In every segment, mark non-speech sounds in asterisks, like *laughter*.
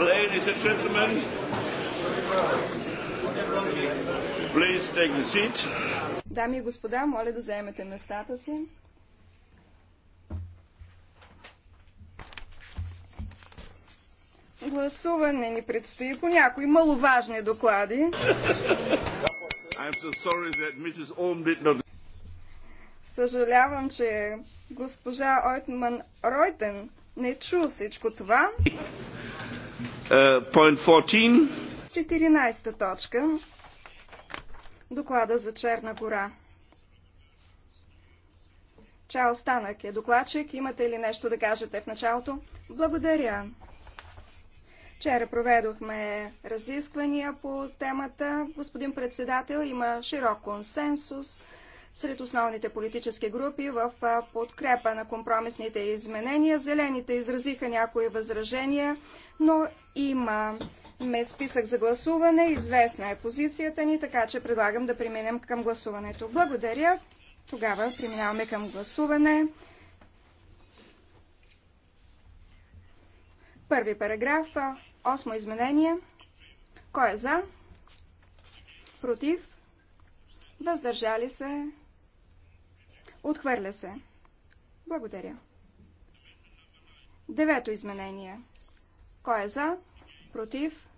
Ladies and gentlemen, please take the seat. Дами и господа, моля да заемете местата си. Гласуване ни предстои по някои маловажни доклади. Съжалявам, че госпожа Ойтман Ройтен не чу всичко това. Uh, 14. 14 точка. Доклада за Черна гора. Чао Станък е докладчик. Имате ли нещо да кажете в началото? Благодаря. Вчера проведохме разисквания по темата. Господин председател, има широк консенсус сред основните политически групи в подкрепа на компромисните изменения. Зелените изразиха някои възражения, но има ме списък за гласуване, известна е позицията ни, така че предлагам да преминем към гласуването. Благодаря. Тогава преминаваме към гласуване. Първи параграф, осмо изменение. Кой е за? Против? Въздържали се? Отхвърля се. Благодаря. Девето изменение. Кой е за? Против?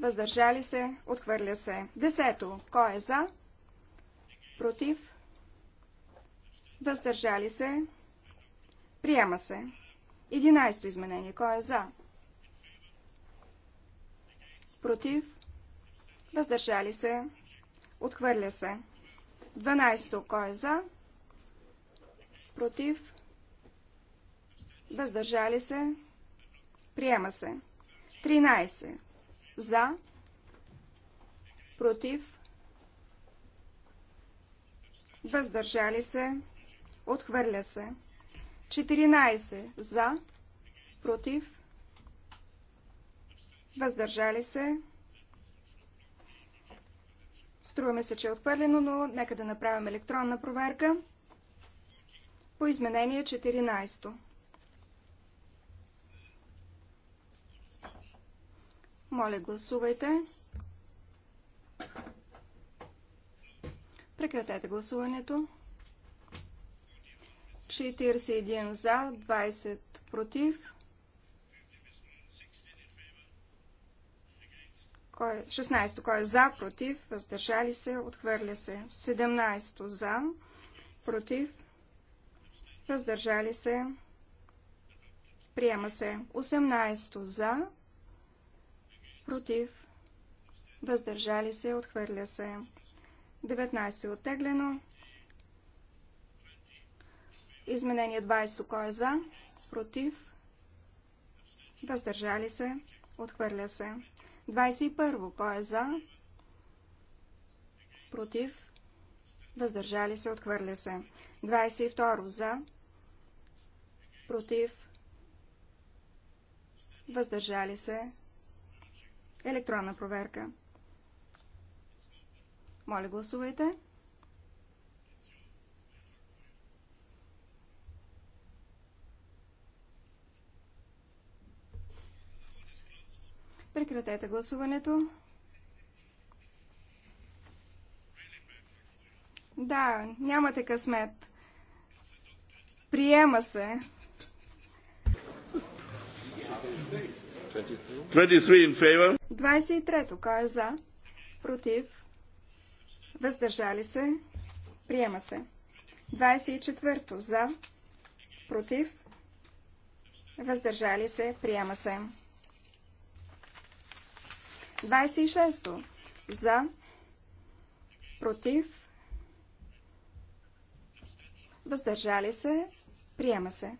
Въздържали се? Отхвърля се. Десето. Кой е за? Против? Въздържали се? Приема се. Единайсто изменение. Кой е за? Против? Въздържали се? Отхвърля се. Дванайсто. Кой е за? Против? против, въздържали се, приема се. 13. За, против, въздържали се, отхвърля се. 14. За, против, въздържали се. Струваме се, че е отхвърлено, но нека да направим електронна проверка по изменение 14. Моля, гласувайте. Прекратете гласуването. 41 за, 20 против. 16. Е? Кой е за, против, въздържали се, отхвърля се. 17. За, против, въздържали се, приема се 18 за, против, въздържали се, отхвърля се 19 е оттеглено, изменение 20 кой е за, против, въздържали се, отхвърля се 21 кой е за, против, въздържали се, отхвърля се 22 за, против, въздържали се, електронна проверка. Моля, гласувайте. Прекратете гласуването. Да, нямате късмет. Приема се. 23 in favor. 23-то. Кой е за? Против. Въздържали се. Приема се. 24-то. За. Против. Въздържали се. Приема се. 26-то. За. Против. Въздържали се. Приема се.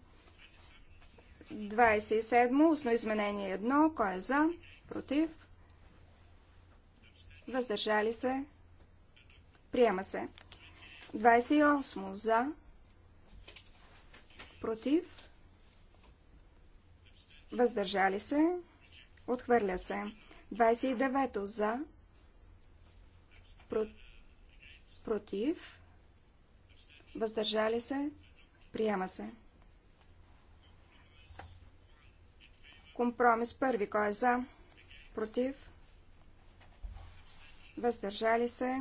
27. Устно изменение 1. Кой е за? Против? Въздържали се? Приема се. 28. За? Против? Въздържали се? Отхвърля се. 29. За? Против? Въздържали се? Приема се. Компромис първи. Кой е за? Против? Въздържали се?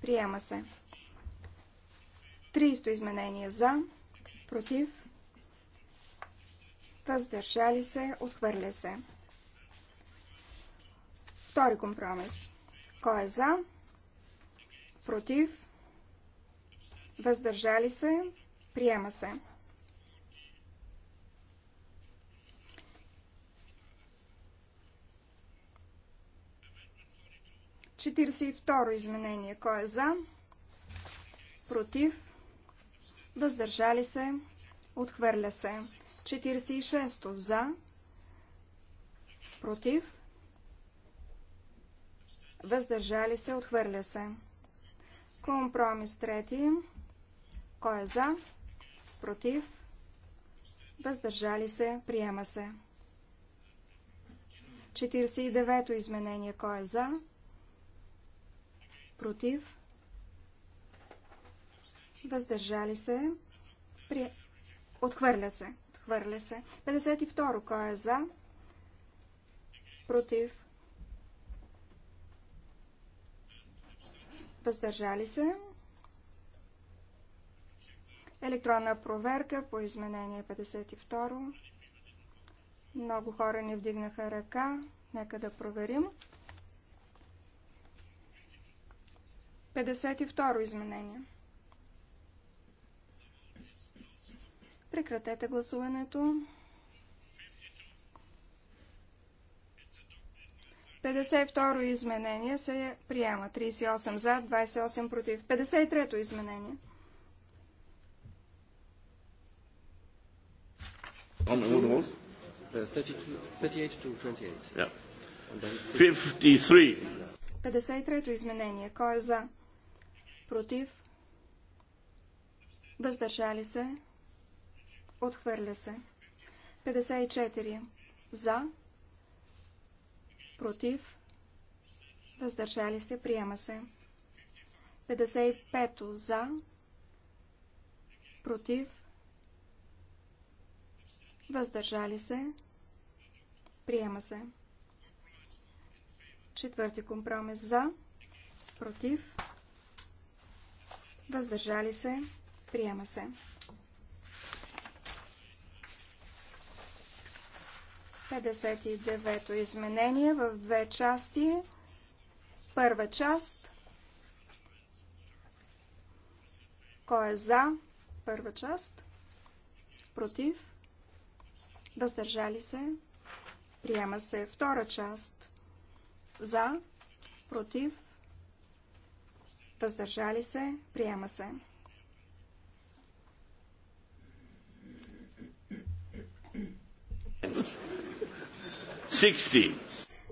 Приема се. 30 изменение за, против, въздържали се, отхвърля се. Втори компромис. Кой е за? Против? Въздържали се? Приема се. 42 изменение. Кой е за? Против? Въздържали се? Отхвърля се. 46 за? Против? Въздържали се? Отхвърля се. Компромис трети. Кой е за? Против? Въздържали се? Приема се. 49-то изменение. Кой е за? против, въздържали се, при... отхвърля се, отхвърля се. 52. Кой е за, против, въздържали се. Електронна проверка по изменение 52. Много хора не вдигнаха ръка. Нека да проверим. 52 изменение. Прекратете гласуването. 52 изменение се приема. 38 за, 28 против. 53-то изменение. On 38 uh, to 28. Yeah. 53. 53-то изменение. Кой е за? против, въздържали се, отхвърля се. 54 за, против, въздържали се, приема се. 55 за, против, въздържали се, приема се. Четвърти компромис за, против, въздържали се, приема се. Петдесет и девето изменение в две части. Първа част. Кой е за? Първа част. Против. Въздържали се. Приема се втора част. За. Против въздържали се, приема се. Шестето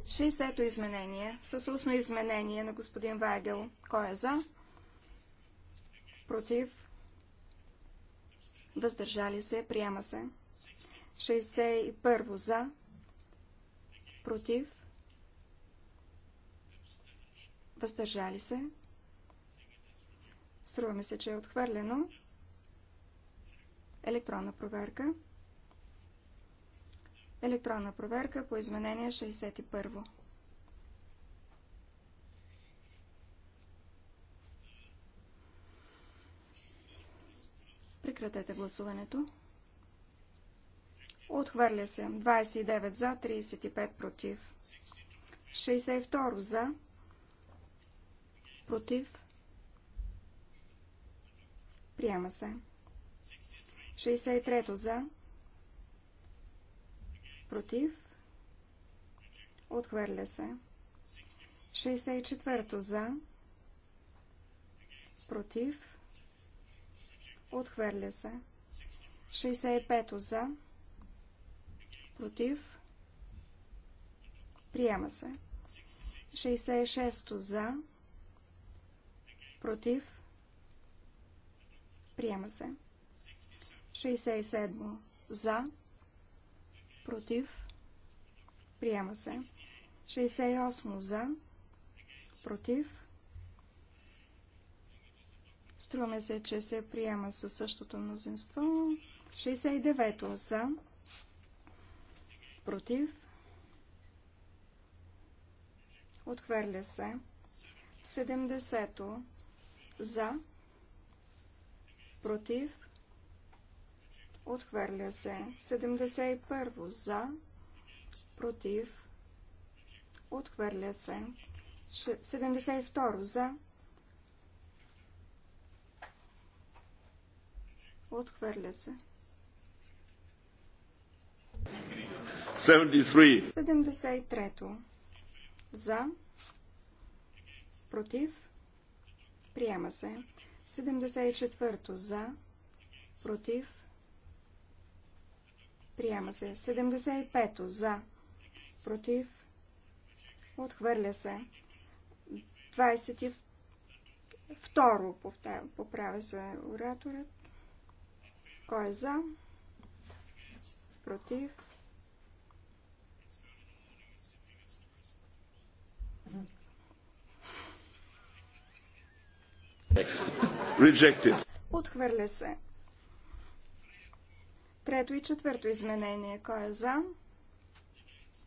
60 изменение с устно изменение на господин Вайгел. Кой е за? Против? Въздържали се? Приема се. 61 за? Против? Въздържали се? Струва ми се, че е отхвърлено. Електронна проверка. Електронна проверка по изменение 61. Прекратете гласуването. Отхвърля се. 29 за, 35 против. 62 за, против, Приема се. 63 за. Против. Отхвърля се. 64 за. Против. Отхвърля се. 65 то за. Против. Приема се. 66 за. Против. Приема се. 67. За. Против. Приема се. 68. За. Против. Струваме се, че се приема със същото мнозинство. 69. За. Против. Отхвърля се. 70. За. Против против, отхвърля се. 71 за, против, отхвърля се. 72 за, отхвърля се. 73. 73 за, против, приема се. 74 за, против, приема се. 75 за, против, отхвърля се. 22 поправя се ораторът. Кой е за? Против. Rejected. Отхвърля се. Трето и четвърто изменение. Кой е за?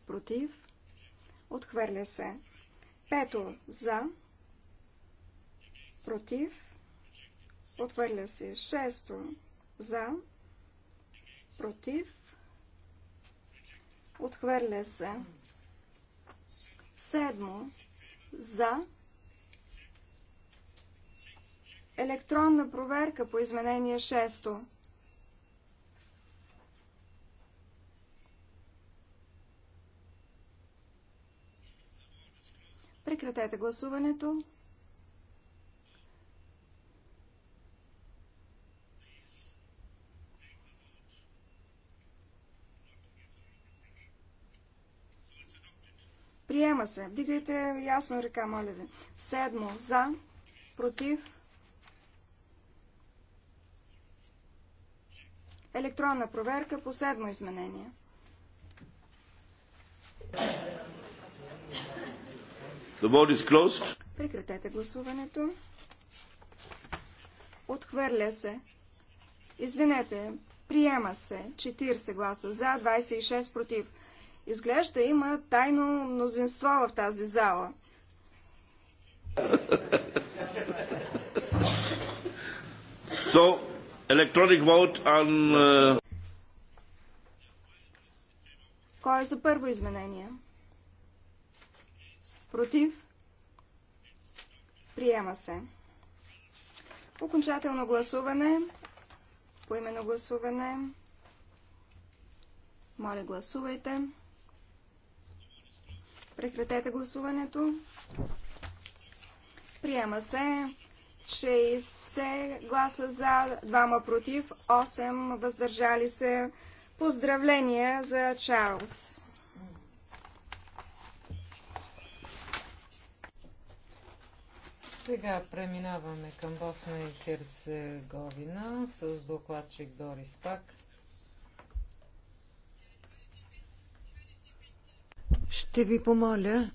Против. Отхвърля се. Пето за. Против. Отхвърля се. Шесто за. Против. Отхвърля се. Седмо за електронна проверка по изменение 6. Прекратете гласуването. Приема се. Вдигайте ясно ръка, моля ви. Седмо. За. Против. Електронна проверка по седмо изменение. The vote is closed. Прекратете гласуването. Отхвърля се. Извинете, приема се 40 гласа за, 26 против. Изглежда има тайно мнозинство в тази зала. So, Electronic vote on... Uh, Кой е за първо изменение? Против? Приема се. Окончателно гласуване. Поимено гласуване. Моля, гласувайте. Прекратете гласуването. Приема се. 60 гласа за, 2 против, 8 въздържали се. Поздравления за Чарлз! Сега преминаваме към Босна и Херцеговина с докладчик Дорис Пак. Ще ви помоля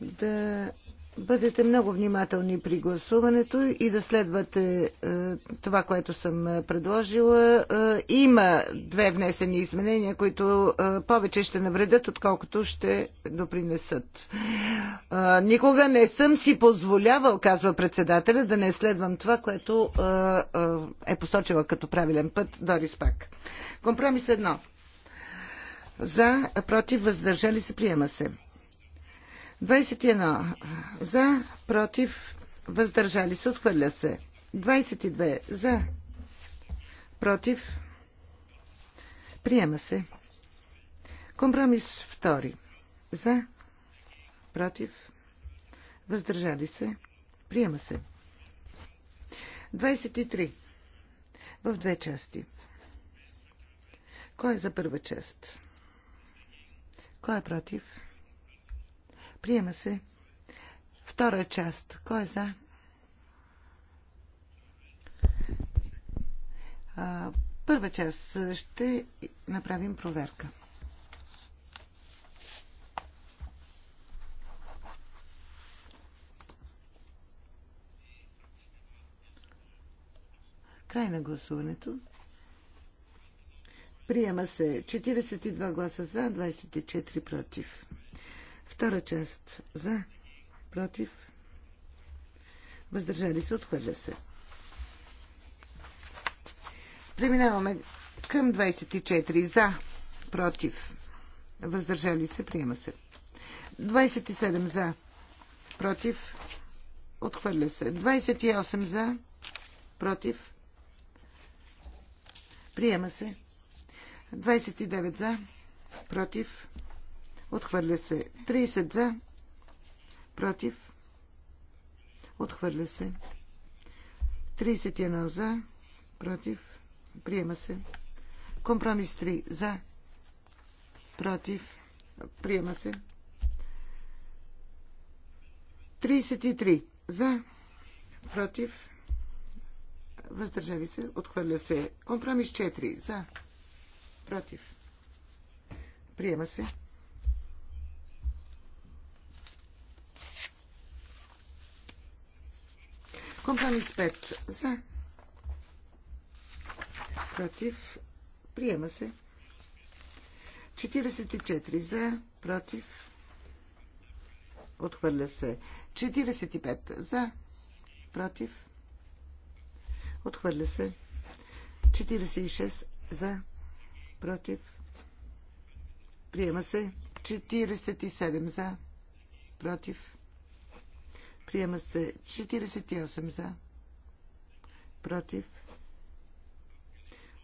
да бъдете много внимателни при гласуването и да следвате е, това, което съм е, предложила. Е, има две внесени изменения, които повече ще навредят, отколкото ще допринесат. Никога не съм си позволявал, казва председателя, да не следвам това, което е посочила като правилен път Дорис Пак. Компромис едно. За, против, въздържали се, приема се. 21 за, против, въздържали се, отхвърля се. 22 за, против, приема се. Компромис 2 за, против, въздържали се, приема се. 23 в две части. Кой е за първа част? Кой е против? Приема се. Втора част. Кой е за? А, първа част ще направим проверка. Край на гласуването. Приема се 42 гласа за, 24 против. Втора част за, против, въздържали се, отхвърля се. Преминаваме към 24 за, против, въздържали се, приема се. 27 за, против, отхвърля се. 28 за, против, приема се. 29 за, против, Отхвърля се. 30 за. Против. Отхвърля се. 31 за. Против. Приема се. Компромис 3 за. Против. Приема се. 33 за. Против. Въздържави се. Отхвърля се. Компромис 4 за. Против. Приема се. Компромис 5 за. Против. Приема се. 44 за. Против. Отхвърля се. 45 за. Против. Отхвърля се. 46 за. Против. Приема се. 47 за. Против. Приема се 48 за. Против.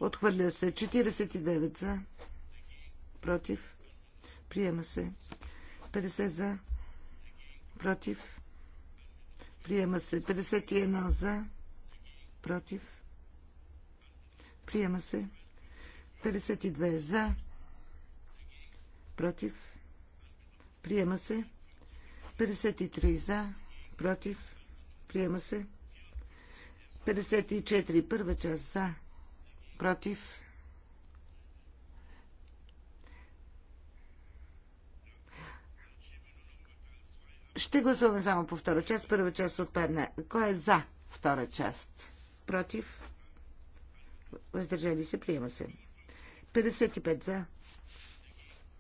Отхвърля се 49 за. Против. Приема се 50 за. Против. Приема се 51 за. Против. Приема се 52 за. Против. Приема се 53 за против, приема се. 54, първа част за, против. Ще гласуваме само по втора част. Първа част отпадна. Кой е за втора част? Против? Въздържали се? Приема се. 55 за.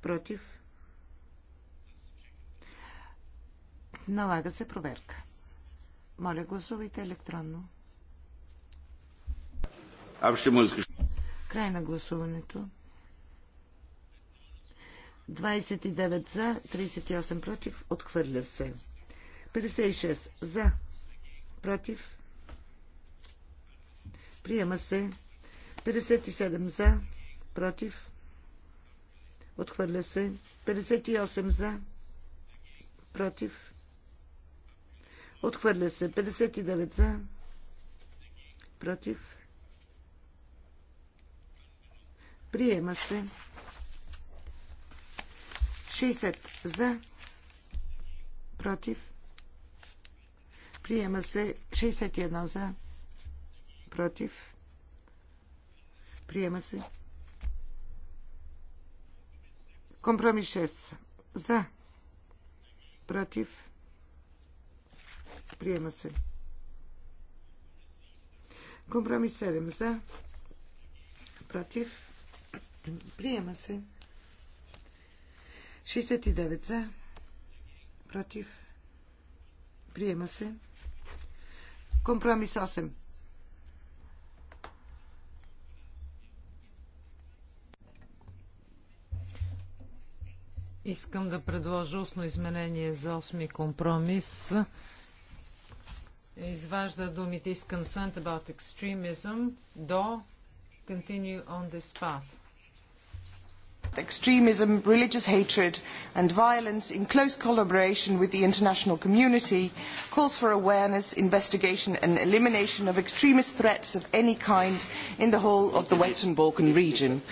Против? Налага се проверка. Моля, гласувайте електронно. Край на гласуването. 29 за, 38 против, отхвърля се. 56 за, против, приема се. 57 за, против, отхвърля се. 58 за, против, Отхвърля се. 59 за. Против. Приема се. 60 за. Против. Приема се. 61 за. Против. Приема се. Компромис 6. За. Против. Приема се. Компромис 7 за. Против. Приема се. 69 за. Против. Приема се. Компромис 8. Искам да предложа устно изменение за 8 компромис изважда думите is concerned about extremism до continue on this path. Extremism, religious hatred and violence in close collaboration with the international community calls for awareness, investigation and elimination of extremist threats of any kind in the whole of the Western Balkan region.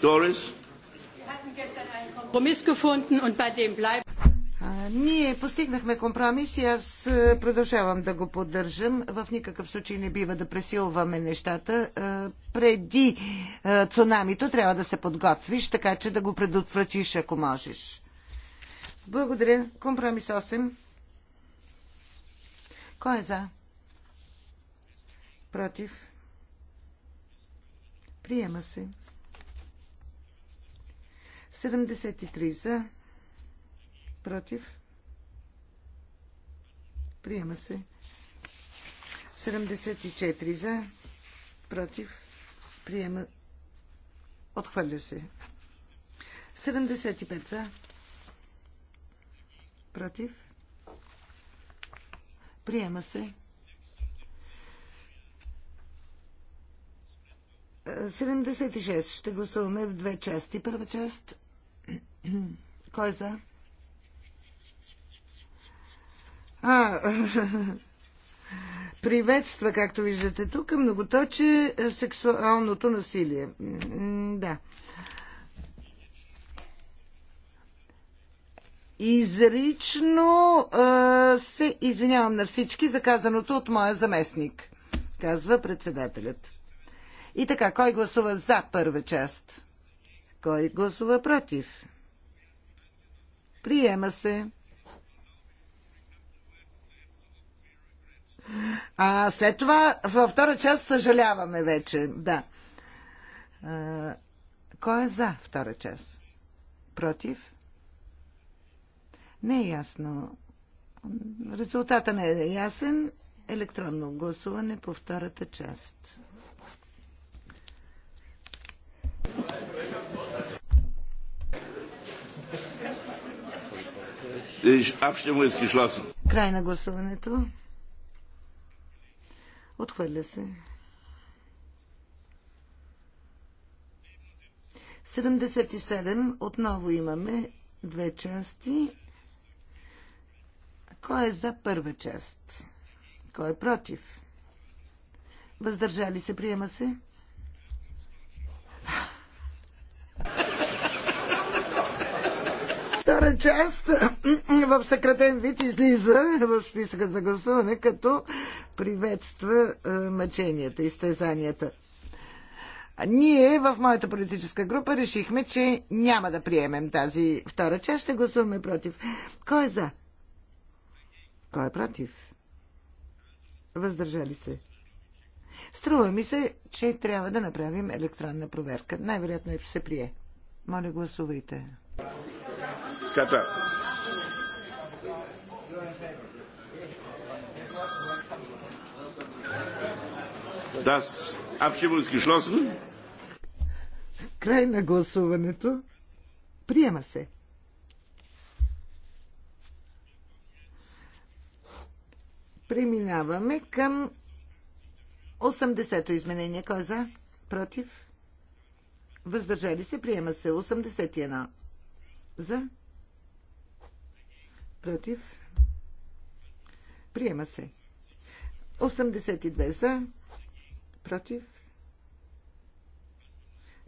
Doris? Kompromiss gefunden und bei dem bleiben ние постигнахме компромис и аз е, продължавам да го поддържам. В никакъв случай не бива да пресилваме нещата. Е, преди е, цунамито трябва да се подготвиш, така че да го предотвратиш, ако можеш. Благодаря. Компромис 8. Кой е за? Против. Приема се. 73 за против, приема се. 74 за, против, приема, отхвърля се. 75 за, против, приема се. 76 ще гласуваме в две части. Първа част, *clears throat* кой е за? А, *laughs* приветства, както виждате тук, многоточе е, сексуалното насилие. Да. Изрично а, се извинявам на всички за казаното от моя заместник, казва председателят. И така, кой гласува за първа част? Кой гласува против? Приема се. А след това, във втора част, съжаляваме вече. Да. А, кой е за втора част? Против? Не е ясно. Резултата не е ясен. Електронно гласуване по втората част. Край на гласуването. Отхвърля се. 77. Отново имаме две части. Кой е за първа част? Кой е против? Въздържали се, приема се. втора част *clears throat* в съкратен вид излиза в списъка за гласуване, като приветства е, мъченията, изтезанията. Ние в моята политическа група решихме, че няма да приемем тази втора част. Ще гласуваме против. Кой е за? Кой е против? Въздържали се. Струва ми се, че трябва да направим електронна проверка. Най-вероятно е, че се прие. Моля, гласувайте. Kata. Das Abstimmung ist geschlossen. Край на гласуването. Приема се. Преминаваме към 80-то изменение. Кой е за? Против? Въздържали се? Приема се. 81. За? против, приема се. 82 за, против,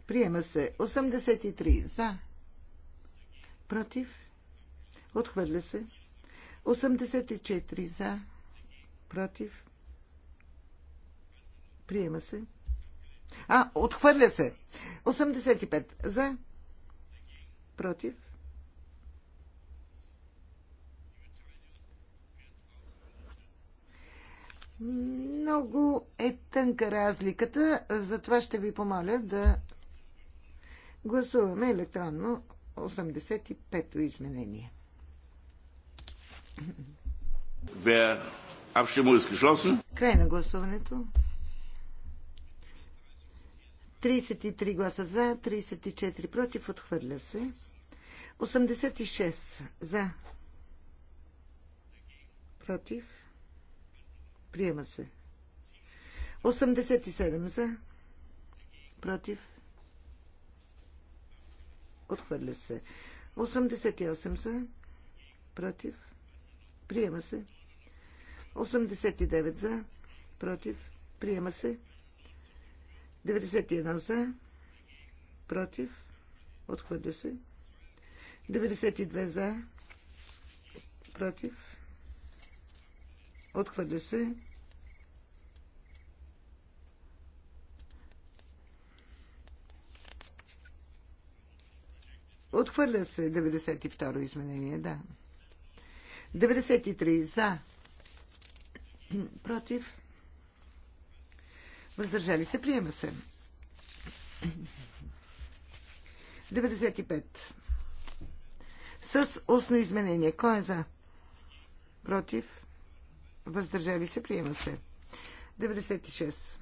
приема се. 83 за, против, отхвърля се. 84 за, против, приема се. А, отхвърля се. 85 за, против, Много е тънка разликата, затова ще ви помоля да гласуваме електронно 85-то изменение. Край на гласуването. 33 гласа за, 34 против, отхвърля се. 86 за, против, Приема се. 87 за. Против. Отхвърля се. 88 за. Против. Приема се. 89 за. Против. Приема се. 91 за. Против. Отхвърля се. 92 за. Против. Отхвърля се. Отхвърля се 92-ро изменение, да. 93 за. Против. Въздържали се, приема се. 95. С устно изменение. Кой е за? Против въздържали се, приема се. 96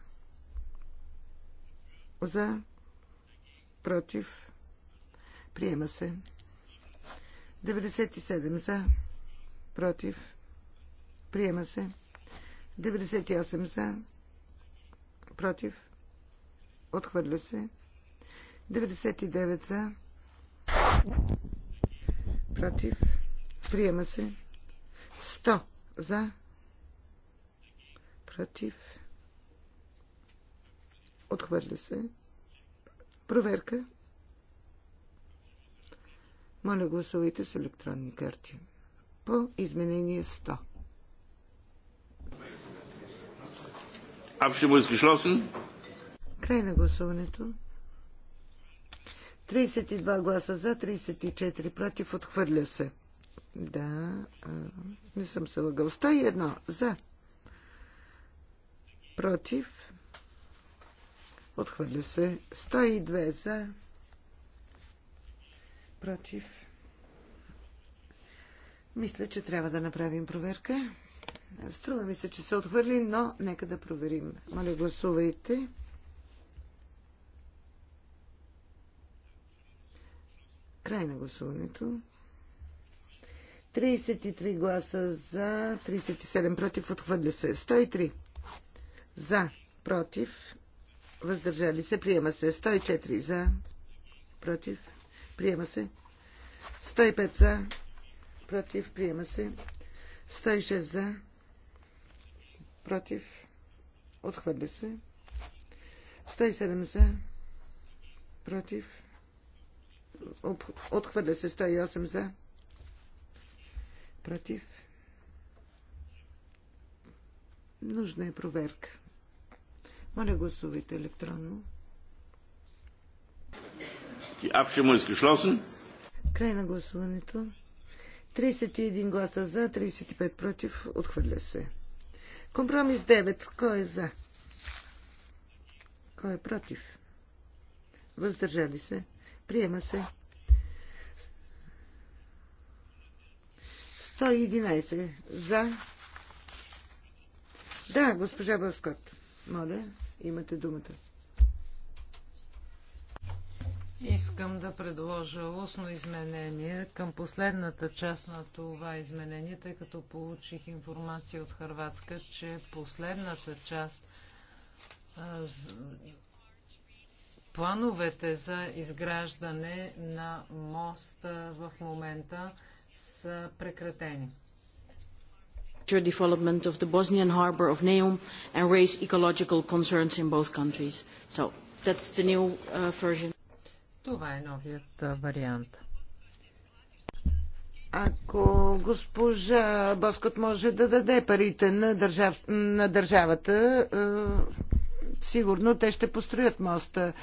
за, против, приема се. 97 за, против, приема се. 98 за, против, отхвърля се. 99 за, против, приема се. 100 за, Против. Отхвърля се. Проверка. Моля, гласувайте с електронни карти. По изменение 100. Абшемо е изгешлосен. Край на гласуването. 32 гласа за, 34 против, отхвърля се. Да, не съм се лъгал. 101 за, против, отхвърля се 102 за, против. Мисля, че трябва да направим проверка. Струва ми се, че се отхвърли, но нека да проверим. Моля, гласувайте. Край на гласуването. 33 гласа за, 37 против, отхвърля се. 103 за. Против. Въздържали се. Приема се. 104 за. Против. Приема се. 105 за. Против. Приема се. 106 за. Против. Отхвърля се. 107 за. Против. Отхвърля се. 108 за. Против. Нужна е проверка. Моля, гласувайте електронно. Край на гласуването. 31 гласа за, 35 против. Отхвърля се. Компромис 9. Кой е за? Кой е против? Въздържали се. Приема се. 111 за. Да, госпожа Бълскот. Моля. Имате думата. Искам да предложа устно изменение към последната част на това изменение, тъй като получих информация от Харватска, че последната част плановете за изграждане на моста в момента са прекратени future development of the Bosnian harbour of Neum and raise ecological concerns in both countries. So that's the new uh, version. Това е новият вариант. Ако госпожа Боскот може да даде парите на, държав... на държавата, е, сигурно те ще построят моста.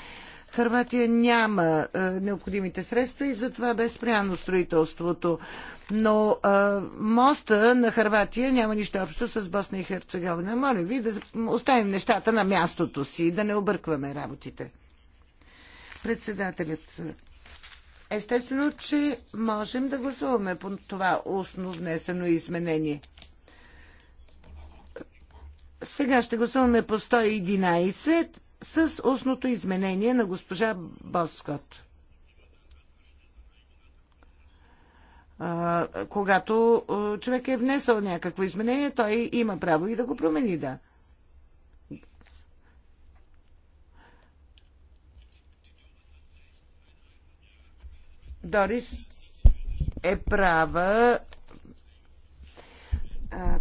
Харватия няма е, необходимите средства и затова бе спряно строителството. Но е, моста на Харватия няма нищо общо с Босна и Херцеговина. Моля ви да оставим нещата на мястото си и да не объркваме работите. Председателят. Естествено, че можем да гласуваме по това устно внесено изменение. Сега ще гласуваме по 111 с устното изменение на госпожа Боскот. когато човек е внесъл някакво изменение, той има право и да го промени, да. Дорис е права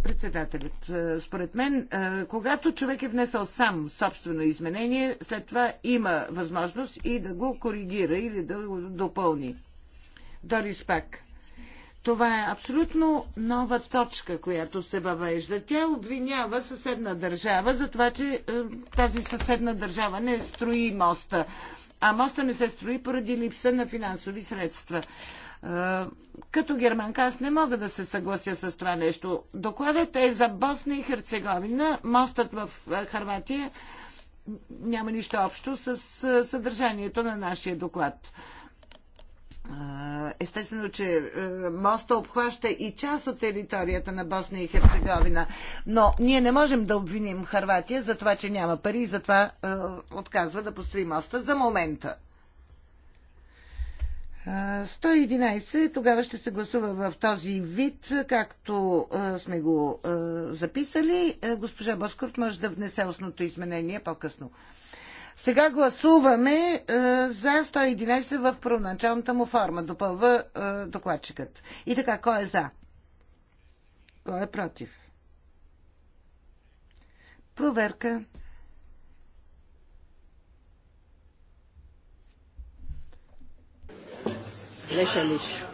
председателят. Според мен, когато човек е внесъл сам собствено изменение, след това има възможност и да го коригира или да го допълни. Дорис Пак. Това е абсолютно нова точка, която се въвежда. Тя обвинява съседна държава за това, че е, тази съседна държава не строи моста. А моста не се строи поради липса на финансови средства. Като германка аз не мога да се съглася с това нещо. Докладът е за Босна и Херцеговина. Мостът в Харватия няма нищо общо с съдържанието на нашия доклад. Естествено, че моста обхваща и част от територията на Босна и Херцеговина, но ние не можем да обвиним Харватия за това, че няма пари и за това отказва да построи моста за момента. 111 тогава ще се гласува в този вид, както сме го записали. Госпожа Боскорт може да внесе основното изменение по-късно. Сега гласуваме за 111 в първоначалната му форма, допълва докладчикът. И така, кой е за? Кой е против? Проверка. Lächerlich.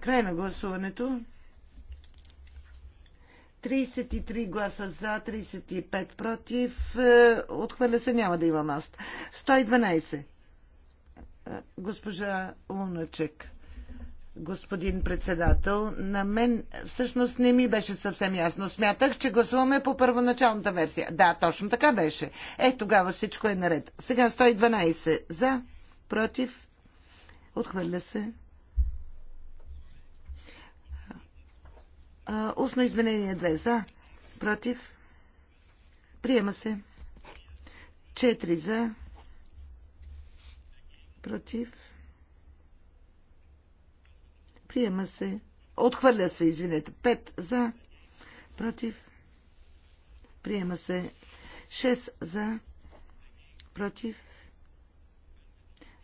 Край на гласуването. 33 гласа за, 35 против. Е, отхвърля се, няма да има маст. 112. Е, госпожа Луначек, господин председател, на мен всъщност не ми беше съвсем ясно. Смятах, че гласуваме по първоначалната версия. Да, точно така беше. Е, тогава всичко е наред. Сега 112 за, против, отхвърля се. Устно изменение 2 за, против, приема се. 4 за, против, приема се. Отхвърля се, извинете. 5 за, против, приема се. 6 за, против,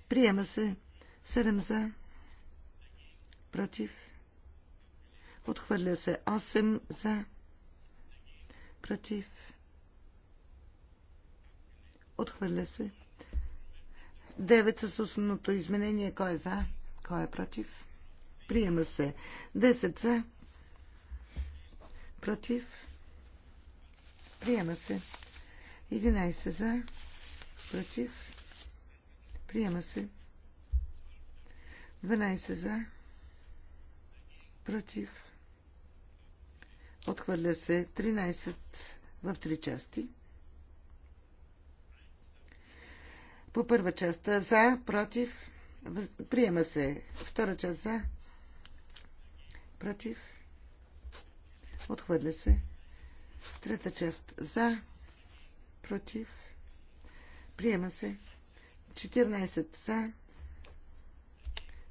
Приема се. 7 за. Против. Отхвърля се. 8 за. Против. Отхвърля се. 9 с основното изменение. Кой е за? Кой е против? Приема се. 10 за. Против. Приема се. 11 за. Против. Приема се. 12 за. Против. Отхвърля се 13 в три части. По първа част за, против. Приема се. Втора част за. Против. Отхвърля се. Трета част за. Против. Приема се. 14 за,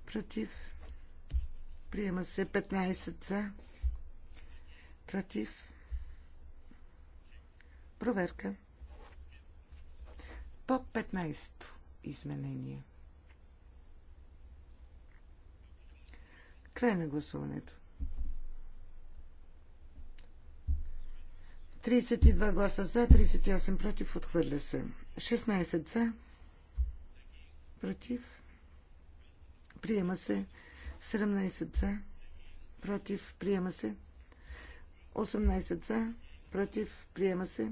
против, приема се 15 за, против, проверка по 15 изменение. Край на гласуването. 32 гласа за, 38 против, отхвърля се. 16 за, против, приема се. 17 за, против, приема се. 18 за, против, приема се.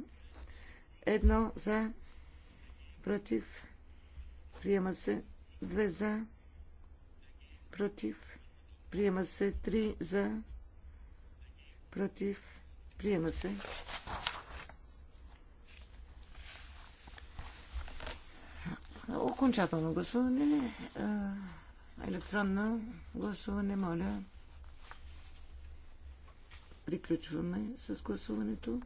1 за, против, приема се. 2 за, против, приема се. 3 за, против, приема се. Окончателно гласуване. Електронно гласуване, моля. Приключваме с гласуването.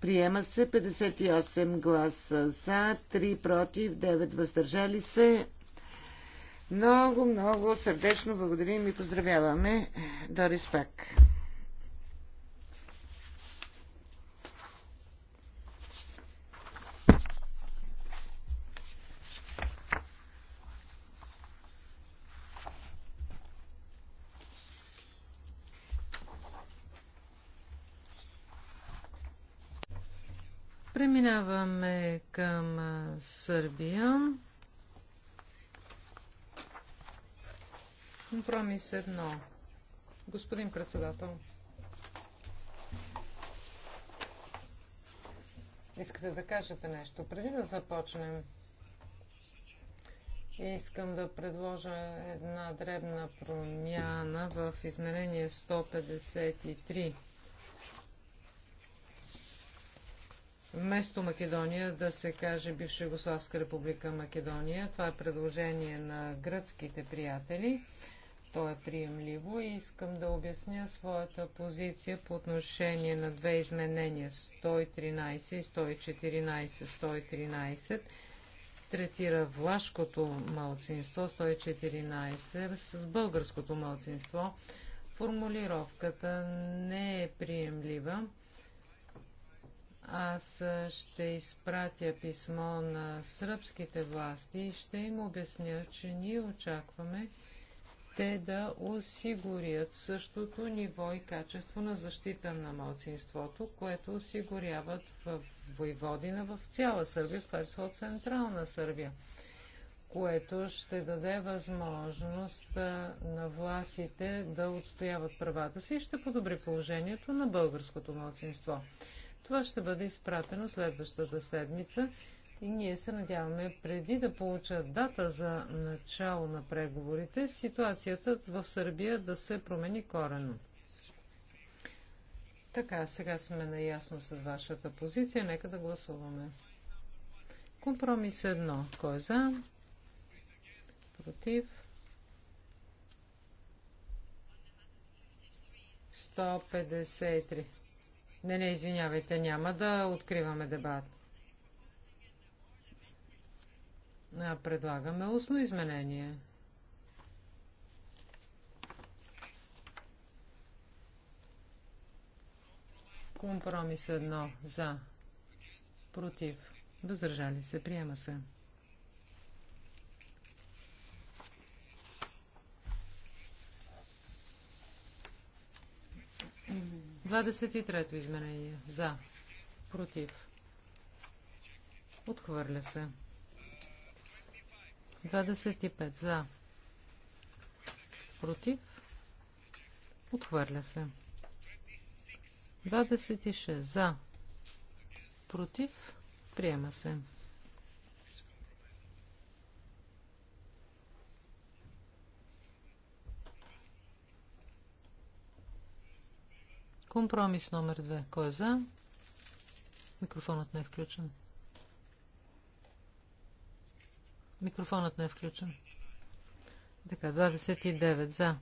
Приема се 58 гласа за, 3 против, 9 въздържали се. Много, много сърдечно благодарим и поздравяваме Дори спак. Сърбия. Компромис едно. Господин председател. Искате да кажете нещо? Преди да започнем, искам да предложа една дребна промяна в измерение 153. вместо Македония да се каже бивша Югославска република Македония. Това е предложение на гръцките приятели. То е приемливо и искам да обясня своята позиция по отношение на две изменения 113 и 114. 113 третира влашкото малцинство 114 с българското малцинство. Формулировката не е приемлива аз ще изпратя писмо на сръбските власти и ще им обясня, че ние очакваме те да осигурят същото ниво и качество на защита на малцинството, което осигуряват в Войводина, в цяла Сърбия, в Персо Централна Сърбия, което ще даде възможност на властите да отстояват правата си и ще подобри положението на българското малцинство. Това ще бъде изпратено следващата седмица и ние се надяваме преди да получат дата за начало на преговорите, ситуацията в Сърбия да се промени корено. Така, сега сме наясно с вашата позиция. Нека да гласуваме. Компромис едно. Кой е за? Против? 153. Не, не, извинявайте, няма да откриваме дебат. Предлагаме устно изменение. Компромис едно за. Против. Въздържали се. Приема се. Mm-hmm. 23-то изменение. За. Против. Отхвърля се. 25. За. Против. Отхвърля се. 26. За. Против. Приема се. Компромис номер 2. Кой е за? Микрофонът не е включен. Микрофонът не е включен. Така, 29 за.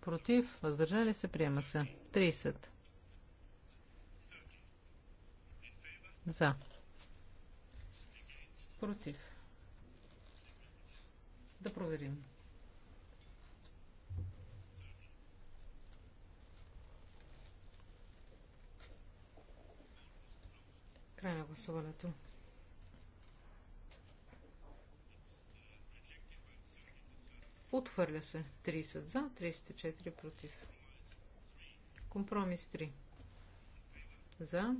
Против, въздържали се, приема се. 30. За. Против. Да проверим. Край на гласуването. Отвърля се 30 за, 34 против. Компромис 3. За,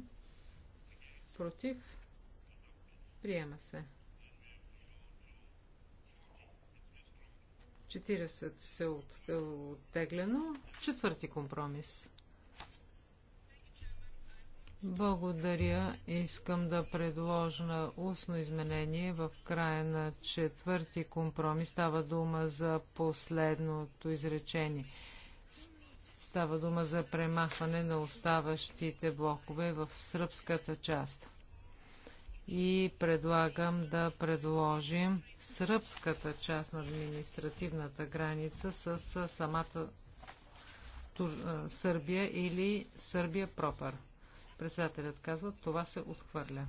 против, приема се. 40 се е оттеглено. Четвърти компромис. Благодаря. Искам да предложа устно изменение в края на четвърти компромис. Става дума за последното изречение. Става дума за премахване на оставащите блокове в сръбската част. И предлагам да предложим сръбската част на административната граница с самата Сърбия или Сърбия пропър. Председателят казва, това се отхвърля.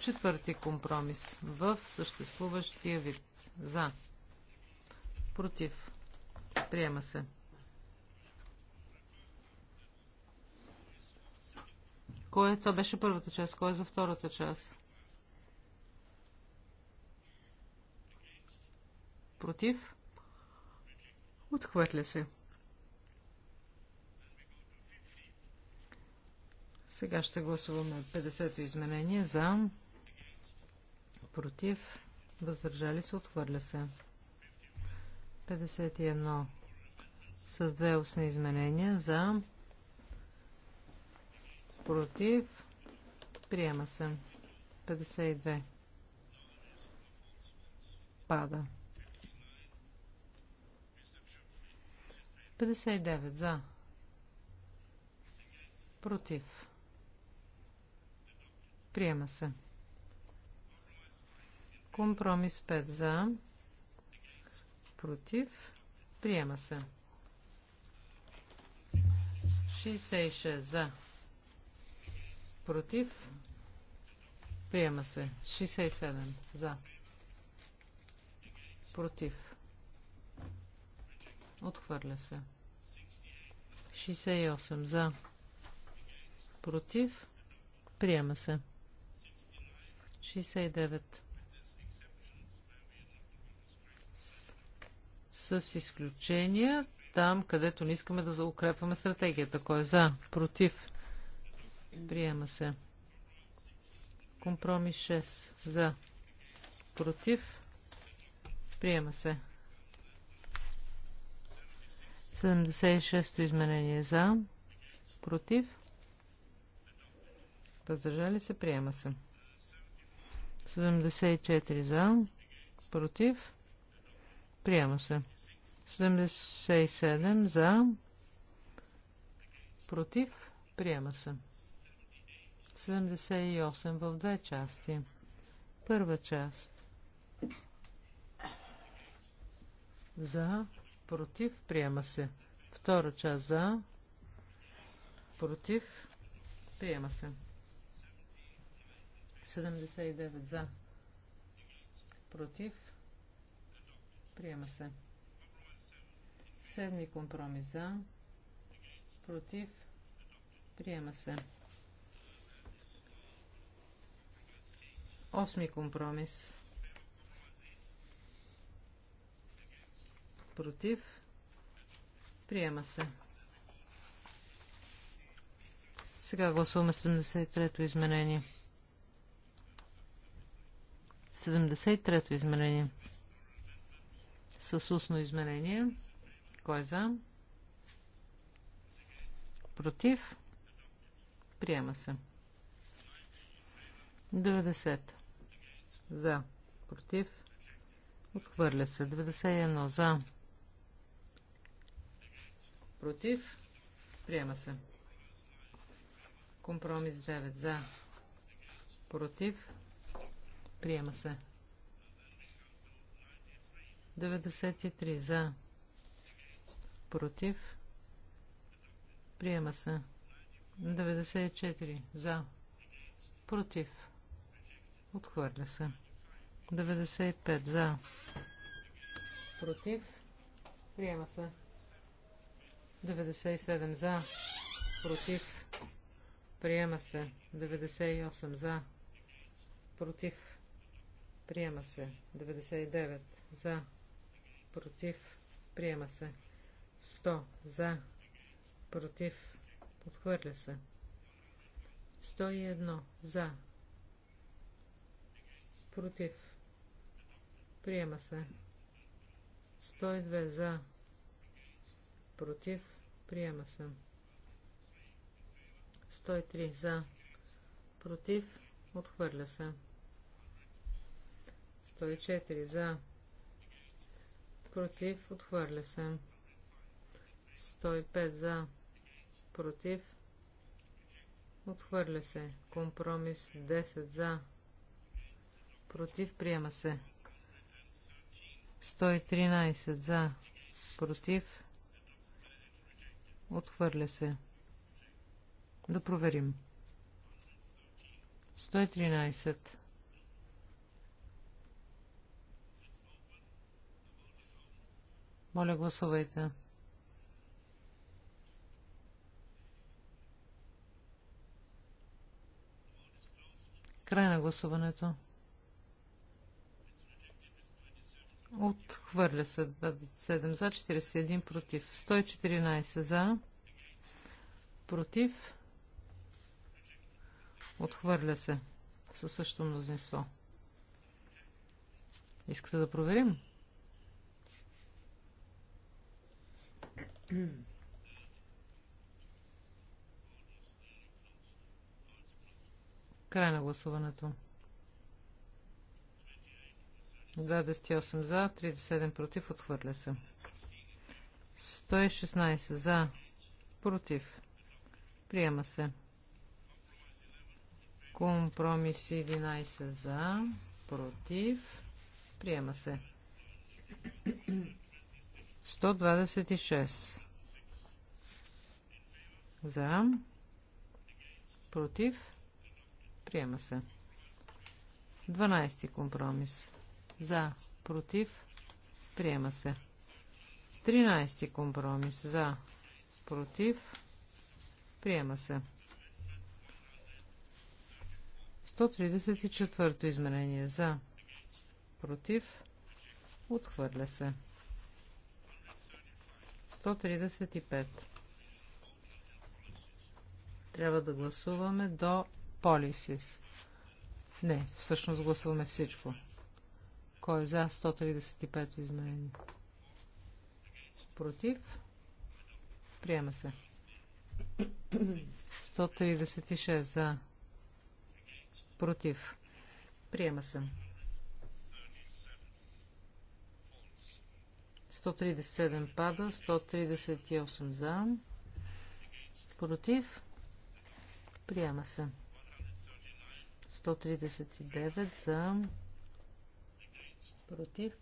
Четвърти компромис в съществуващия вид. За. Против. Приема се. Кой е Това беше първата част. Кой е за втората част? Против? Отхвърля се. Сега ще гласуваме 50-то изменение за, против, въздържали се, отхвърля се. 51 с две устни изменения за, против, приема се. 52 пада. 59 за. Против. Приема се. Компромис 5 за. Против. Приема се. 66 за. Против. Приема се. 67 за. Против. Отхвърля се. 68 за. Против. Приема се. 69. С изключение там, където не искаме да заукрепваме стратегията. Кой е за? Против. Приема се. Компромис 6. За. Против. Приема се. 76-то изменение за, против, въздържали се, приема се. 74 за, против, приема се. 77 за, против, приема се. 78 в две части. Първа част. За, против, приема се. Втора част за, против, приема се. 79 за, против, приема се. Седми компромис за, против, приема се. Осми компромис Против. Приема се. Сега гласуваме 73-то изменение. 73-то изменение. Съсусно изменение. Кой е за? Против. Приема се. 90. За. Против. Отхвърля се. 91. За против, приема се. Компромис 9 за, против, приема се. 93 за, против, приема се. 94 за, против, отхвърля се. 95 за, против, приема се. 97 за, против, приема се. 98 за, против, приема се. 99 за, против, приема се. 100 за, против, отхвърля се. 101 за, против, приема се. 102 за, против, Приема се. 103 за. Против. Отхвърля се. 104 за. Против. Отхвърля се. 105 за. Против. Отхвърля се. Компромис 10 за. Против. Приема се. 113 за. Против. Отхвърля се. Да проверим. 113. Моля, гласувайте. Край на гласуването. Отхвърля се 27 за, 41 против. 114 за, против. Отхвърля се със същото мнозинство. Искате да проверим? Край на гласуването. 28 за, 37 против, отхвърля се. 116 за, против, приема се. Компромис 11 за, против, приема се. 126 за, против, приема се. 12 компромис за, против, приема се. 13 компромис за, против, приема се. 134 изменение за, против, отхвърля се. 135. Трябва да гласуваме до полисис. Не, всъщност гласуваме всичко. Кой е за 135 измерение? Против? Приема се. 136 за. Против. Приема се. 137 пада, 138 за. Против. Приема се. 139 за против.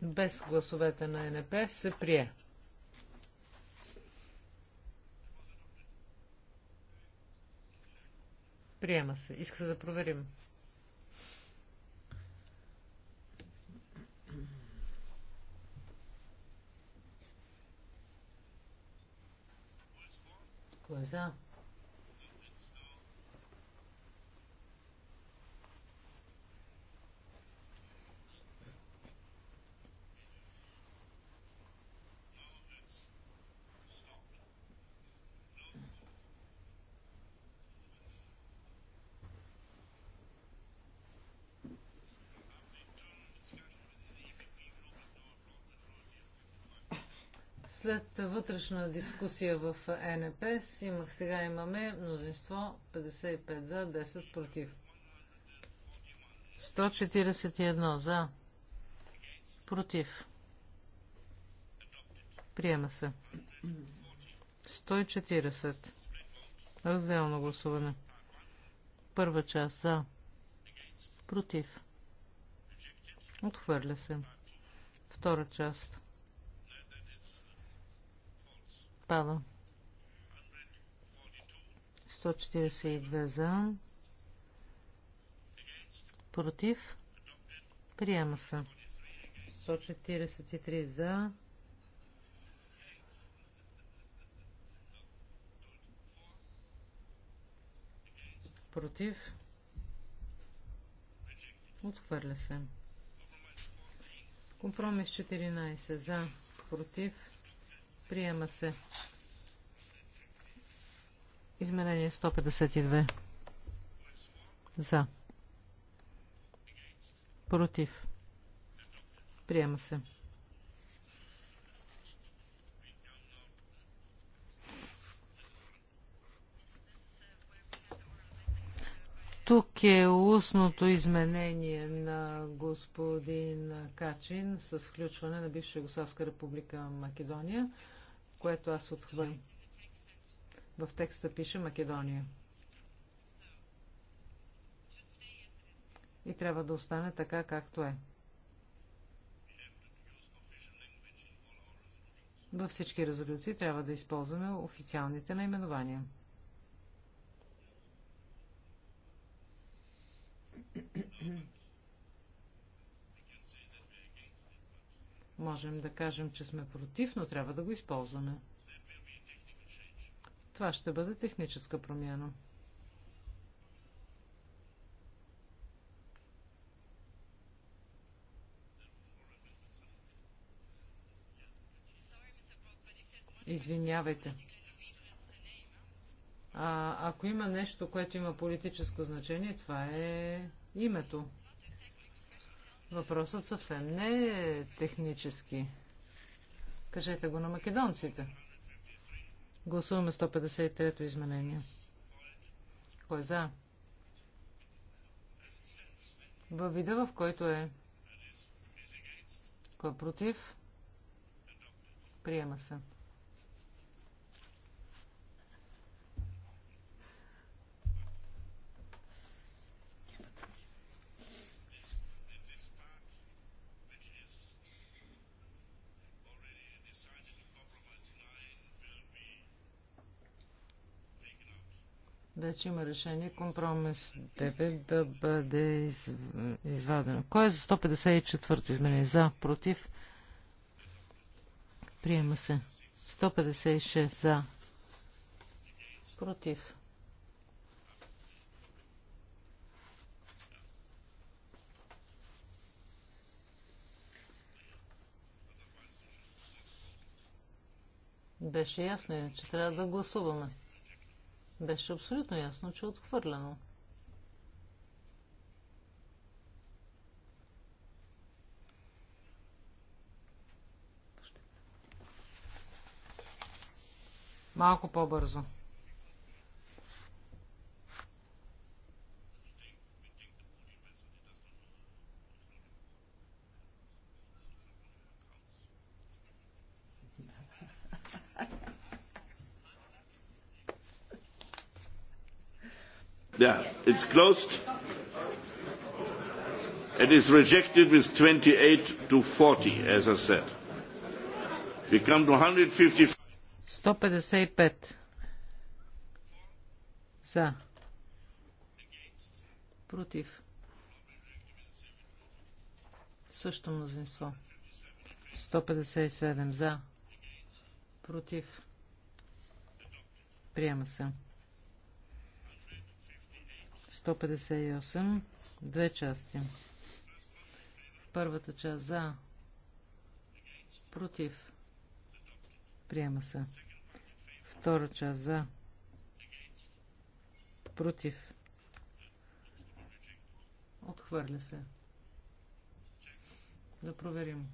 Без гласовете на НП се прие. Приема се. Иска да проверим. глаза, След вътрешна дискусия в НПС имах, сега имаме мнозинство 55 за, 10 против. 141 за, против. Приема се. 140. Разделно гласуване. Първа част за. Против. Отхвърля се. Втора част. Отпада. 142 за. Против. Приема се. 143 за. Против. Отхвърля се. Компромис 14 за. Против. Приема се. Изменение 152. За. Против. Приема се. Тук е устното изменение на господин Качин с включване на бивша Югославска република Македония което аз отхвърлям. В текста пише Македония. И трябва да остане така, както е. Във всички резолюции трябва да използваме официалните наименования. Mm-hmm. Можем да кажем, че сме против, но трябва да го използваме. Това ще бъде техническа промяна. Извинявайте. А, ако има нещо, което има политическо значение, това е името. Въпросът съвсем не е технически. Кажете го на македонците. Гласуваме 153-то изменение. Кой е за? Във вида, в който е. Кой е против? Приема се. Вече има решение компромис 9 да бъде из... извадено. Кой е за 154 изменение? За, против? Приема се. 156 за. Против. Беше ясно, че трябва да гласуваме. Беше абсолютно ясно, че е отхвърлено. Малко по-бързо. Yeah, it's closed. It is rejected with 28 to 40, as I said. We come to 155. 155. За. Против. Също мнозинство. 157 за. Против. Приема се. 158. Две части. Първата част за. Против. Приема се. Втора част за. Против. Отхвърля се. Да проверим.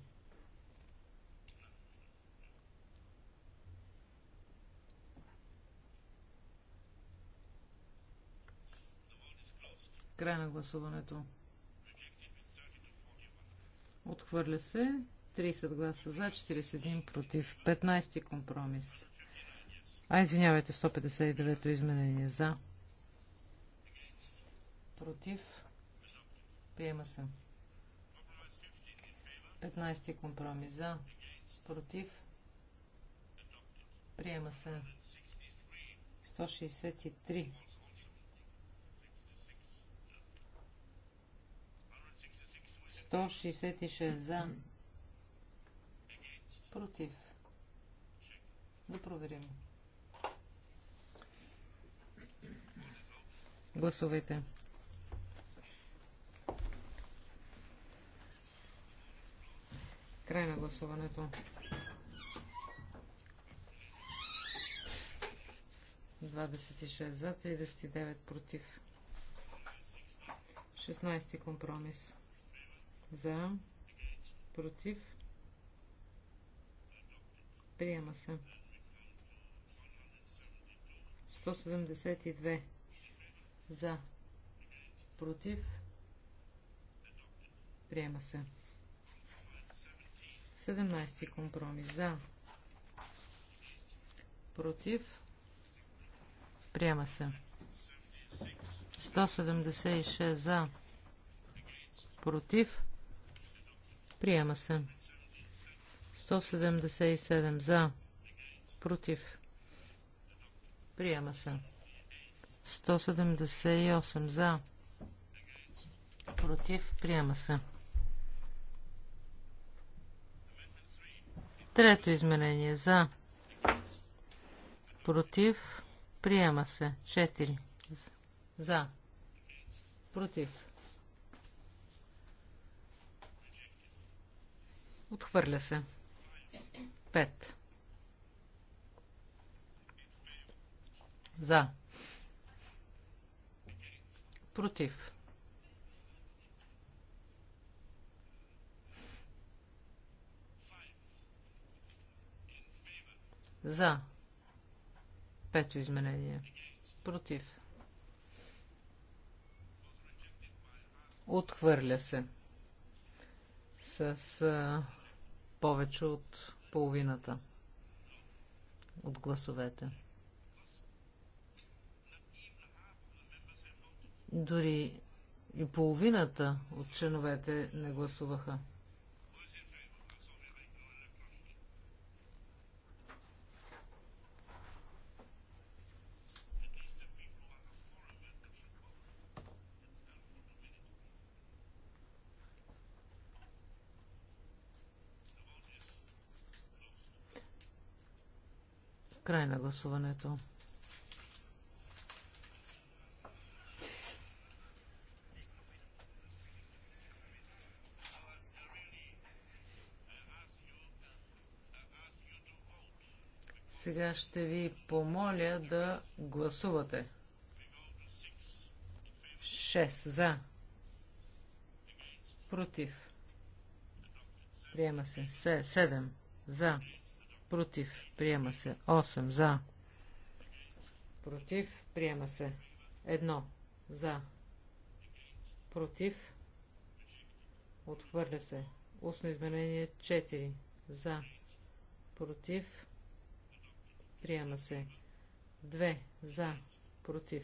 Край на гласуването. Отхвърля се. 30 гласа за, 41 против. 15 компромис. А, извинявайте, 159 изменение за. Против. Приема се. 15 компромис за. Против. Приема се. 163 166 за. Против. Да проверим. Гласувайте. Край на гласуването. 26 за, 39 против. 16 компромис за, против, приема се. 172 за, против, приема се. 17 компромис за, против, приема се. 176 за, против, Приема се. 177 за. Против. Приема се. 178 за. Против. Приема се. Трето изменение за. Против. Приема се. 4. За. Против. Отхвърля се. 5. За. Против. За. Пето изменение. Против. Отхвърля се. 6 с повече от половината от гласовете. Дори и половината от членовете не гласуваха. Край на гласуването. Сега ще ви помоля да гласувате. 6 за. Против. Приема се. 7 за. Против. Приема се. 8. За. Против. Приема се. 1. За. Против. Отхвърля се. Устно изменение 4. За. Против. Приема се. 2. За. Против.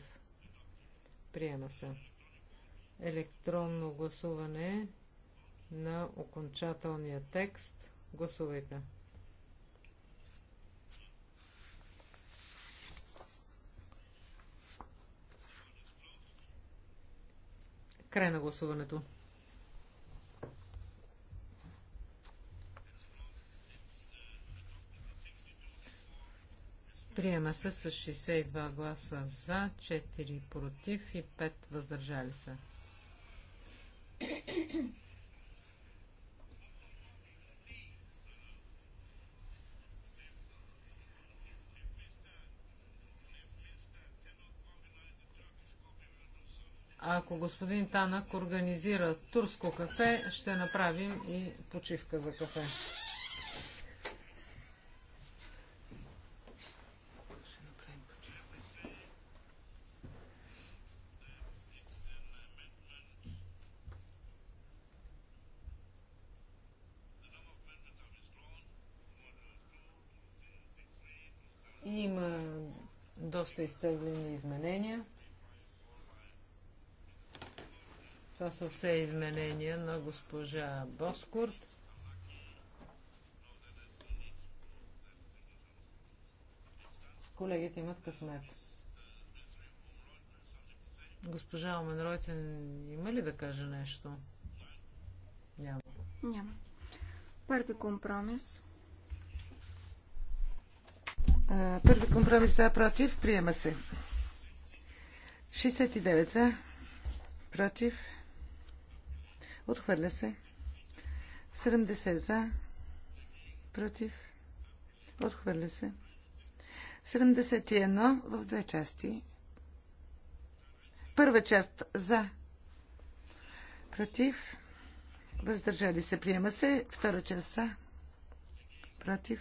Приема се. Електронно гласуване на окончателния текст. Гласувайте. Край на гласуването. Приема се с 62 гласа за, 4 против и 5 въздържали се. Ако господин Танък организира турско кафе, ще направим и почивка за кафе. Има доста изтеглени изменения. Това са все изменения на госпожа Боскурт. Колегите имат късмет. Госпожа Омен Ройтен има ли да каже нещо? Няма. Няма. Първи компромис. Първи компромис за против. Приема се. 69 за. Против. Отхвърля се. 70 за. Против. Отхвърля се. 71 в две части. Първа част за. Против. Въздържали се. Приема се. Втора част за. Против.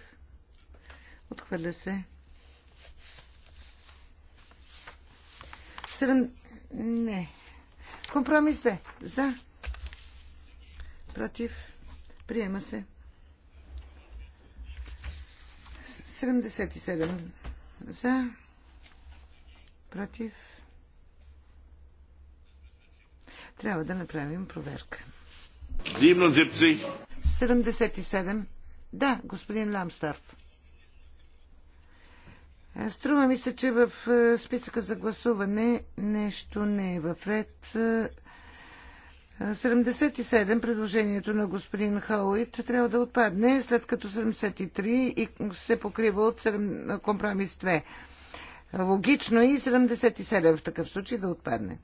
Отхвърля се. 7... Не. Компромис 2. За. Против. Приема се. 77 за. Против. Трябва да направим проверка. 77. 77. Да, господин Ламстарф. Струва ми се, че в е, списъка за гласуване нещо не е в ред. 77, предложението на господин Хауит, трябва да отпадне, след като 73 и се покрива от 7, компромис 2. Логично е и 77 в такъв случай да отпадне.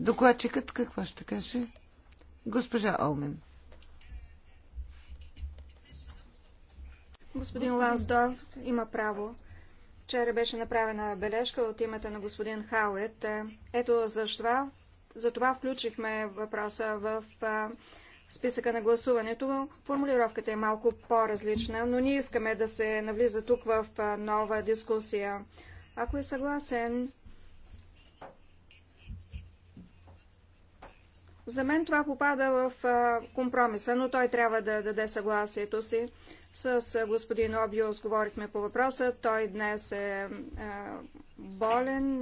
Докладчикът какво ще каже? Госпожа Олмен. Господин Лансдорф има право. Вчера беше направена бележка от името на господин Хаует. Ето защо затова включихме въпроса в списъка на гласуването. Формулировката е малко по-различна, но ние искаме да се навлиза тук в нова дискусия. Ако е съгласен, За мен това попада в компромиса, но той трябва да даде съгласието си. С господин Обиос говорихме по въпроса. Той днес е болен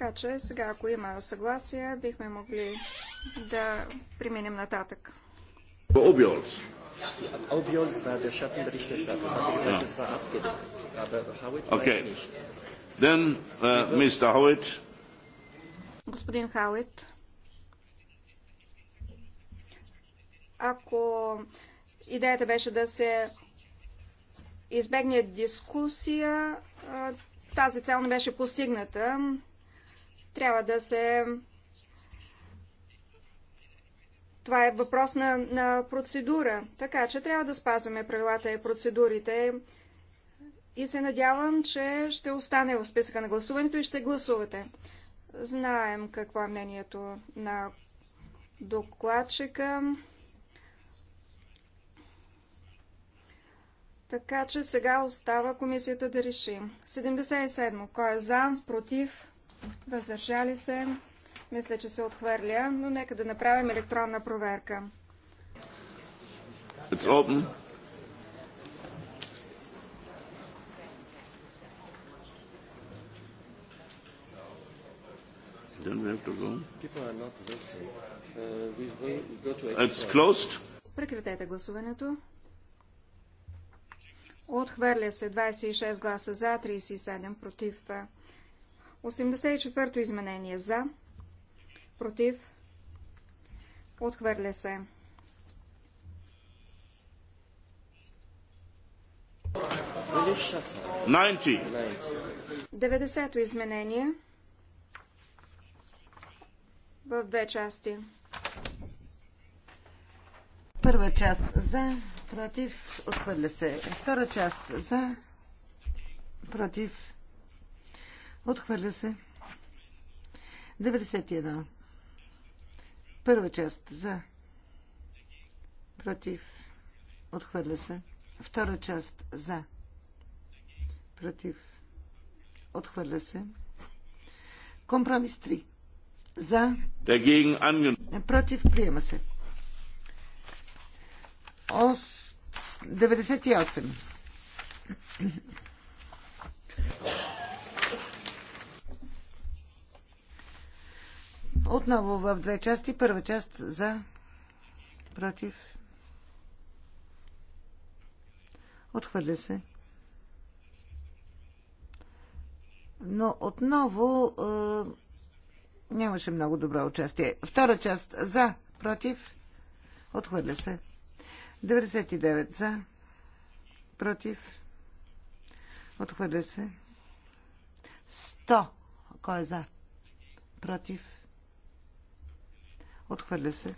Така че сега, ако има съгласие, бихме могли да преминем нататък. Then, uh, Mr. Howitt. Господин Хауит, ако идеята беше да се избегне дискусия, тази цел не беше постигната трябва да се... Това е въпрос на, на процедура, така че трябва да спазваме правилата и процедурите и се надявам, че ще остане в списъка на гласуването и ще гласувате. Знаем какво е мнението на докладчика. Така че сега остава комисията да реши. 77. Кой е за? Против? въздържали се. Мисля, че се отхвърля, но нека да направим електронна проверка. It's open. Uh, Прекратете гласуването. Отхвърля се 26 гласа за, 37 против. 84-то изменение за, против, отхвърля се. Деветдесето изменение в две части. Първа част за, против, отхвърля се. Втора част за, против, Отхвърля се. 91. Първа част за. Против. Отхвърля се. Втора част за. Против. Отхвърля се. Компромис 3. За. Против. Приема се. 98. Отново в две части. Първа част за, против. Отхвърля се. Но отново е, нямаше много добро участие. Втора част за, против. Отхвърля се. 99 за, против. Отхвърля се. 100. Кой е за? Против. Отхвърля се.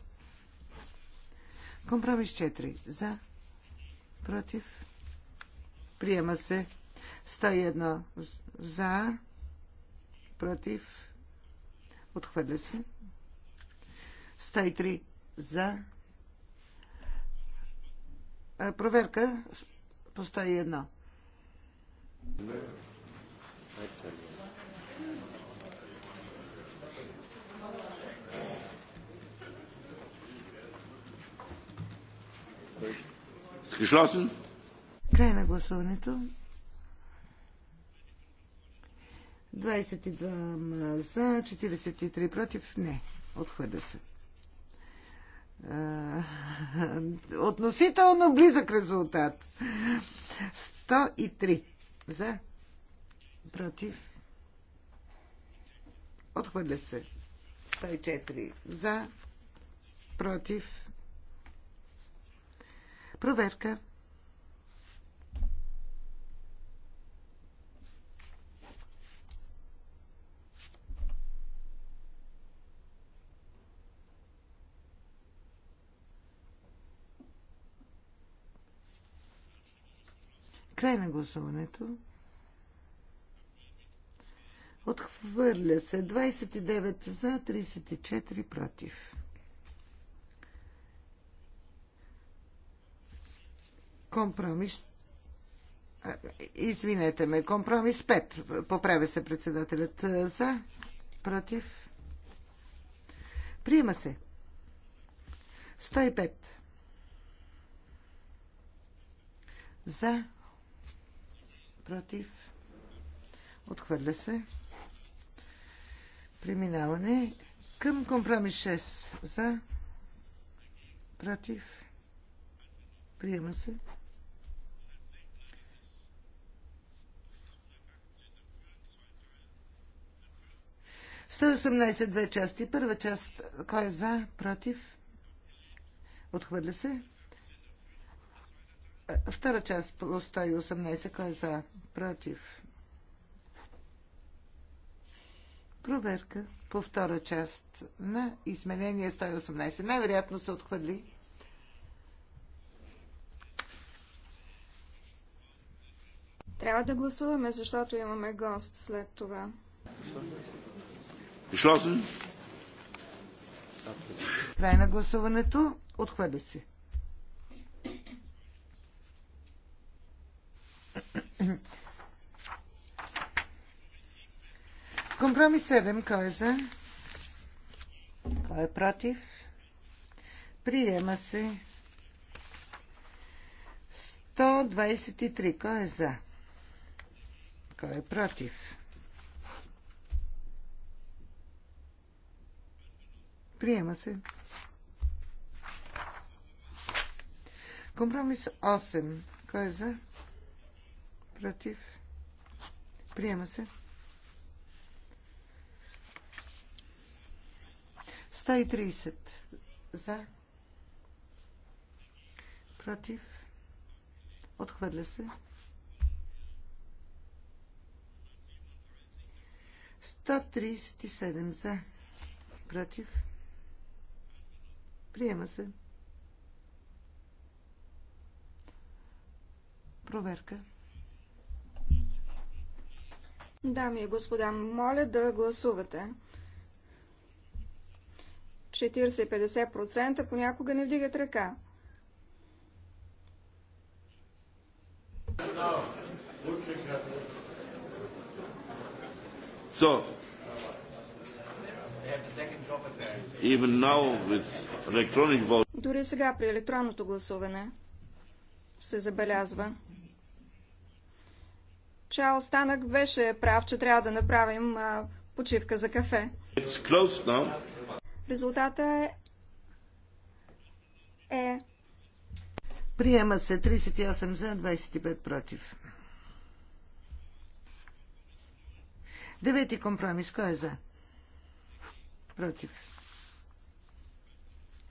Компромис 4. За. Против. Приема се. 101. За. Против. Отхвърля се. 103. За. проверка по 101. Айталия. Край на гласуването. 22 за, 43 против. Не, отхвърля се. Относително близък резултат. 103 за, против. Отхвърля се. 104 за, против. Проверка. Край на гласуването. Отхвърля се 29 за, 34 против. Компромис. Извинете ме. Компромис 5. Поправя се председателят. За. Против. Приема се. 105. За. Против. Отхвърля се. Преминаване към компромис 6. За. Против. Приема се. 118 две части. Първа част. Кой е за? Против? Отхвърля се. Втора част 118. Кой е за? Против? Проверка по втора част на изменение 118. Най-вероятно се отхвърли. Трябва да гласуваме, защото имаме гост след това. Geschlossen. Край на гласуването. Отхвърля се. Компромис 7. Кой е за? Кой е против? Приема се. 123. Кой е за? Кой е против? Приема се. Компромис 8. Кой е за? Против. Приема се. 130. За. Против. Отхвърля се. 137 за. Против. Приема се. Проверка. Дами и господа, моля да гласувате. 40-50% понякога не вдигат ръка. So, дори сега при електронното гласуване се забелязва. Чао Станък беше прав, че трябва да направим а, почивка за кафе. Резултата е... е... Приема се 38 за, 25 против. Девети компромис. Кой е за? Против.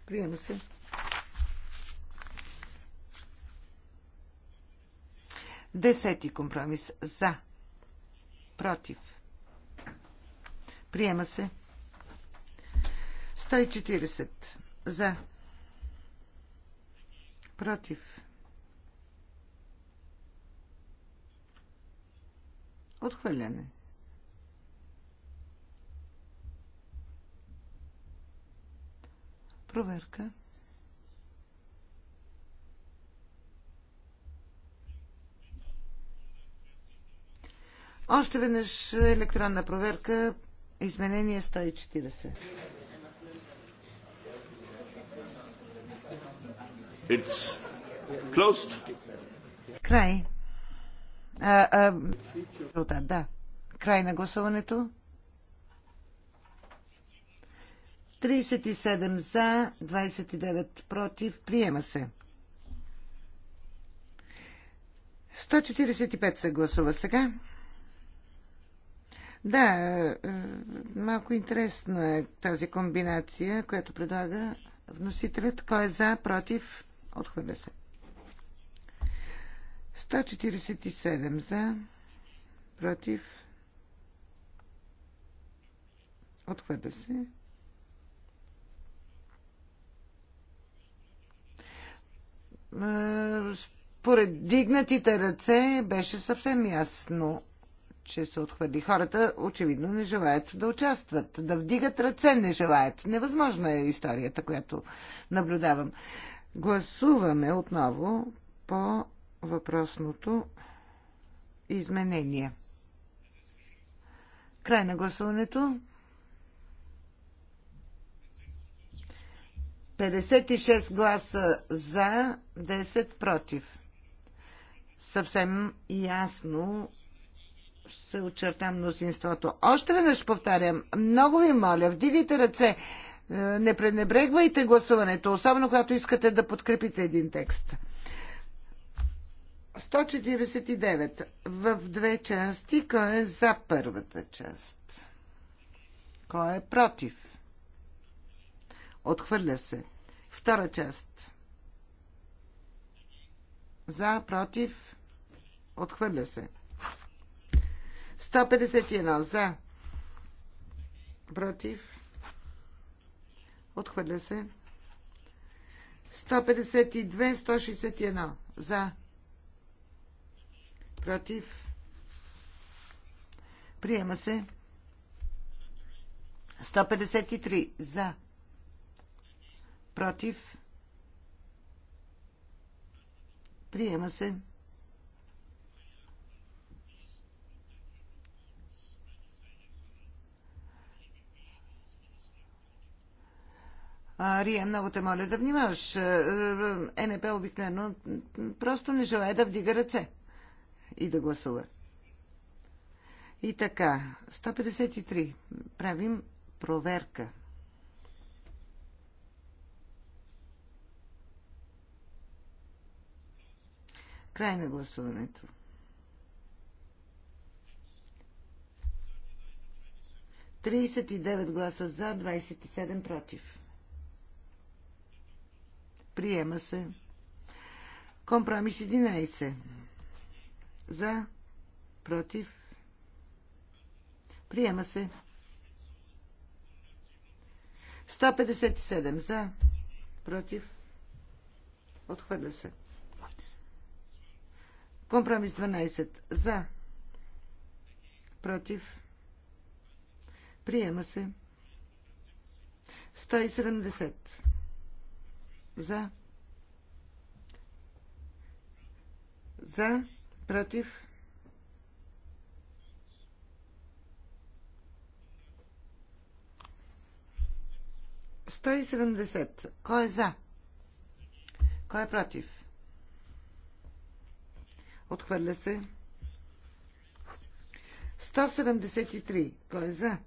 Приема се. Десети компромис. За. Против. Приема се. 140. За. Против. Отхвърляне. 1. Проверка. Още веднъж електронна проверка. Изменение 140. It's closed. Край. А, а, да. Край на гласуването. 37 за, 29 против. Приема се. 145 се гласува сега. Да, е, е, малко интересна е тази комбинация, която предлага вносителят. Кой е за, против, отхвърля се. 147 за, против, отхвърля се. Е, според дигнатите ръце беше съвсем ясно, че се отхвърли. Хората очевидно не желаят да участват, да вдигат ръце не желаят. Невъзможна е историята, която наблюдавам. Гласуваме отново по въпросното изменение. Край на гласуването. 56 гласа за, 10 против. Съвсем ясно се очерта мнозинството. Още веднъж повтарям, много ви моля, вдигайте ръце, е, не пренебрегвайте гласуването, особено когато искате да подкрепите един текст. 149 в две части. Кой е за първата част? Кой е против? Отхвърля се. Втора част. За, против. Отхвърля се. 151 за. Против. Отхвърля се. 152, 161 за. Против. Приема се. 153 за. Против. Приема се. Рия, много те моля да внимаваш. Е, е, НП обикновено просто не желая да вдига ръце и да гласува. И така, 153. Правим проверка. Край на гласуването. 39 гласа за, 27 против. Приема се. Компромис 11. За, против. Приема се. 157 за, против. Отхвърля се. Компромис 12. За. Против. Приема се. 170. За. За. Против. Сто и седемдесет. Кой е за? Кой е против? Отхвърля се. 173. Кой е за?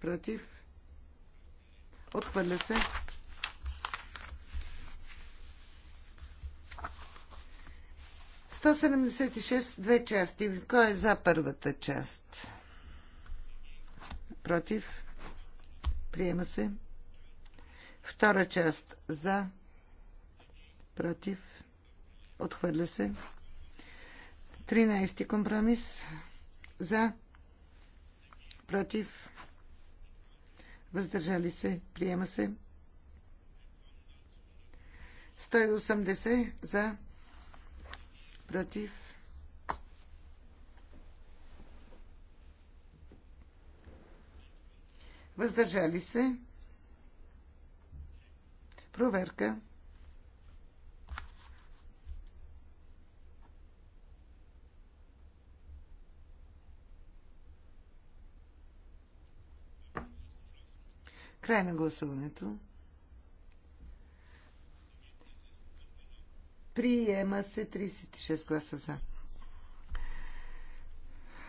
Против. Отхвърля се. 176, две части. Кой е за първата част? Против. Приема се. Втора част за. Против. Отхвърля се. 13 компромис за, против, въздържали се, приема се. 180 за, против. Въздържали се. Проверка. Край на гласуването. Приема се 36 гласа за.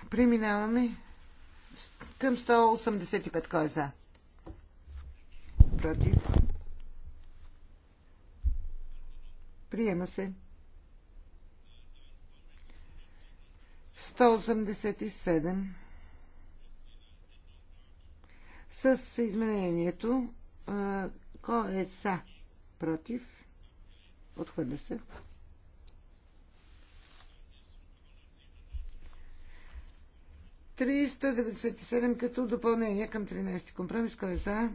Преминаваме към 185. Кой е за? Против. Приема се. 187 с изменението кой е са против отхвърля се Триста като допълнение към 13-ти компромис. Кой е за?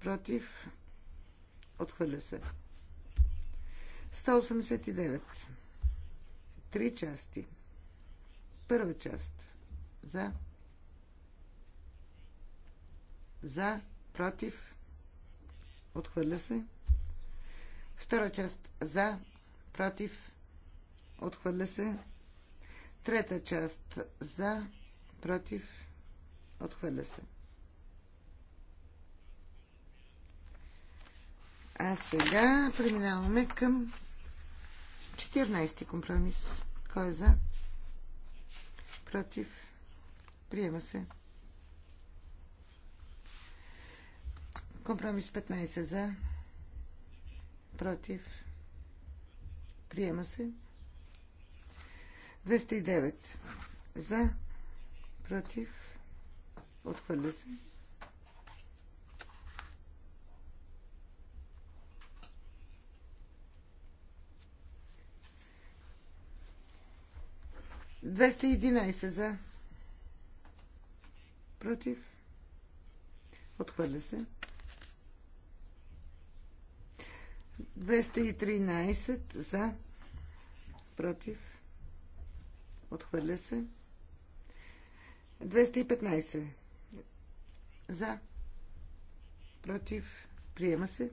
Против? Отхвърля се. 189. Три части. Първа част. За за, против, отхвърля се. Втора част за, против, отхвърля се. Трета част за, против, отхвърля се. А сега преминаваме към 14-ти компромис. Кой е за? Против. Приема се. Компромис 15 за. Против. Приема се. 209 за. Против. Отхвърля се. Двеста единайсет за. Против. Отхвърля се. 213 за, против, отхвърля се. 215 за, против, приема се.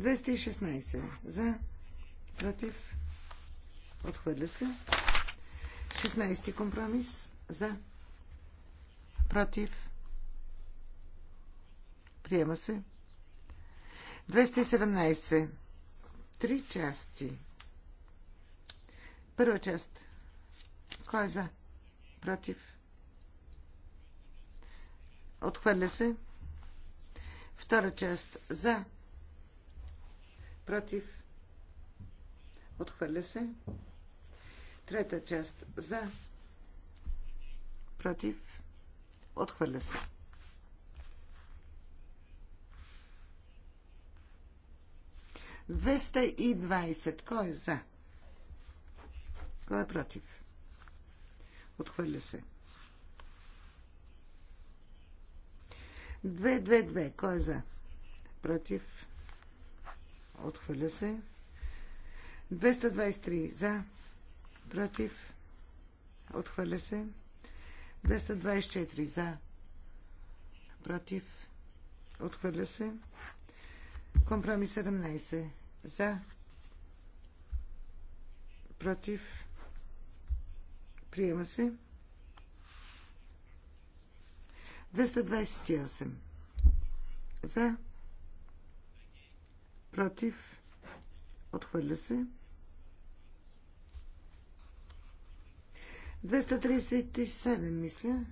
216 за, против, отхвърля се. 16 компромис за, против, приема се. 217. Три части. Първа част. Кой е за? Против? Отхвърля се. Втора част. За? Против? Отхвърля се. Трета част. За? Против? Отхвърля се. 220. Кой е за? Кой е против? Отхвърля се. 222. Кой е за? Против. Отхвърля се. 223. За. Против. Отхвърля се. 224. За. Против. Отхвърля се. Компромис 17. За. Против. Приема се. 228. За. Против. Отхвърля се. 237, мисля,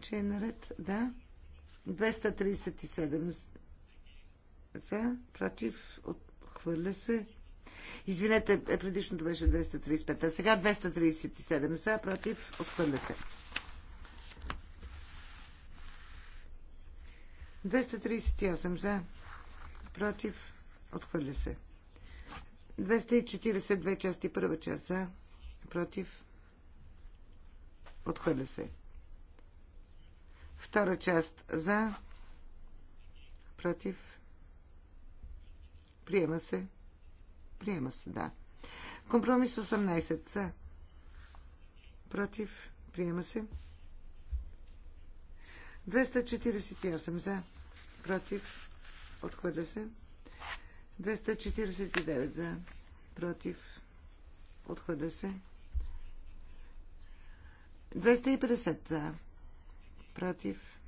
че е наред. Да. 237 за, против, отхвърля се. Извинете, предишното беше 235, а сега 237 за, против, отхвърля се. 238 за, против, отхвърля се. 240 две части, първа част за, против, отхвърля се. Втора част за, против, Приема се. Приема се, да. Компромис 18 за. Против. Приема се. 248 за. Против. Отхвърля се. 249 за. Против. Отхвърля се. 250 за. Против.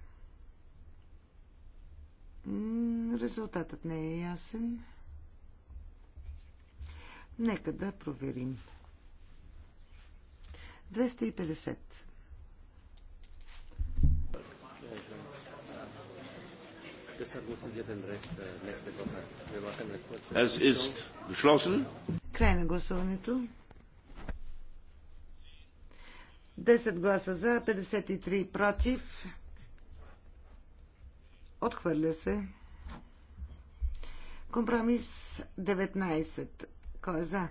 Резултатът не е ясен. Нека да проверим. 250. Край на гласуването. 10 гласа за, 53 против. Отхвърля се. Компромис 19 кой е за?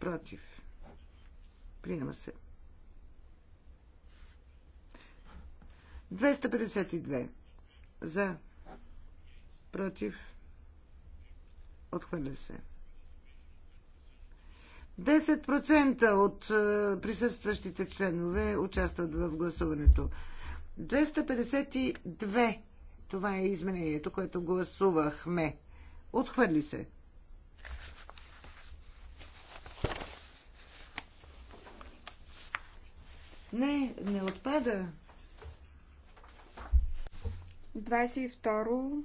Против. Приема се. 252. За. Против. Отхвърля се. 10% от е, присъстващите членове участват в гласуването. 252. Това е изменението, което гласувахме. Отхвърли се. Не, не отпада. 22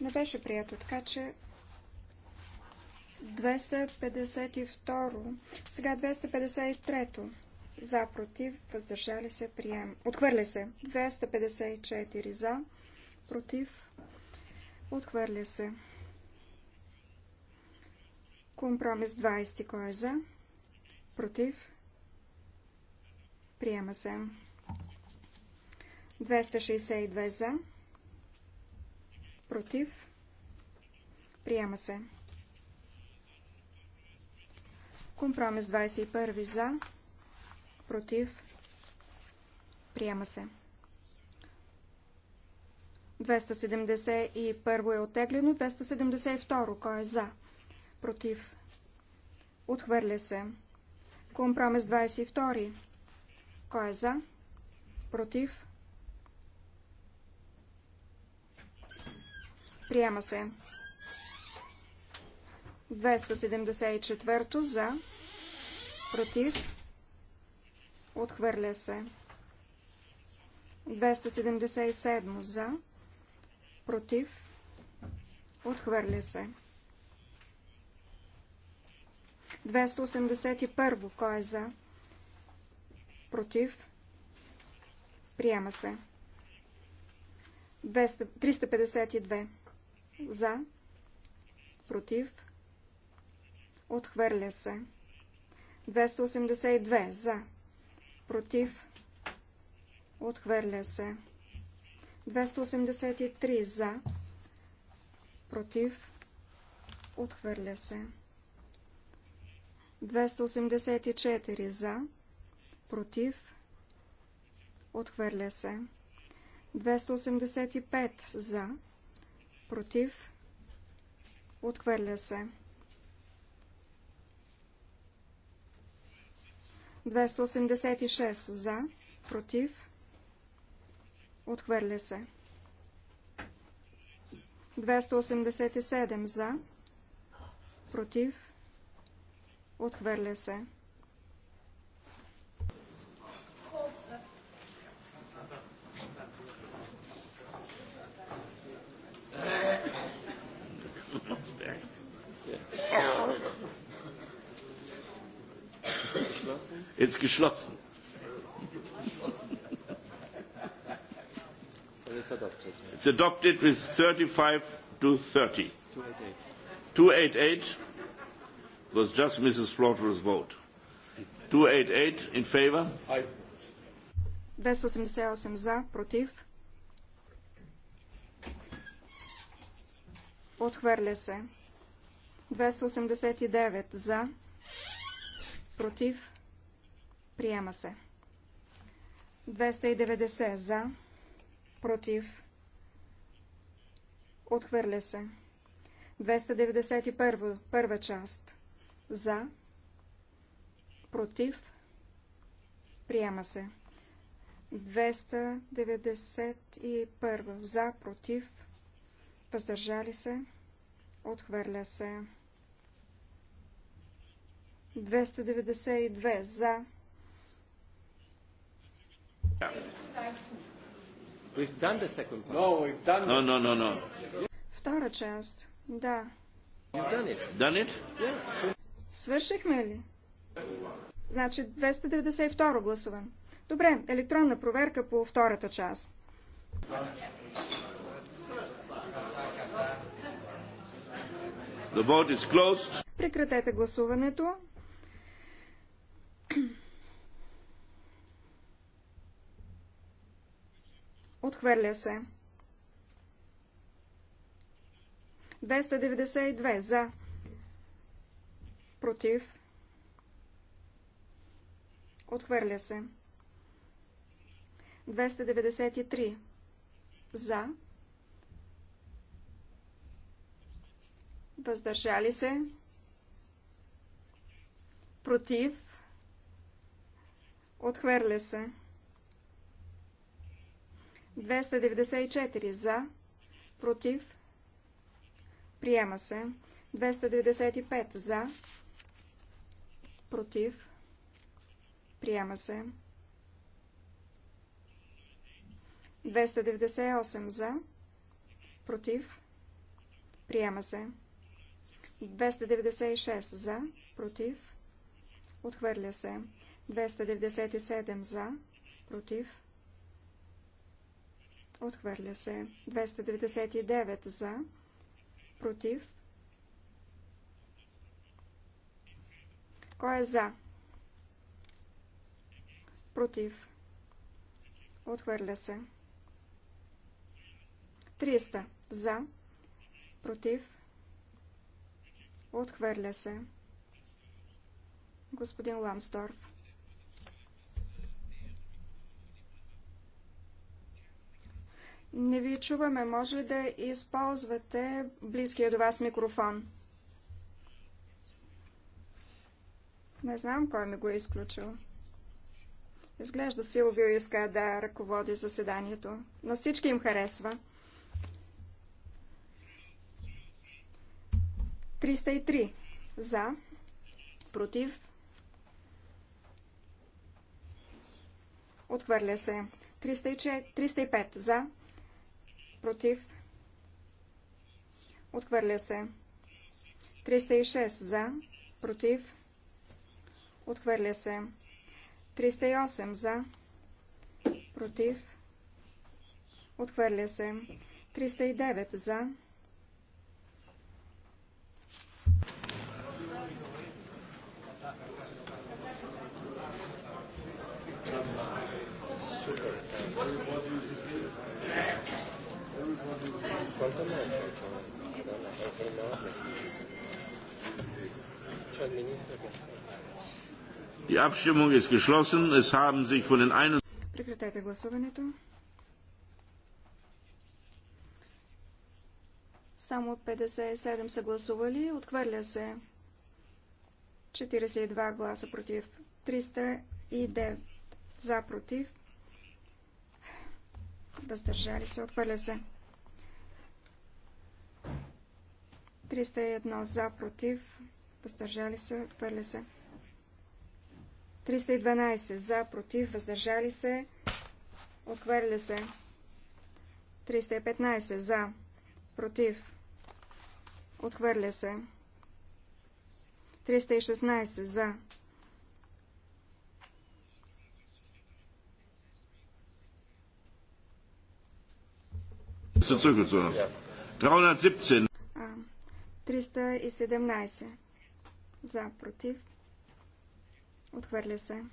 не беше прието, така че 252. Сега 253. За, против, въздържали се, прием. Отхвърля се. 254 за, против, отхвърля се. Компромис 20. Кой е за? Против. Приема се. 262 за. Против. Приема се. Компромис 21 за. Против. Приема се. 271 е оттеглено, 272 кой е за? Против. Отхвърля се. Компромис 22 кой е за? Против? Приема се. 274 за. Против? Отхвърля се. 277 за. Против? Отхвърля се. 281. Кой е за? против, приема се. 352 за, против, отхвърля се. 282 за, против, отхвърля се. 283 за, против, отхвърля се. 284 за, против, отхвърля се. 285 за, против, отхвърля се. 286 за, против, отхвърля се. 287 за, против, отхвърля се. ist geschlossen. It's adopted with 35 to 30. 288 was just Mrs. Slaughter's vote. 288 in favor? 288 за, против. Отхвърля се. 289 за, против. Приема се. 290 за. Против. Отхвърля се. 291. Първа част. За. Против. Приема се. 291. За. Против. Въздържали се. Отхвърля се. 292. За. Втора част. Да. Свършихме ли? Значи 292 гласове. Добре, електронна проверка по втората част. Прекратете гласуването. Отхвърля се. 292 за. Против. Отхвърля се. 293 за. Въздържали се. Против. Отхвърля се. 294 за, против, приема се. 295 за, против, приема се. 298 за, против, приема се. 296 за, против, отхвърля се. 297 за, против, Отхвърля се. 299 за. Против. Кой е за? Против. Отхвърля се. 300 за. Против. Отхвърля се. Господин Ламсторф. Не ви чуваме. Може да използвате близкия до вас микрофон. Не знам кой ми го е изключил. Изглежда Силвио иска да ръководи заседанието. На всички им харесва. 303 за, против, отхвърля се. 305 за, против, отхвърля се. 306 за, против, отхвърля се. 308 за, против, отхвърля се. 309 за, Suéltame. Die Abstimmung ist geschlossen. Es haben sich von den einen. Прекратете гласуването. Само 57 са гласували. Отхвърля се 42 гласа против 309 за против. Въздържали се. Отхвърля се. 301 за, против, въздържали се, отхвърля се. 312 за, против, въздържали се, отхвърля се. 315 за, против, отхвърля се. 316 за. Zurückgezogen. 317. 317. За, против. Отхвърля се.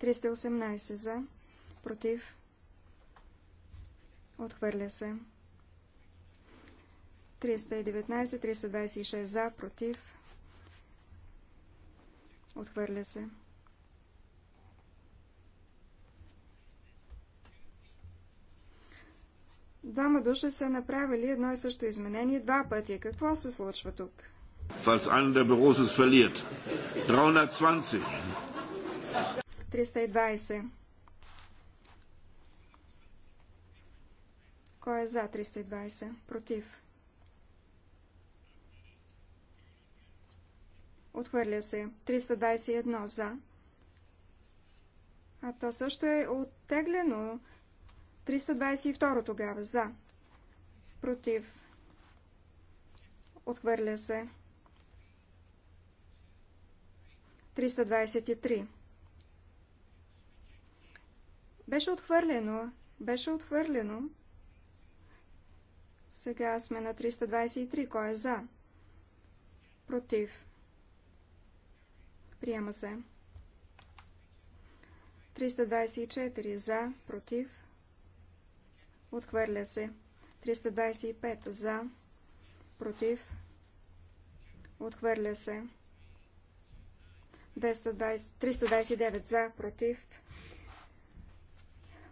318 за, против. Отхвърля се. 319, 326 за, против. Отхвърля се. Двама души са направили едно и също изменение два пъти. Какво се случва тук? Фалс einer der Büros 320. 320. Кой е за 320? Против. Отхвърля се. 321 за. А то също е оттеглено. 322 тогава. За. Против. Отхвърля се. 323. Беше отхвърлено. Беше отхвърлено. Сега сме на 323. Кой е за? Против. Приема се. 324. За. Против. Отхвърля се. 325 за. Против. Отхвърля се. 220, 329 за. Против.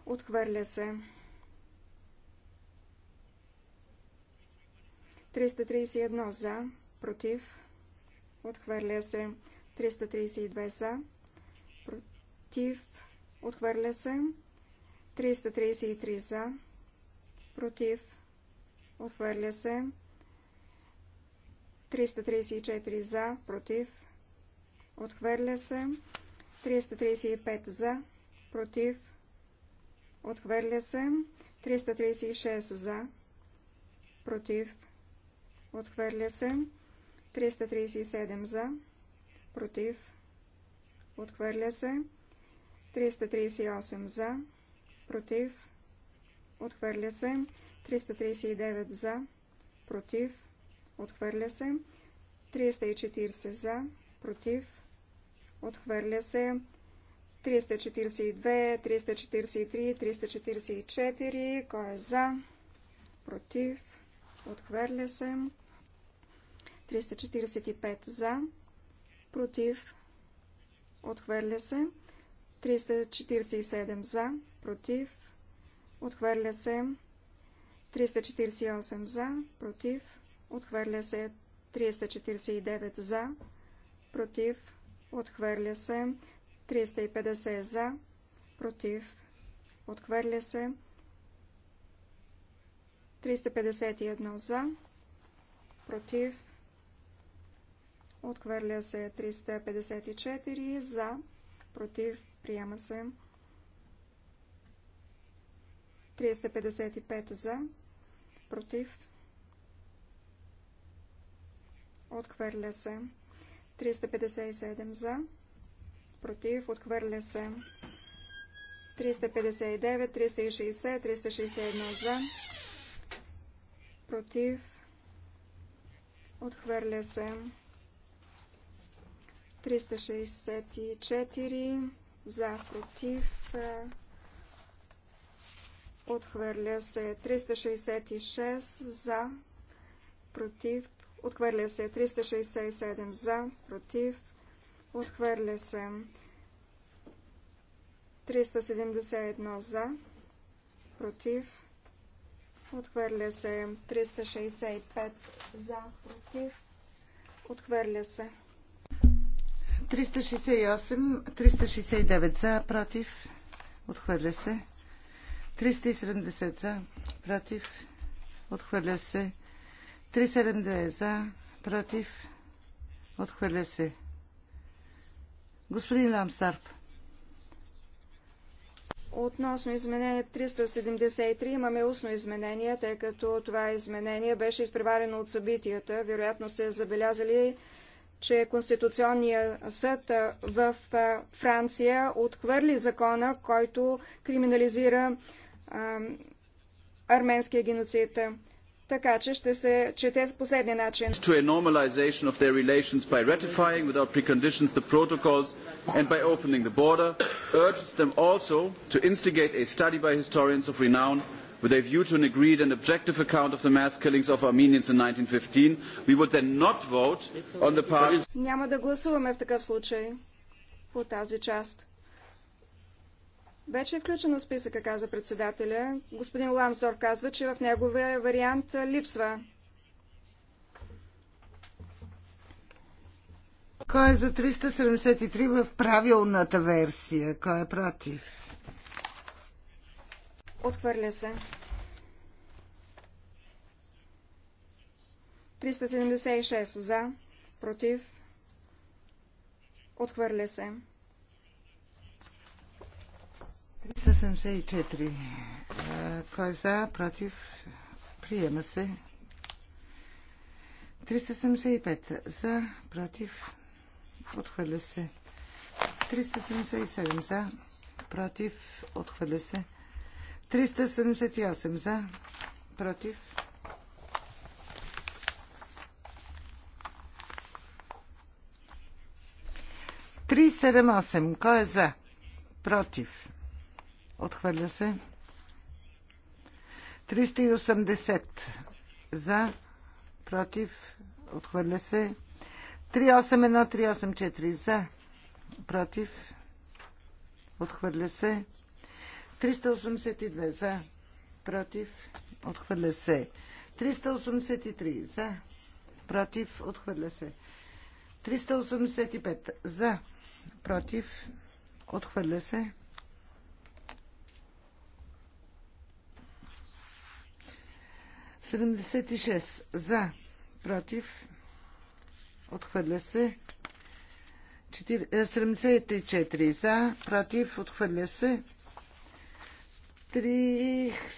Отхвърля се. 331 за. Против. Отхвърля се. 332 за. Против. Отхвърля се. 333 за против, отхвърля се. 334 за, против, отхвърля се. 335 за, против, отхвърля се. 336 за, против, отхвърля се. 337 за, против, отхвърля се. 338 за, против, Отхвърля се. 339 за. Против. Отхвърля се. 340 за. Против. Отхвърля се. 342, 343, 344. Кой е за? Против. Отхвърля се. 345 за. Против. Отхвърля се. 347 за. Против. Отхвърля се 348 за, против. Отхвърля се 349 за, против. Отхвърля се 350 за, против. Отхвърля се 351 за, против. Отхвърля се 354 за, против. Приема се 355 за, против, отхвърля се. 357 за, против, отхвърля се. 359, 360, 361 за, против, отхвърля се. 364 за, против, Отхвърля се 366 за, против. Отхвърля се 367 за, против. Отхвърля се 371 за, против. Отхвърля се 365 за, против. Отхвърля се. 368, 369 за, против. Отхвърля се. 370 за, против, отхвърля се. 372 за, против, отхвърля се. Господин Ламстарп. Относно изменение 373 имаме устно изменение, тъй като това изменение беше изпреварено от събитията. Вероятно сте забелязали, че Конституционният съд в Франция отхвърли закона, който криминализира арменския геноцид. Така че ще се чете с последния начин. To a normalization of their relations by ratifying without preconditions the protocols and by opening the border, urges them also to instigate a study by historians of renown with a view to an agreed and objective account of the mass killings of Armenians in 1915. We would then not vote on the part... Няма да гласуваме в такъв случай по тази част. Вече е включено в списъка, каза председателя. Господин Ламсдор казва, че в неговия вариант липсва. Кой е за 373 в правилната версия? Кой е против? Отхвърля се. 376 за, против, отхвърля се. 374. Кой е за? Против? Приема се. 375. За? Против? Отхвърля се. 377. За? Против? Отхвърля се. 378. За? Против? Три седем осем. Кой е за? Против. Отхвърля се. 380 за, против, отхвърля се. 381, 384 за, против, отхвърля се. 382 за, против, отхвърля се. 383 за, против, отхвърля се. 385 за, против, отхвърля се. 76 за, против, отхвърля се. 74 е, за, против, отхвърля се. 386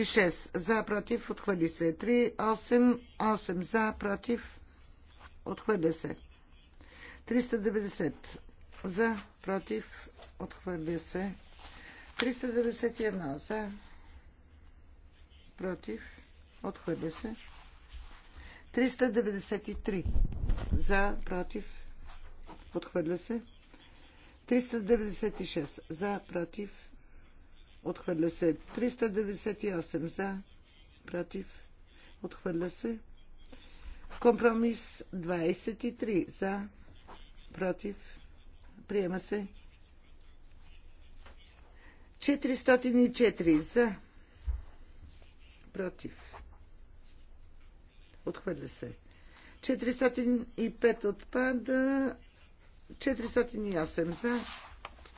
е, за, против, отхвърли се. 388 за, против, отхвърля се. 390 за, против, отхвърля се. 391 за, против, отхвърля се. 393 за, против, отхвърля се. 396 за, против, отхвърля се. 398 за, против, отхвърля се. Компромис 23 за, против, приема се. 404 за, против. Отхвърля се. 405 отпада. 408 за.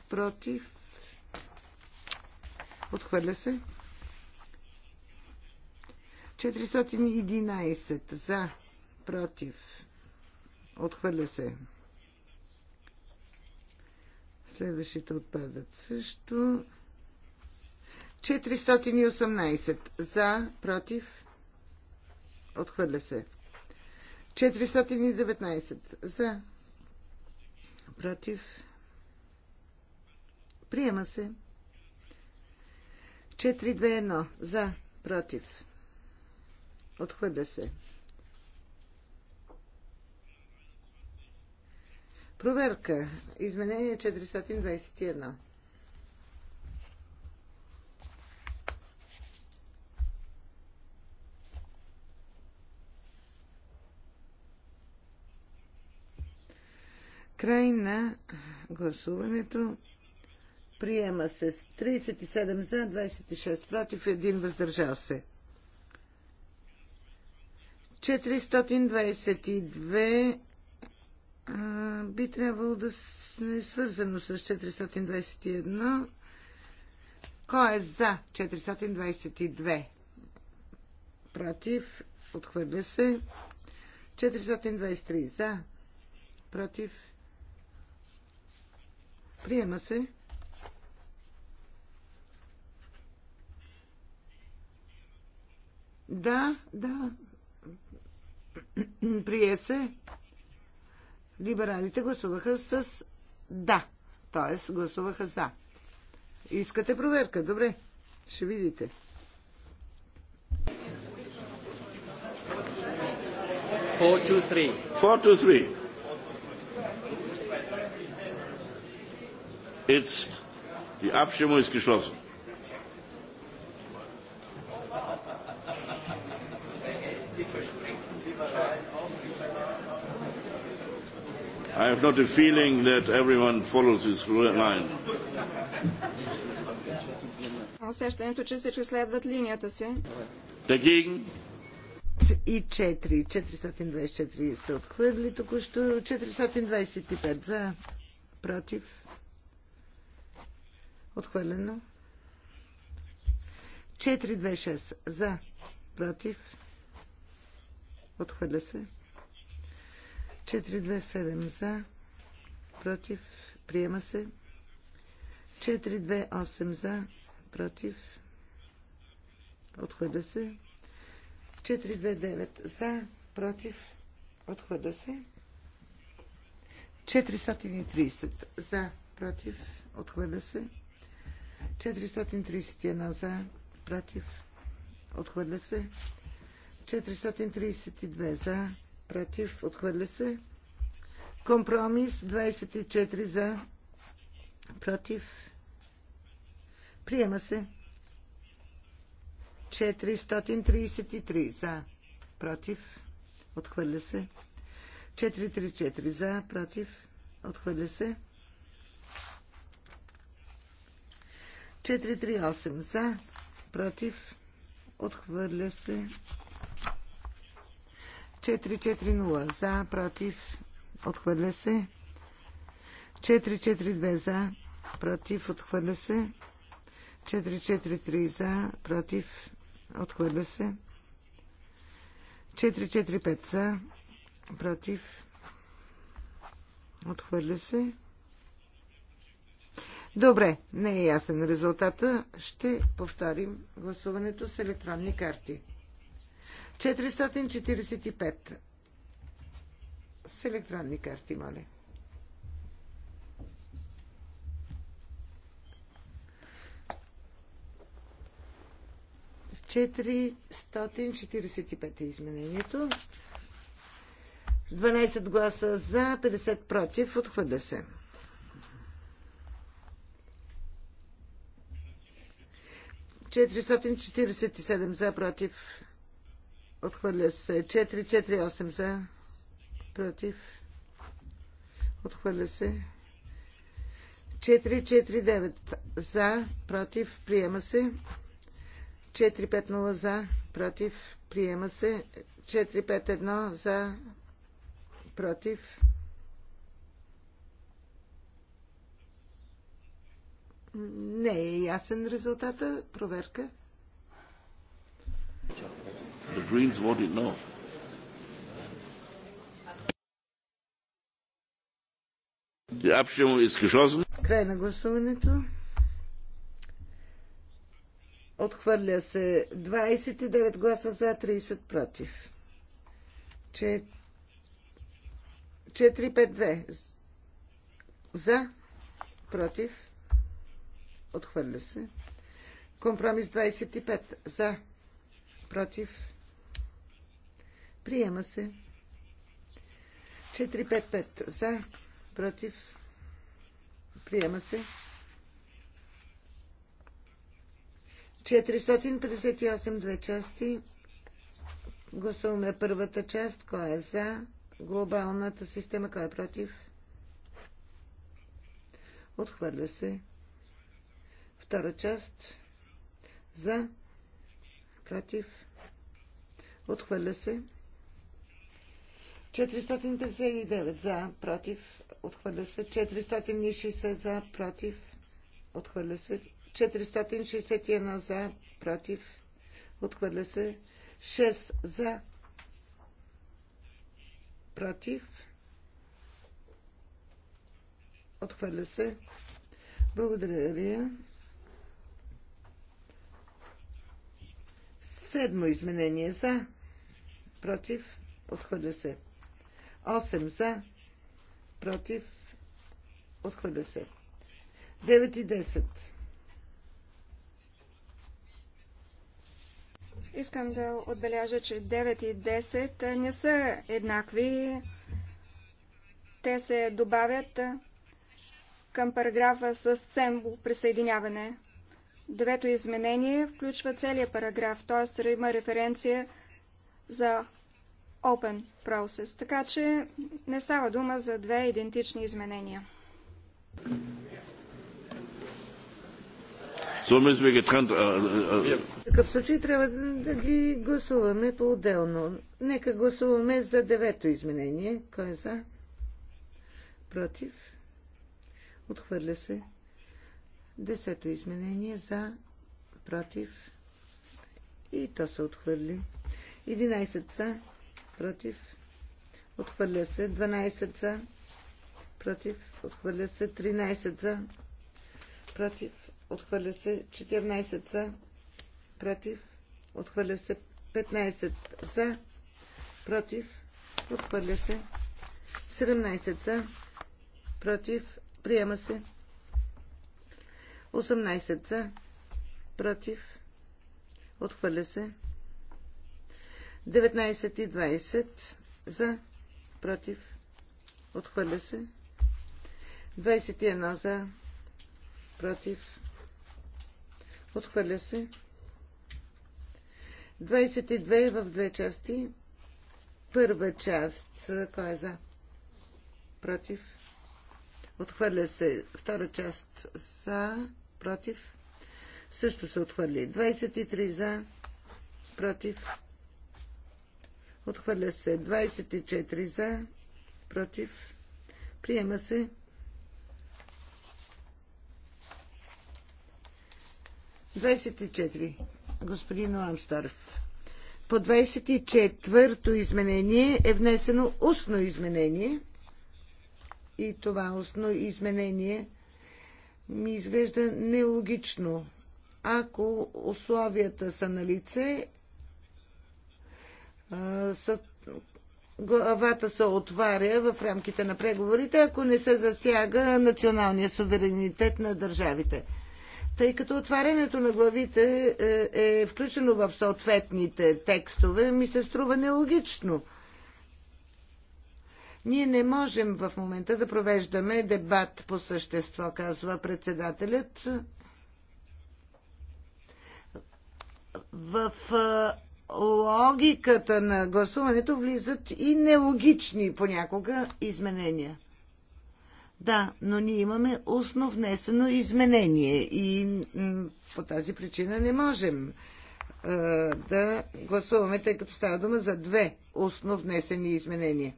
Против. Отхвърля се. 411 за. Против. Отхвърля се. Следващите отпадат също. 418 за, против, отхвърля се. 419 за, против, приема се. 421 за, против, отхвърля се. Проверка. Изменение 421. Край на гласуването. Приема се с 37 за, 26 против, 1 въздържал се. 422 а, би трябвало да е свързано с 421. Кой е за 422? Против. Отхвърля се. 423 за. Против. Приема се. Да, да. *clears throat* Прие се. Либералите гласуваха с да. Тоест гласуваха за. Искате проверка? Добре. Ще видите. Four two, three. Four two, three. ist. Die Abstimmung ist geschlossen. I have not a feeling that everyone follows this line. Усещането, че всички следват линията си. Дагин. И 4. 424 са отхвърли току-що. 425 за. Против. Отхвърлено. 426 за. Против. Отхвърля се. 427 за. Против. Приема се. 428 за. Против. Отхвърля се. 429 за. Против. Отхвърля се. 430 за. Против. Отхвърля се. 431 за, против, отхвърля се. 432 за, против, отхвърля се. Компромис 24 за, против, приема се. 433 за, против, отхвърля се. 434 за, против, отхвърля се. 438 за, против, отхвърля се. 440 за, против, отхвърля се. 442 за, против, отхвърля се. 443 за, против, отхвърля се. 445 за, против, отхвърля се. Добре, не е ясен резултата. Ще повторим гласуването с електронни карти. 445 с електронни карти, моля. Четиристотин е изменението. 12 гласа за, 50 против, отхвърля се. 447 за, против. Отхвърля се. 448 за, против. Отхвърля се. 449 за, против, приема се. 450 за, против, приема се. 451 за, против, Не е ясен резултата. Проверка. The Greens voted no. Край на гласуването. Отхвърля се 29 гласа за, 30 против. 4-5-2 за, против. Отхвърля се. Компромис 25. За. Против. Приема се. 455. За. Против. Приема се. 458 две части. Гласуваме първата част. Кой е за глобалната система? Кой е против? Отхвърля се. Втора част за, против, отхвърля се. 459 за, против, отхвърля се. 460 за, против, отхвърля се. 461 за, против, отхвърля се. 6 за, против, отхвърля се. Благодаря ви. Седмо изменение за. Против. Отхвърля се. Осем за. Против. Отхвърля се. Девет и десет. Искам да отбележа, че 9 и 10 не са еднакви. Те се добавят към параграфа с цембо присъединяване. Девето изменение включва целият параграф, т.е. има референция за Open Process, така че не става дума за две идентични изменения. В такъв случай трябва да ги гласуваме по-отделно. Нека гласуваме за девето изменение. Кой е за? Против? Отхвърля се. Десето изменение за, против и то се отхвърли. 11 са против, отхвърля се. 12 са против, отхвърля се. 13 за, против, отхвърля се. 14 са против, отхвърля се. 15 за, против, отхвърля се. 17 са, против, приема се. 18 за, против, отхвърля се. 19 и 20 за, против, отхвърля се. 21 за, против, отхвърля се. 22 в две части. Първа част, кой е за? Против. Отхвърля се. Втора част за против, също се отхвърли. 23 за, против, отхвърля се. 24 за, против, приема се. Двадесет и четири. Господин Ламстаров. По 24-то изменение е внесено устно изменение. И това устно изменение ми изглежда нелогично. Ако условията са на лице, са главата се отваря в рамките на преговорите, ако не се засяга националния суверенитет на държавите. Тъй като отварянето на главите е, е включено в съответните текстове, ми се струва нелогично – ние не можем в момента да провеждаме дебат по същество, казва председателят. В логиката на гласуването влизат и нелогични понякога изменения. Да, но ние имаме устно внесено изменение и по тази причина не можем да гласуваме, тъй като става дума за две устно внесени изменения.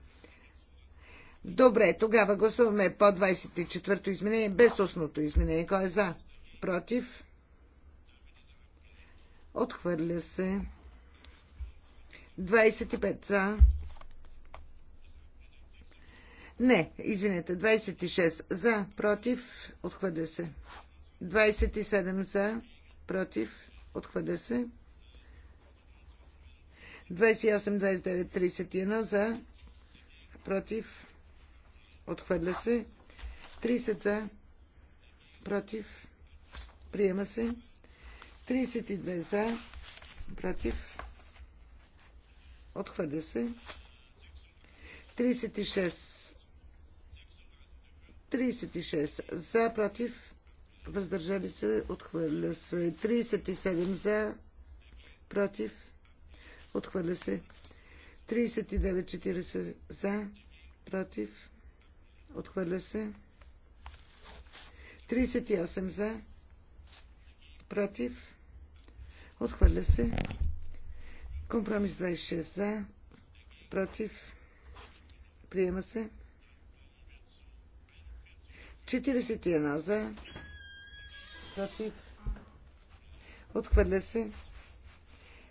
Добре, тогава гласуваме по 24-то изменение, без устното изменение. Кой е за? Против? Отхвърля се. 25 за. Не, извинете, 26 за, против, отхвърля се. 27 за, против, отхвърля се. 28, 29, 31 за, против, Отхвърля се. 30 за. Против. Приема се. 32 за. Против. Отхвърля се. 36. 36 за. Против. Въздържали се. Отхвърля се. 37 за. Против. Отхвърля се. 39-40 за. Против. Отхвърля се. 38 за. Против. Отхвърля се. Компромис 26 за. Против. Приема се. 41 за. Против. Отхвърля се.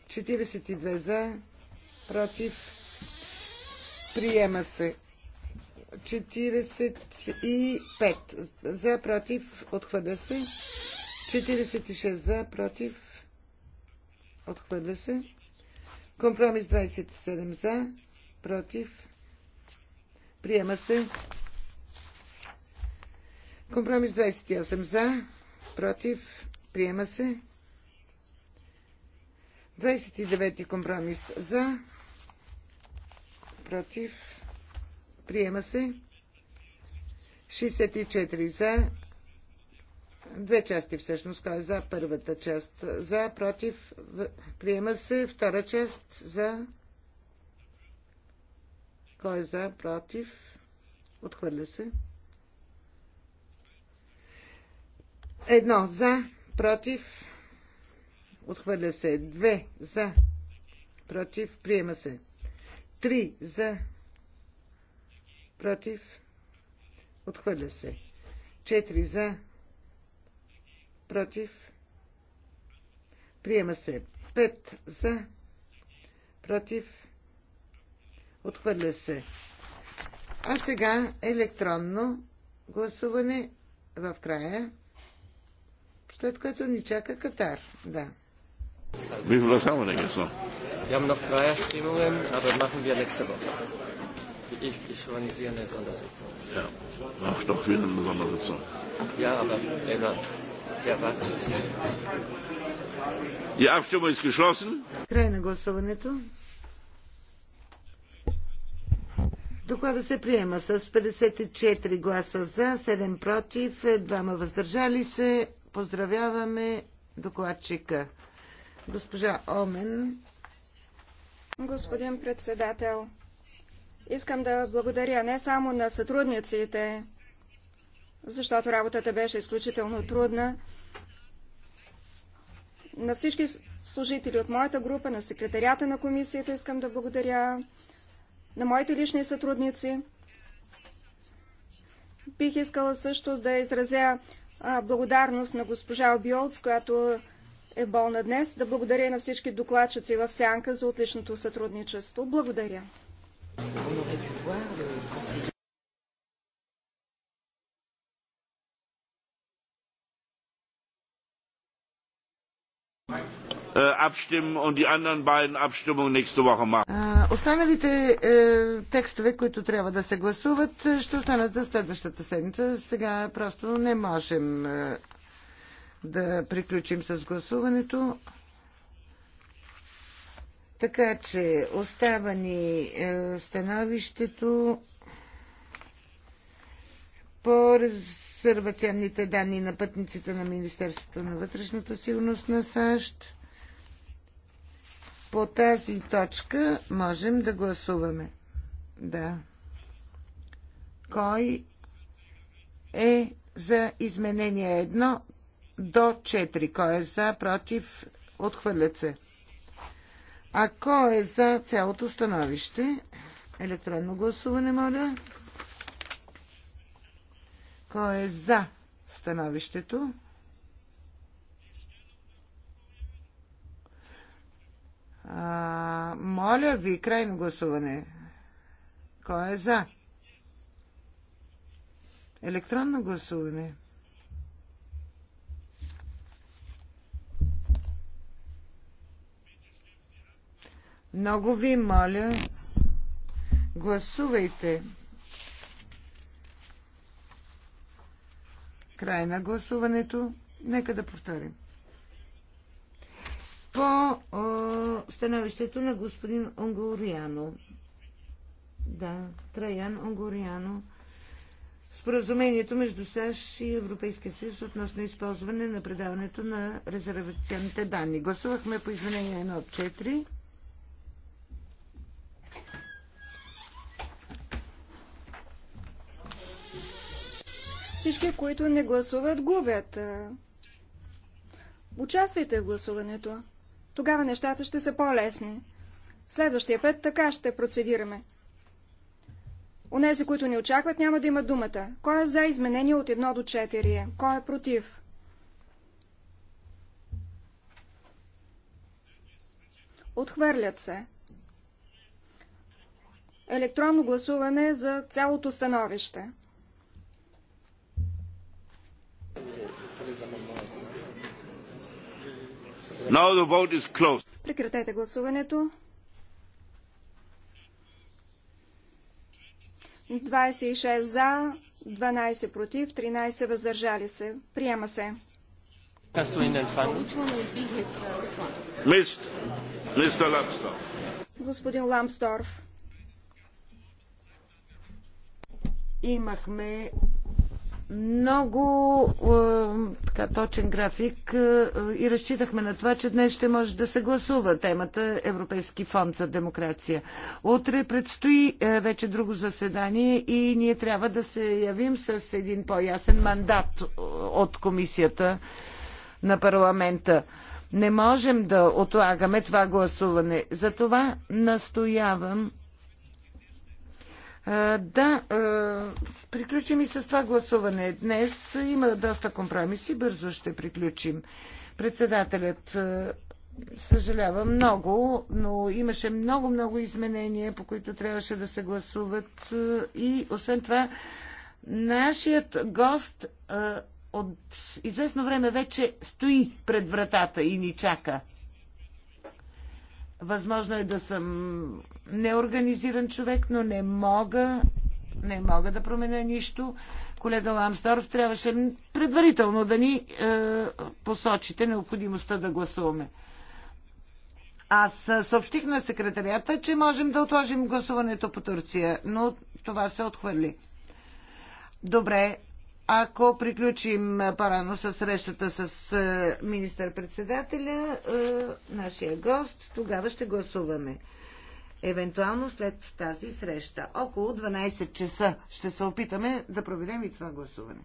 42 за. Против. Приема се. 45 за, против, отхвърля се. 46 за, против, отхвърля се. Компромис 27 за, против, приема се. Компромис 28 за, против, приема се. 29 компромис за, против, Приема се. 64 за. Две части всъщност. Кой е за първата част? За, против. Приема се. Втора част за. Кой е за, против? Отхвърля се. Едно за, против. Отхвърля се. Две за, против. Приема се. Три за, против, отхвърля се. 4 за, против, приема се. 5 за, против, отхвърля се. А сега електронно гласуване в края, след като ни чака Катар. Да. Wie viel haben wir denn jetzt noch? Wir haben noch drei Abstimmungen, aber machen wir nächste Woche. Ich, ich organisiere eine Sondersitzung. Ja, mach doch, für eine Sondersitzung. Ja, aber egal. Ja, was ist Die Abstimmung ist geschlossen. Крайна гласуването. Доклада се приема с 54 гласа за, 7 против, 2 въздържали се. Поздравяваме докладчика. Госпожа Омен. Господин председател, Искам да благодаря не само на сътрудниците, защото работата беше изключително трудна, на всички служители от моята група, на секретарията на комисията искам да благодаря, на моите лични сътрудници. Бих искала също да изразя благодарност на госпожа Обиолц, която е болна днес, да благодаря на всички докладчици в Сянка за отличното сътрудничество. Благодаря. On aurait dû voir le conseiller. Äh, abstimmen und die anderen beiden Abstimmungen nächste Woche machen. Останалите е, текстове, които трябва да се гласуват, е, ще останат за следващата седмица. Сега просто не можем е, да приключим с гласуването. Така че остава ни е, становището по резервационните данни на пътниците на Министерството на вътрешната сигурност на САЩ. По тази точка можем да гласуваме. Да. Кой е за изменение 1 до 4? Кой е за, против, отхвърлят се. А кой е за цялото становище? Електронно гласуване, моля. Кой е за становището? А, моля ви, крайно гласуване. Кой е за? Електронно гласуване. Много ви моля, гласувайте. Край на гласуването. Нека да повторим. По о, становището на господин Онгоряно. Да, Траян Онгоряно. Споразумението между САЩ и Европейския съюз относно използване на предаването на резервационните данни. Гласувахме по изменение 1 от 4. Всички, които не гласуват, губят. Е, участвайте в гласуването. Тогава нещата ще са по-лесни. Следващия път така ще процедираме. Онези, които не очакват, няма да има думата. Кой е за изменение от 1 до 4? Кой е против? Отхвърлят се. Електронно гласуване за цялото становище. Now the vote is closed. Прекратете гласуването. 26 за, 12 против, 13 въздържали се. Приема се. Господин Ламсторф. Имахме много е, така, точен график е, и разчитахме на това, че днес ще може да се гласува темата Европейски фонд за демокрация. Утре предстои е, вече друго заседание и ние трябва да се явим с един по-ясен мандат е, от комисията на парламента. Не можем да отлагаме това гласуване. Затова настоявам да, приключим и с това гласуване. Днес има доста компромиси, бързо ще приключим. Председателят съжалява много, но имаше много-много изменения, по които трябваше да се гласуват. И освен това, нашият гост от известно време вече стои пред вратата и ни чака. Възможно е да съм неорганизиран човек, но не мога, не мога да променя нищо. Колега Ламсторов, трябваше предварително да ни е, посочите необходимостта да гласуваме. Аз е, съобщих на секретарията, че можем да отложим гласуването по Турция, но това се отхвърли. Добре, ако приключим парано с срещата с е, министър-председателя, е, нашия гост, тогава ще гласуваме евентуално след тази среща. Около 12 часа ще се опитаме да проведем и това гласуване.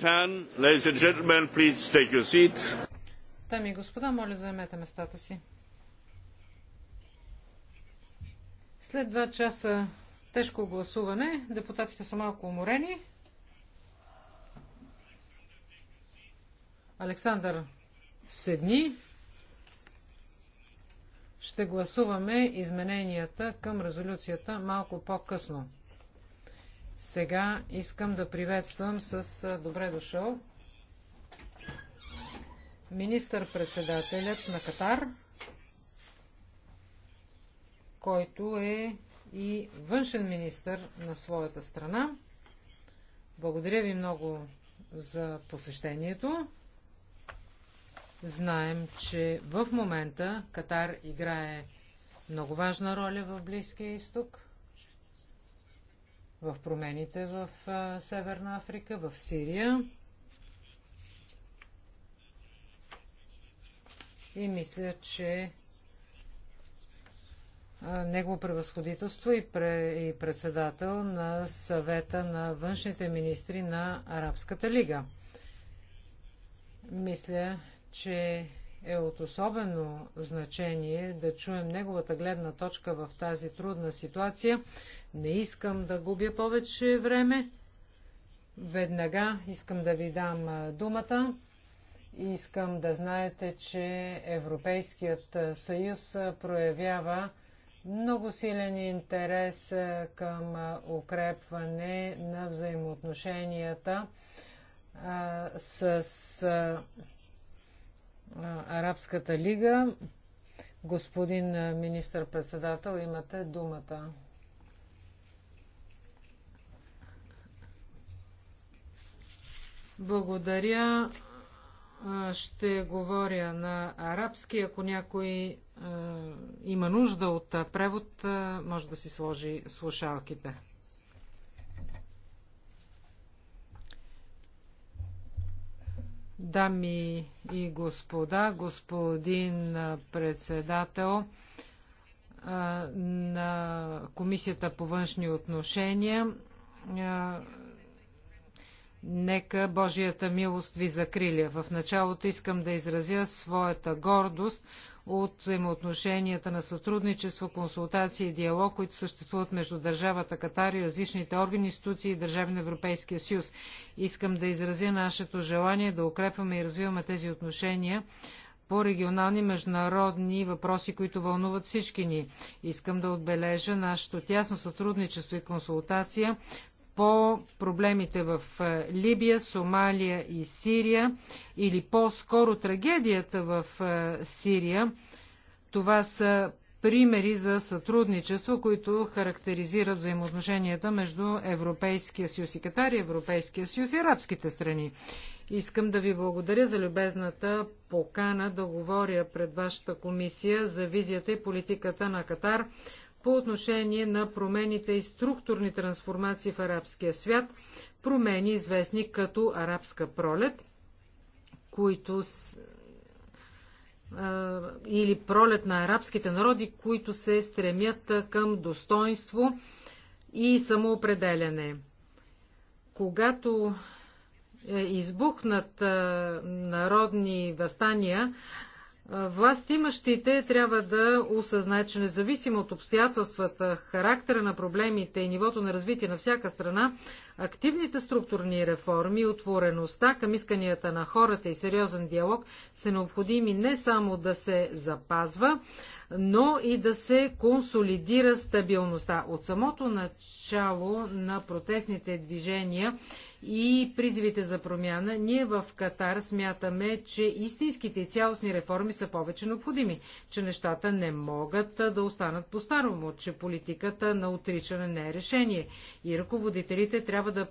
Дами и господа, моля заемете местата си. След два часа тежко гласуване, депутатите са малко уморени. Александър седни. Ще гласуваме измененията към резолюцията малко по-късно. Сега искам да приветствам с добре дошъл министър-председателят на Катар, който е и външен министър на своята страна. Благодаря ви много за посещението. Знаем, че в момента Катар играе много важна роля в Близкия изток в промените в Северна Африка, в Сирия. И мисля, че Негово превъзходителство и, пре, и председател на съвета на външните министри на Арабската лига. Мисля, че е от особено значение да чуем неговата гледна точка в тази трудна ситуация, не искам да губя повече време. Веднага искам да ви дам думата. Искам да знаете, че Европейският съюз проявява много силен интерес към укрепване на взаимоотношенията с Арабската лига. Господин министър-председател, имате думата. Благодаря. Ще говоря на арабски. Ако някой има нужда от превод, може да си сложи слушалките. Дами и господа, господин председател на Комисията по външни отношения, Нека Божията милост ви закриля. В началото искам да изразя своята гордост от взаимоотношенията на сътрудничество, консултации и диалог, които съществуват между държавата Катар и различните органи, институции и държави на Европейския съюз. Искам да изразя нашето желание да укрепваме и развиваме тези отношения по регионални международни въпроси, които вълнуват всички ни. Искам да отбележа нашето тясно сътрудничество и консултация по проблемите в е, Либия, Сомалия и Сирия, или по-скоро трагедията в е, Сирия. Това са примери за сътрудничество, които характеризират взаимоотношенията между Европейския съюз и Катар и Европейския съюз и арабските страни. Искам да ви благодаря за любезната покана да говоря пред вашата комисия за визията и политиката на Катар по отношение на промените и структурни трансформации в арабския свят, промени известни като арабска пролет, които с, а, или пролет на арабските народи, които се стремят към достоинство и самоопределяне. Когато е избухнат народни възстания, Властимащите трябва да осъзнаят, че независимо от обстоятелствата, характера на проблемите и нивото на развитие на всяка страна, Активните структурни реформи, отвореността към исканията на хората и сериозен диалог са необходими не само да се запазва, но и да се консолидира стабилността. От самото начало на протестните движения и призивите за промяна, ние в Катар смятаме, че истинските и цялостни реформи са повече необходими, че нещата не могат да останат по-старому, че политиката на отричане не е решение и ръководителите трябва трябва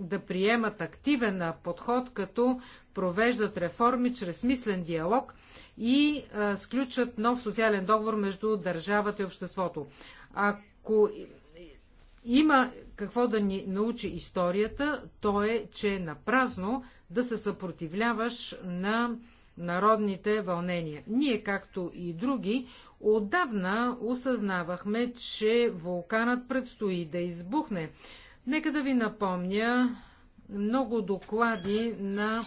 да, да приемат активен подход, като провеждат реформи чрез мислен диалог и а, сключат нов социален договор между държавата и обществото. Ако има какво да ни научи историята, то е, че е напразно да се съпротивляваш на народните вълнения. Ние, както и други, отдавна осъзнавахме, че вулканът предстои да избухне. Нека да ви напомня много доклади на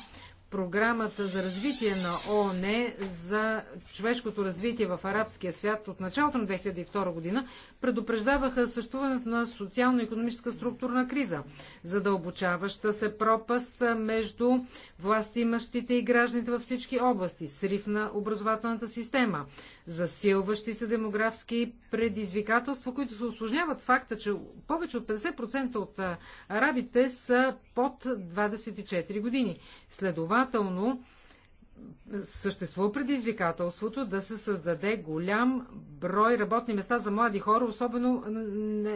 програмата за развитие на ООН за човешкото развитие в арабския свят от началото на 2002 година предупреждаваха съществуването на социално-економическа структурна криза, задълбочаваща се пропаст между власти и гражданите във всички области, срив на образователната система, засилващи се демографски предизвикателства, които се осложняват факта, че повече от 50% от арабите са под 24 години. Следователно, съществува предизвикателството да се създаде голям брой работни места за млади хора, особено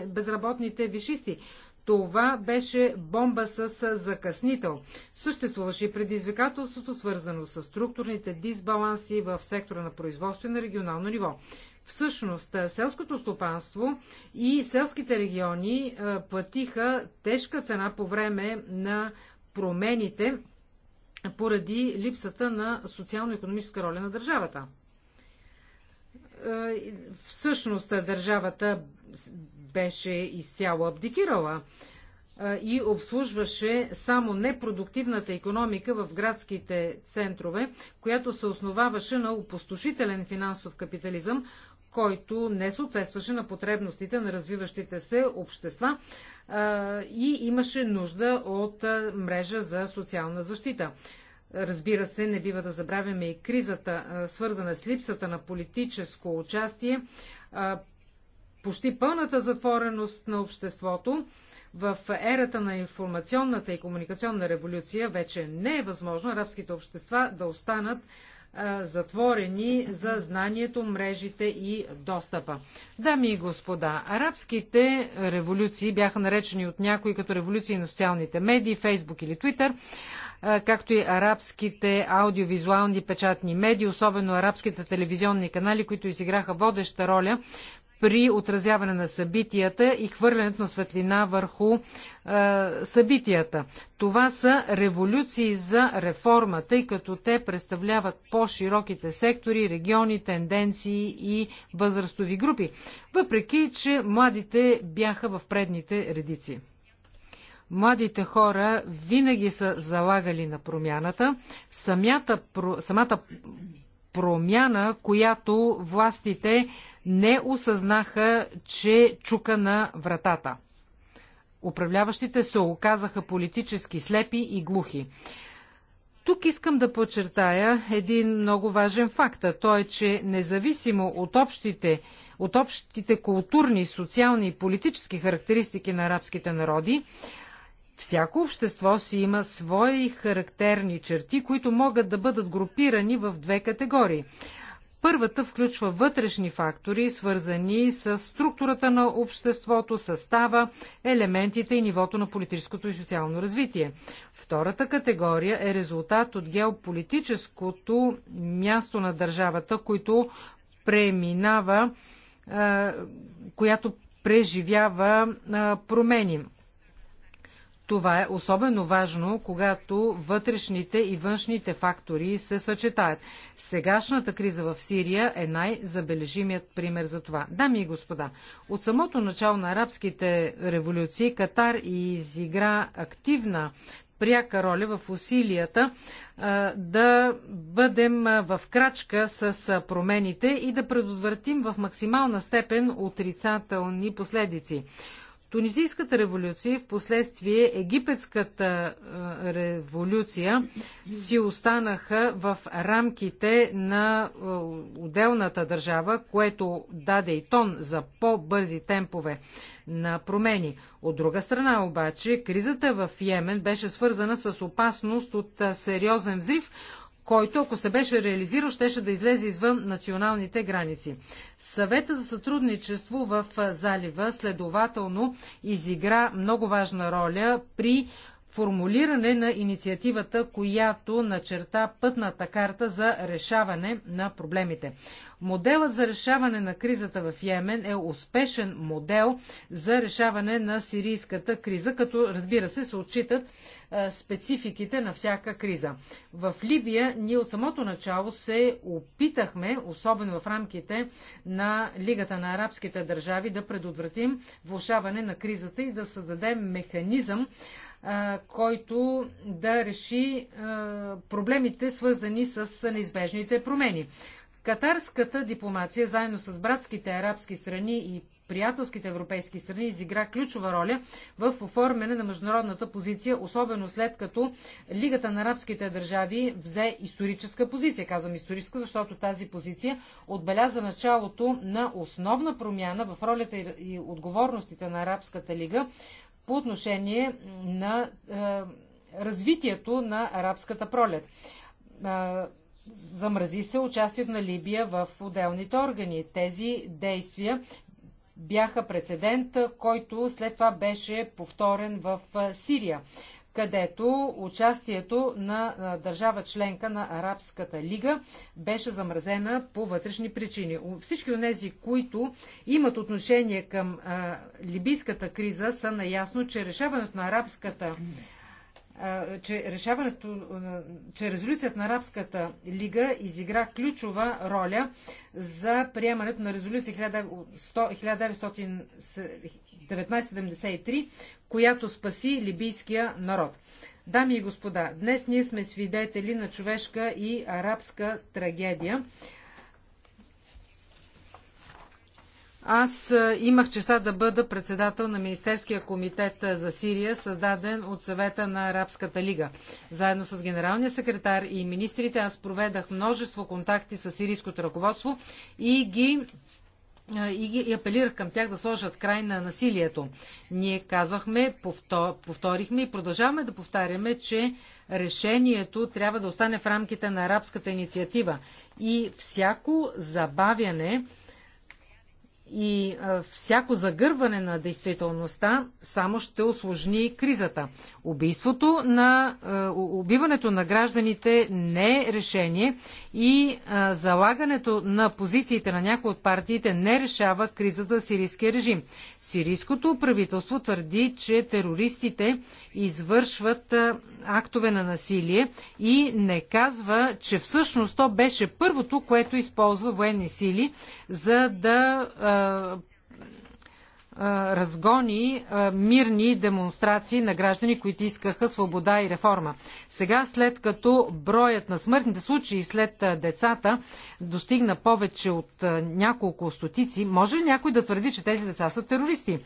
безработните вишисти. Това беше бомба с закъснител. Съществуваше и предизвикателството, свързано с структурните дисбаланси в сектора на производство и на регионално ниво. Всъщност, е, селското стопанство и селските региони е, платиха тежка цена по време на промените поради липсата на социално-економическа роля на държавата е, всъщност държавата беше изцяло абдикирала и обслужваше само непродуктивната економика в градските центрове, която се основаваше на опустошителен финансов капитализъм, който не съответстваше на потребностите на развиващите се общества и имаше нужда от мрежа за социална защита. Разбира се, не бива да забравяме и кризата, свързана с липсата на политическо участие, почти пълната затвореност на обществото в ерата на информационната и комуникационна революция вече не е възможно арабските общества да останат затворени за знанието, мрежите и достъпа. Дами и господа, арабските революции бяха наречени от някои като революции на социалните медии, Фейсбук или Твитър, както и арабските аудиовизуални печатни медии, особено арабските телевизионни канали, които изиграха водеща роля при отразяване на събитията и хвърлянето на светлина върху е, събитията. Това са революции за реформа, тъй като те представляват по-широките сектори, региони, тенденции и възрастови групи, въпреки че младите бяха в предните редици. Младите хора винаги са залагали на промяната. Самята, самата промяна, която властите не осъзнаха, че чука на вратата. Управляващите се оказаха политически слепи и глухи. Тук искам да подчертая един много важен факт. А той е, че независимо от общите, от общите културни, социални и политически характеристики на арабските народи, всяко общество си има свои характерни черти, които могат да бъдат групирани в две категории. Първата включва вътрешни фактори, свързани с структурата на обществото, състава, елементите и нивото на политическото и социално развитие. Втората категория е резултат от геополитическото място на държавата, което преминава, която преживява промени. Това е особено важно, когато вътрешните и външните фактори се съчетаят. Сегашната криза в Сирия е най-забележимият пример за това. Дами и господа, от самото начало на арабските революции Катар изигра активна пряка роля в усилията да бъдем в крачка с промените и да предотвратим в максимална степен отрицателни последици. Тунизийската революция и в последствие египетската революция си останаха в рамките на отделната държава, което даде и тон за по-бързи темпове на промени. От друга страна обаче, кризата в Йемен беше свързана с опасност от сериозен взрив, който, ако се беше реализирал, щеше да излезе извън националните граници. Съвета за сътрудничество в залива следователно изигра много важна роля при формулиране на инициативата, която начерта пътната карта за решаване на проблемите. Моделът за решаване на кризата в Йемен е успешен модел за решаване на сирийската криза, като разбира се се отчитат спецификите на всяка криза. В Либия ние от самото начало се опитахме, особено в рамките на Лигата на арабските държави, да предотвратим влушаване на кризата и да създадем механизъм, който да реши проблемите, свързани с неизбежните промени. Катарската дипломация, заедно с братските арабски страни и приятелските европейски страни, изигра ключова роля в оформяне на международната позиция, особено след като Лигата на арабските държави взе историческа позиция. Казвам историческа, защото тази позиция отбеляза началото на основна промяна в ролята и отговорностите на Арабската лига по отношение на е, развитието на арабската пролет е, замрази се участието на Либия в отделните органи. Тези действия бяха прецедент, който след това беше повторен в Сирия, където участието на държава членка на Арабската лига беше замразена по вътрешни причини. Всички от тези, които имат отношение към либийската криза, са наясно, че решаването на арабската че решаването, че резолюцията на Арабската лига изигра ключова роля за приемането на резолюция 1973, която спаси либийския народ. Дами и господа, днес ние сме свидетели на човешка и арабска трагедия, Аз е, имах честа да бъда председател на Министерския комитет е, за Сирия, създаден от съвета на Арабската лига. Заедно с генералния секретар и министрите аз проведах множество контакти с сирийското ръководство и ги е, и, ги, и апелирах към тях да сложат край на насилието. Ние казвахме, повторихме и продължаваме да повтаряме, че решението трябва да остане в рамките на арабската инициатива. И всяко забавяне и всяко загърване на действителността само ще осложни кризата. Убийството на, убиването на гражданите не е решение и залагането на позициите на някои от партиите не решава кризата на сирийския режим. Сирийското правителство твърди, че терористите извършват актове на насилие и не казва, че всъщност то беше първото, което използва военни сили, за да разгони мирни демонстрации на граждани, които искаха свобода и реформа. Сега, след като броят на смъртните случаи след децата достигна повече от няколко стотици, може ли някой да твърди, че тези деца са терористи?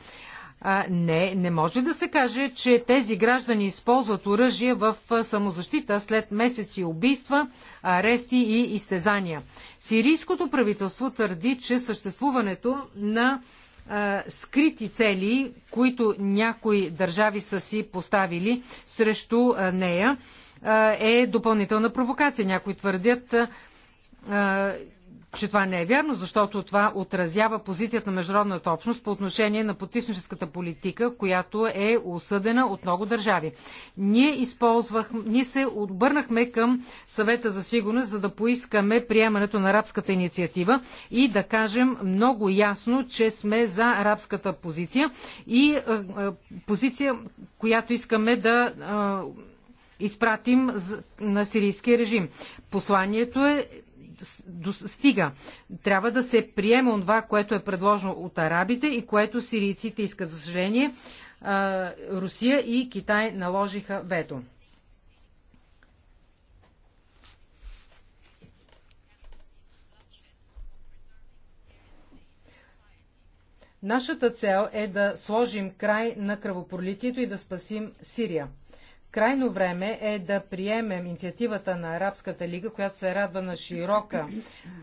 А, не, не може да се каже, че тези граждани използват оръжие в самозащита след месеци убийства, арести и изтезания. Сирийското правителство твърди, че съществуването на а, скрити цели, които някои държави са си поставили срещу а, нея, а, е допълнителна провокация. Някои твърдят, че това не е вярно, защото това отразява позицията на международната общност по отношение на потисническата политика, която е осъдена от много държави. Ние, използвахме, ние се обърнахме към съвета за сигурност, за да поискаме приемането на арабската инициатива и да кажем много ясно, че сме за арабската позиция и е, е, позиция, която искаме да е, изпратим на сирийския режим. Посланието е достига. Трябва да се приема това, което е предложено от арабите и което сирийците искат. За съжаление, Русия и Китай наложиха вето. Нашата цел е да сложим край на кръвопролитието и да спасим Сирия. Крайно време е да приемем инициативата на Арабската лига, която се радва на широка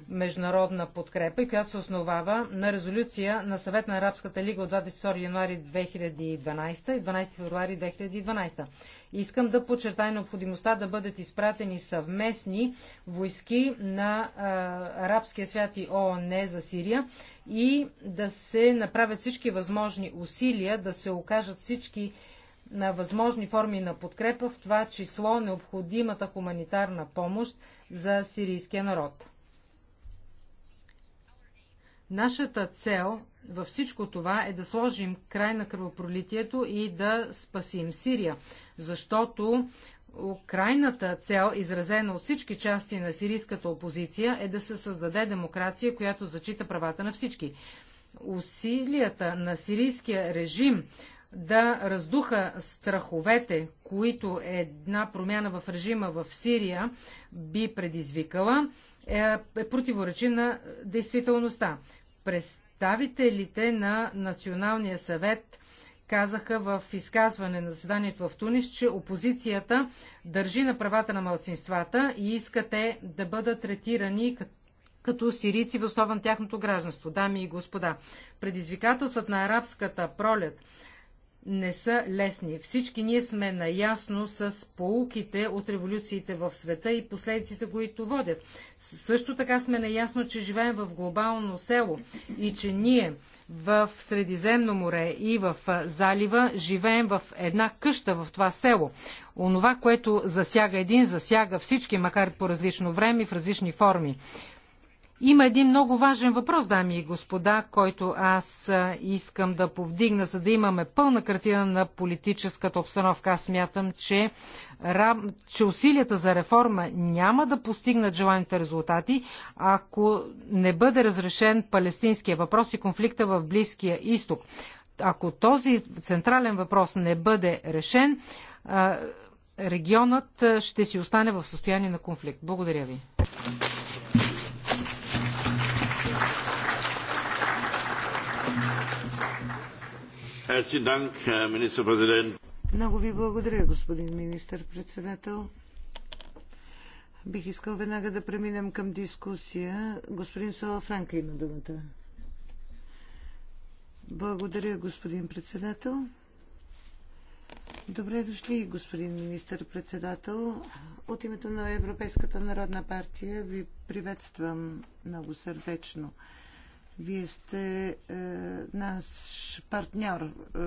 международна подкрепа и която се основава на резолюция на съвет на Арабската лига от 22 януари 2012 и 12 февруари 2012. Искам да подчертая необходимостта да бъдат изпратени съвместни войски на а, арабския свят и ООН за Сирия и да се направят всички възможни усилия да се окажат всички на възможни форми на подкрепа, в това число необходимата хуманитарна помощ за сирийския народ. Нашата цел във всичко това е да сложим край на кръвопролитието и да спасим Сирия, защото крайната цел, изразена от всички части на сирийската опозиция, е да се създаде демокрация, която зачита правата на всички. Усилията на сирийския режим да раздуха страховете, които една промяна в режима в Сирия би предизвикала, е, е, противоречи на действителността. Представителите на Националния съвет казаха в изказване на заседанието в Тунис, че опозицията държи на правата на малцинствата и иска те да бъдат третирани като като сирийци в основа на тяхното гражданство. Дами и господа, предизвикателствата на арабската пролет, не са лесни. Всички ние сме наясно с полуките от революциите в света и последиците, които водят. Също така сме наясно, че живеем в глобално село и че ние в Средиземно море и в залива живеем в една къща в това село. Онова, което засяга един, засяга всички, макар по различно време и в различни форми. Има един много важен въпрос, дами и господа, който аз искам да повдигна, за да имаме пълна картина на политическата обстановка. Аз смятам, че, че усилията за реформа няма да постигнат желаните резултати, ако не бъде разрешен палестинския въпрос и конфликта в Близкия изток. Ако този централен въпрос не бъде решен, регионът ще си остане в състояние на конфликт. Благодаря ви. Много ви благодаря, господин министър-председател. Бих искал веднага да преминем към дискусия. Господин Сола Франка има думата. Благодаря, господин председател. Добре дошли, господин министър-председател. От името на Европейската народна партия ви приветствам много сърдечно. Вие сте е, наш партньор е,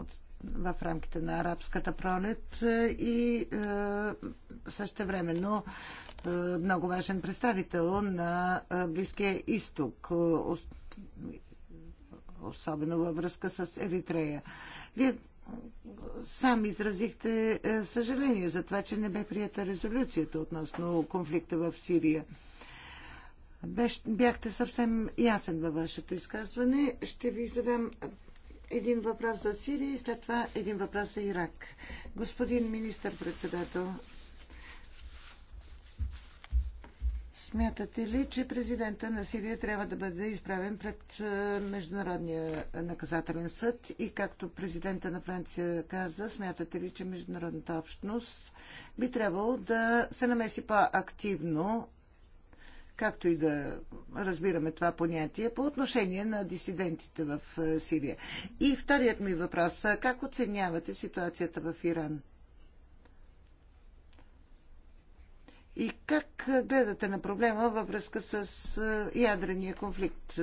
от, в рамките на арабската пролет е, и е, времено е, много важен представител на е, Близкия изток, е, особено във връзка с Еритрея. Вие сам изразихте е, съжаление за това, че не бе прията резолюцията относно конфликта в Сирия. Беше, бяхте съвсем ясен във вашето изказване. Ще ви задам един въпрос за Сирия и след това един въпрос за Ирак. Господин министър-председател, смятате ли, че президента на Сирия трябва да бъде изправен пред Международния наказателен съд и както президента на Франция каза, смятате ли, че международната общност би трябвало да се намеси по-активно както и да разбираме това понятие, по отношение на дисидентите в е, Сирия. И вторият ми въпрос. Е, как оценявате ситуацията в Иран? И как е, гледате на проблема във връзка с ядрения конфликт?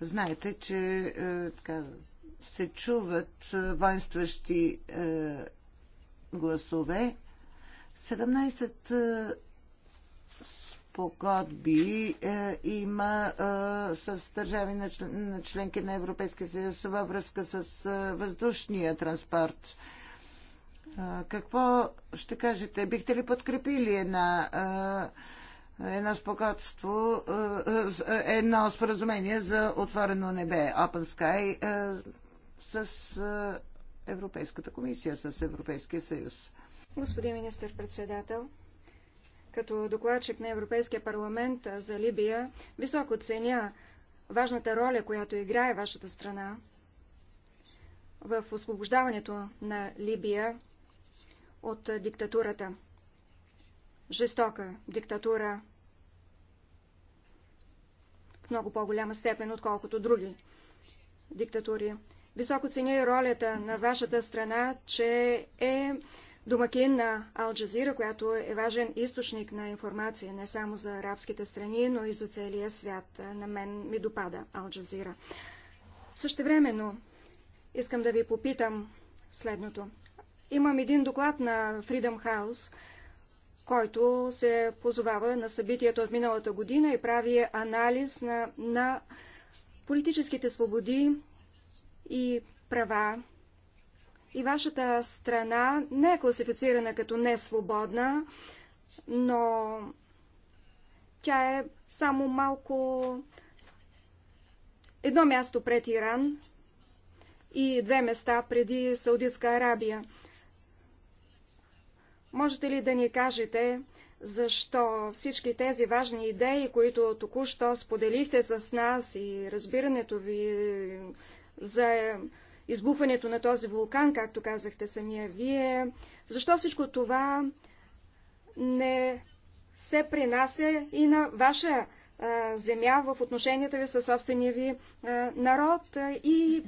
Знаете, че така, се чуват воинстващи гласове 17 е, спогодби е, има е, с държави на, член, на членки на Европейския съюз във връзка с е, въздушния транспорт. Е, какво ще кажете? Бихте ли подкрепили една, е, е едно спокойство, е, едно споразумение за отворено небе, Open Sky, с Европейската комисия, с Европейския съюз? Господин министър-председател, като докладчик на Европейския парламент за Либия, високо ценя важната роля, която играе вашата страна в освобождаването на Либия от диктатурата. Жестока диктатура в много по-голяма степен, отколкото други диктатури. Високо ценя и ролята на вашата страна, че е домакин на Алджазира, която е важен източник на информация не само за арабските страни, но и за целия свят. На мен ми допада Алджазира. Същевременно искам да ви попитам следното. Имам един доклад на Freedom House, който се позовава на събитието от миналата година и прави анализ на, на политическите свободи и права и вашата страна не е класифицирана като несвободна, но тя е само малко едно място пред Иран и две места преди Саудитска Арабия. Можете ли да ни кажете защо всички тези важни идеи, които току-що споделихте с нас и разбирането ви за избухването на този вулкан, както казахте самия вие. Защо всичко това не се принася и на ваша а, земя в отношенията ви със собствения ви а, народ а, и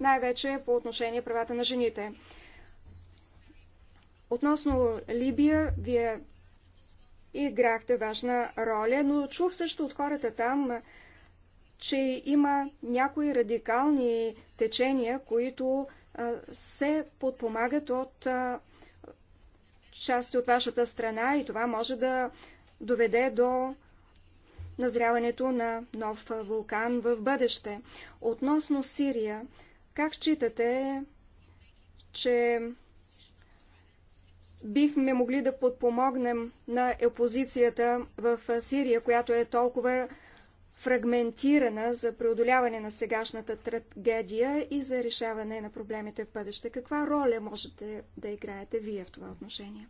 най-вече по отношение правата на жените. Относно Либия, вие играхте важна роля, но чух също от хората там, че има някои радикални течения, които се подпомагат от части от вашата страна и това може да доведе до назряването на нов вулкан в бъдеще. Относно Сирия, как считате, че бихме могли да подпомогнем на опозицията в Сирия, която е толкова фрагментирана за преодоляване на сегашната трагедия и за решаване на проблемите в бъдеще. Каква роля можете да играете вие в това отношение?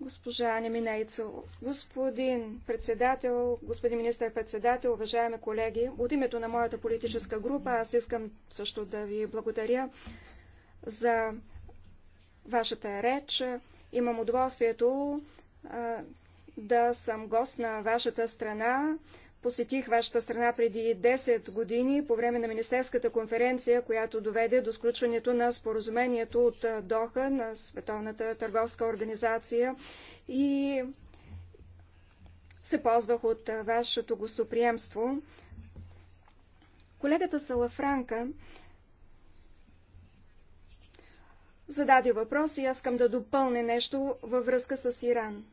Госпожа Неминейцо, господин председател, господин министър-председател, уважаеми колеги, от името на моята политическа група аз искам също да ви благодаря за вашата реч. Имам удоволствието да съм гост на вашата страна. Посетих вашата страна преди 10 години по време на Министерската конференция, която доведе до сключването на споразумението от Доха на Световната търговска организация и се ползвах от вашето гостоприемство. Колегата Салафранка зададе въпрос и аз искам да допълня нещо във връзка с Иран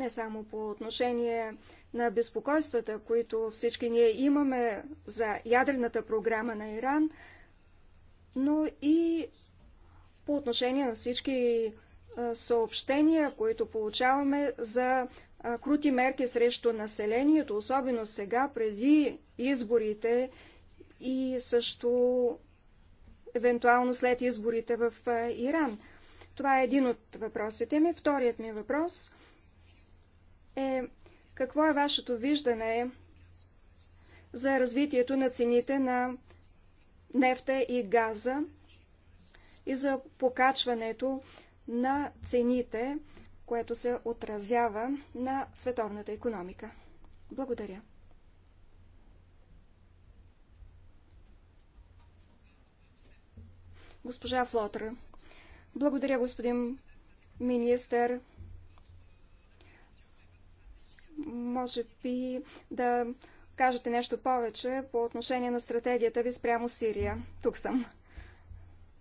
не само по отношение на безпокойствата, които всички ние имаме за ядрената програма на Иран, но и по отношение на всички съобщения, които получаваме за крути мерки срещу населението, особено сега, преди изборите и също евентуално след изборите в Иран. Това е един от въпросите ми. Вторият ми въпрос е какво е вашето виждане за развитието на цените на нефта и газа и за покачването на цените, което се отразява на световната економика. Благодаря. Госпожа Флотър. Благодаря, господин министър може би да кажете нещо повече по отношение на стратегията ви спрямо Сирия. Тук съм.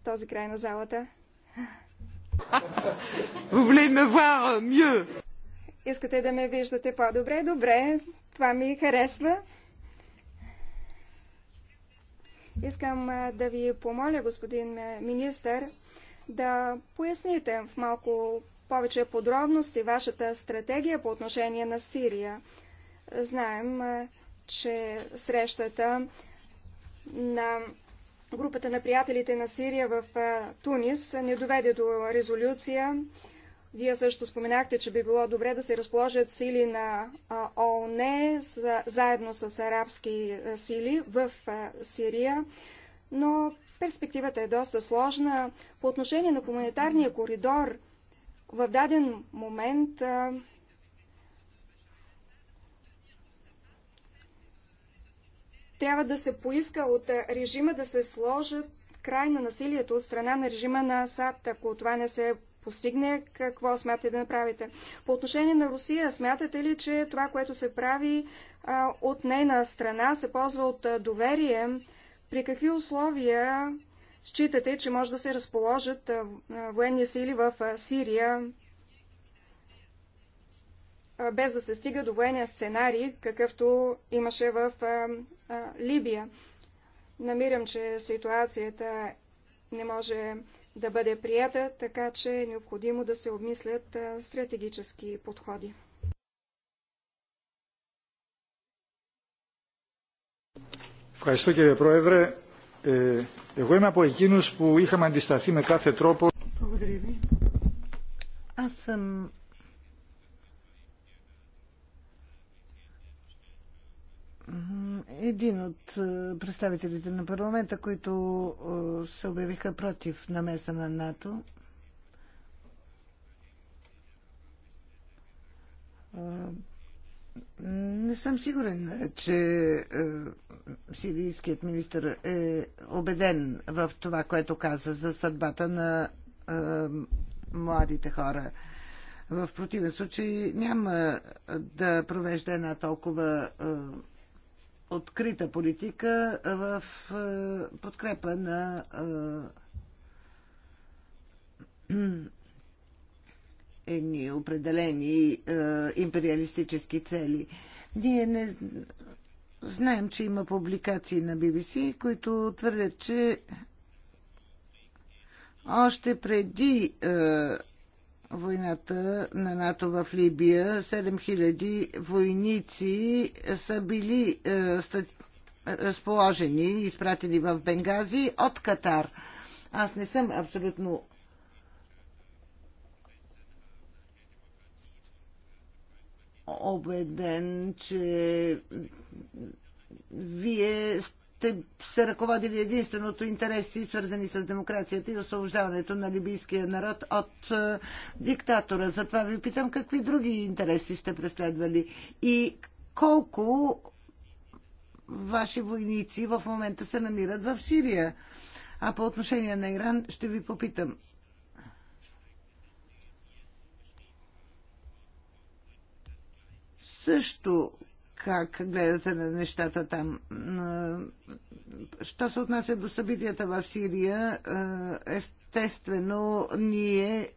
Този край на залата. *laughs* Искате да ме виждате по-добре? Добре, това ми харесва. Искам да ви помоля, господин министър, да поясните в малко повече подробности вашата стратегия по отношение на Сирия. Знаем, че срещата на групата на приятелите на Сирия в Тунис не доведе до резолюция. Вие също споменахте, че би било добре да се разположат сили на ООН заедно с арабски сили в Сирия, но перспективата е доста сложна. По отношение на хуманитарния коридор – в даден момент а, трябва да се поиска от режима да се сложат край на насилието от страна на режима на САД, Ако това не се постигне, какво смятате да направите? По отношение на Русия, смятате ли, че това, което се прави а, от нейна страна, се ползва от доверие? При какви условия Считате, че може да се разположат военни сили в Сирия, без да се стига до военния сценарий, какъвто имаше в Либия. Намирам, че ситуацията не може да бъде прията, така че е необходимо да се обмислят стратегически подходи. Благодаря, Εγώ είμαι από εκείνους που είχαμε αντισταθεί με κάθε τρόπο. Аз съм един от е, представителите на парламента, които е, се обявиха против намеса на НАТО. Е, не съм сигурен, че е, сирийският министр е убеден в това, което каза за съдбата на е, младите хора. В противен случай няма да провежда една толкова е, открита политика в подкрепа на едни определени е, империалистически цели. Ние не знаем, че има публикации на BBC, които твърдят, че още преди е, войната на НАТО в Либия 7000 войници са били е, стати... разположени и изпратени в Бенгази от Катар. Аз не съм абсолютно Обеден, че вие сте се ръководили единственото интереси, свързани с демокрацията и освобождаването на либийския народ от е, диктатора. Затова ви питам какви други интереси сте преследвали и колко ваши войници в момента се намират в Сирия. А по отношение на Иран ще ви попитам също как гледате на нещата там. Що се отнася до събитията в Сирия, естествено ние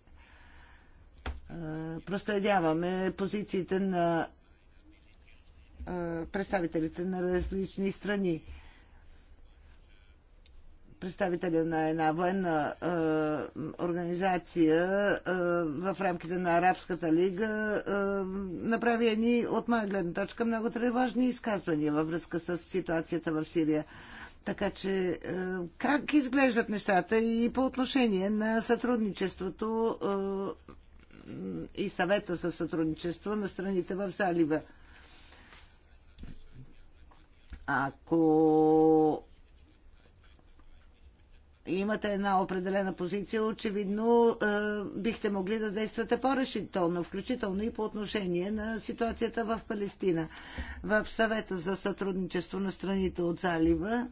проследяваме позициите на представителите на различни страни представителя на една военна е, организация е, в рамките на Арабската лига, е, направи едни, от моя гледна точка, много тревожни изказвания във връзка с ситуацията в Сирия. Така че как изглеждат нещата и по отношение на сътрудничеството и съвета за сътрудничество на страните в залива? Ако имате една определена позиция, очевидно е, бихте могли да действате по-решително, включително и по отношение на ситуацията в Палестина. В съвета за сътрудничество на страните от залива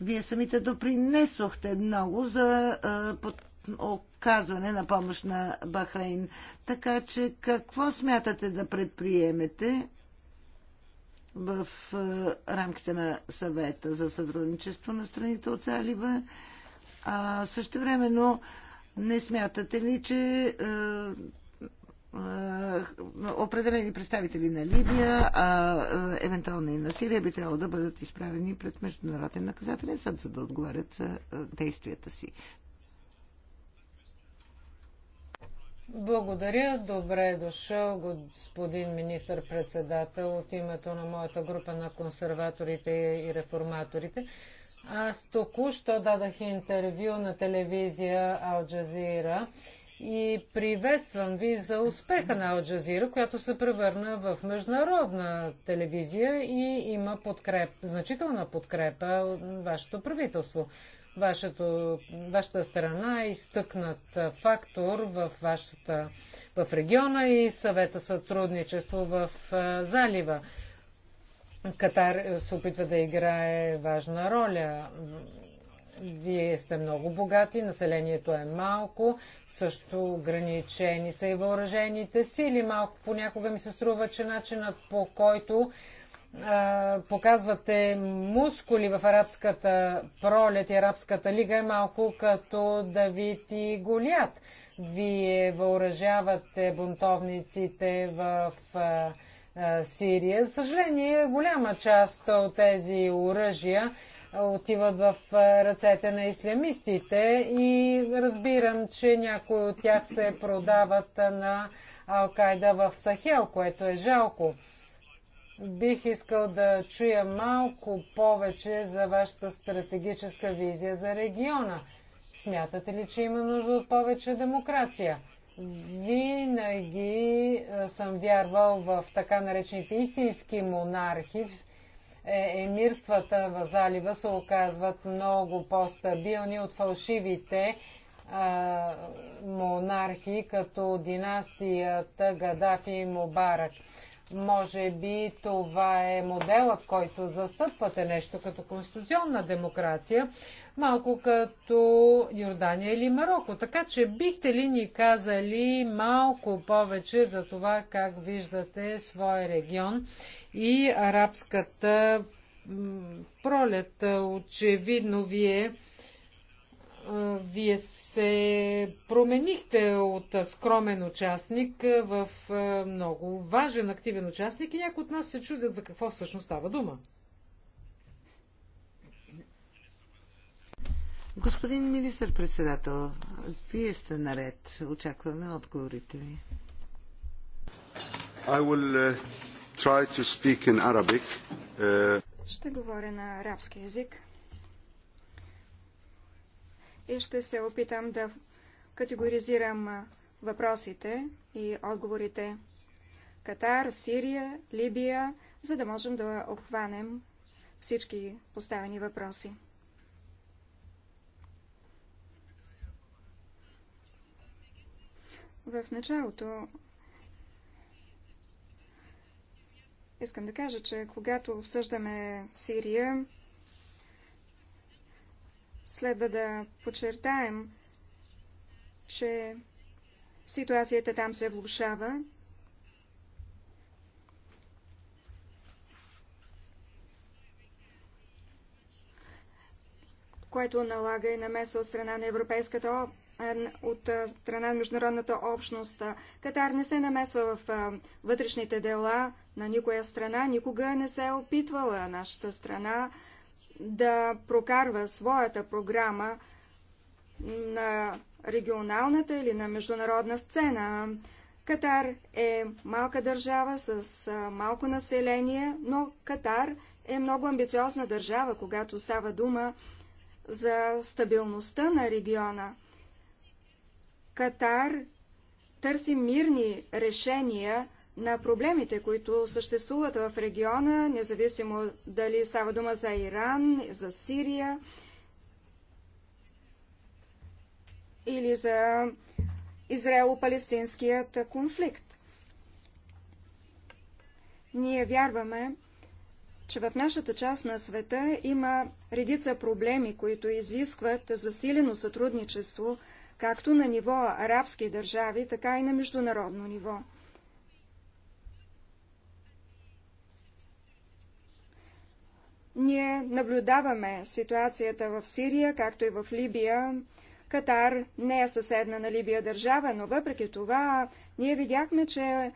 вие самите допринесохте много за е, под, оказване на помощ на Бахрейн. Така че какво смятате да предприемете? в рамките на съвета за сътрудничество на страните от залива. А също времено не смятате ли, че определени представители на Либия, а евентуално и на Сирия би трябвало да бъдат изправени пред Международен наказателен съд, за да отговарят за действията си. Благодаря. Добре е дошъл, господин министър-председател, от името на моята група на консерваторите и реформаторите. Аз току-що дадах интервю на телевизия Алджазира и приветствам ви за успеха на Алджазира, която се превърна в международна телевизия и има подкреп, значителна подкрепа от вашето правителство вашето, вашата страна е изтъкнат фактор в, вашата, в региона и съвета сътрудничество в залива. Катар е, се опитва да играе важна роля. Вие сте много богати, населението е малко, също ограничени са и въоръжените сили. Малко понякога ми се струва, че начинът по който показвате мускули в арабската пролет и арабската лига е малко като Давид и Голят. Вие въоръжавате бунтовниците в а, а, Сирия. За съжаление, голяма част от тези оръжия отиват в ръцете на ислямистите и разбирам, че някои от тях се продават на Алкайда в Сахел, което е жалко. Бих искал да чуя малко повече за вашата стратегическа визия за региона. Смятате ли, че има нужда от повече демокрация? Винаги е, съм вярвал в така наречените истински монархи. Е, емирствата в залива се оказват много по-стабилни от фалшивите е, монархи, като династията Гадафи и Мубарак. Може би това е моделът, който застъпвате нещо като конституционна демокрация, малко като Йордания или Марокко. Така че бихте ли ни казали малко повече за това как виждате своя регион и арабската пролет? Очевидно вие вие се променихте от скромен участник в много важен активен участник и някои от нас се чудят за какво всъщност става дума. Господин министър-председател, вие сте наред. Очакваме отговорите ви. I will uh, try to speak in Arabic. Uh, Ще говоря на арабски язик и ще се опитам да категоризирам въпросите и отговорите. Катар, Сирия, Либия, за да можем да обхванем всички поставени въпроси. В началото искам да кажа, че когато обсъждаме Сирия, Следва да подчертаем, че ситуацията там се влушава. което налага и намеса от страна на Европейската е, от е, страна на международната общност. Катар не се намесва в е, вътрешните дела на никоя страна, никога не се е опитвала нашата страна да прокарва своята програма на регионалната или на международна сцена. Катар е малка държава с малко население, но Катар е много амбициозна държава, когато става дума за стабилността на региона. Катар търси мирни решения на проблемите, които съществуват в региона, независимо дали става дума за Иран, за Сирия или за Израело-палестинският конфликт. Ние вярваме, че в нашата част на света има редица проблеми, които изискват засилено сътрудничество, както на ниво арабски държави, така и на международно ниво. Ние наблюдаваме ситуацията в Сирия, както и в Либия. Катар не е съседна на Либия държава, но въпреки това ние видяхме, че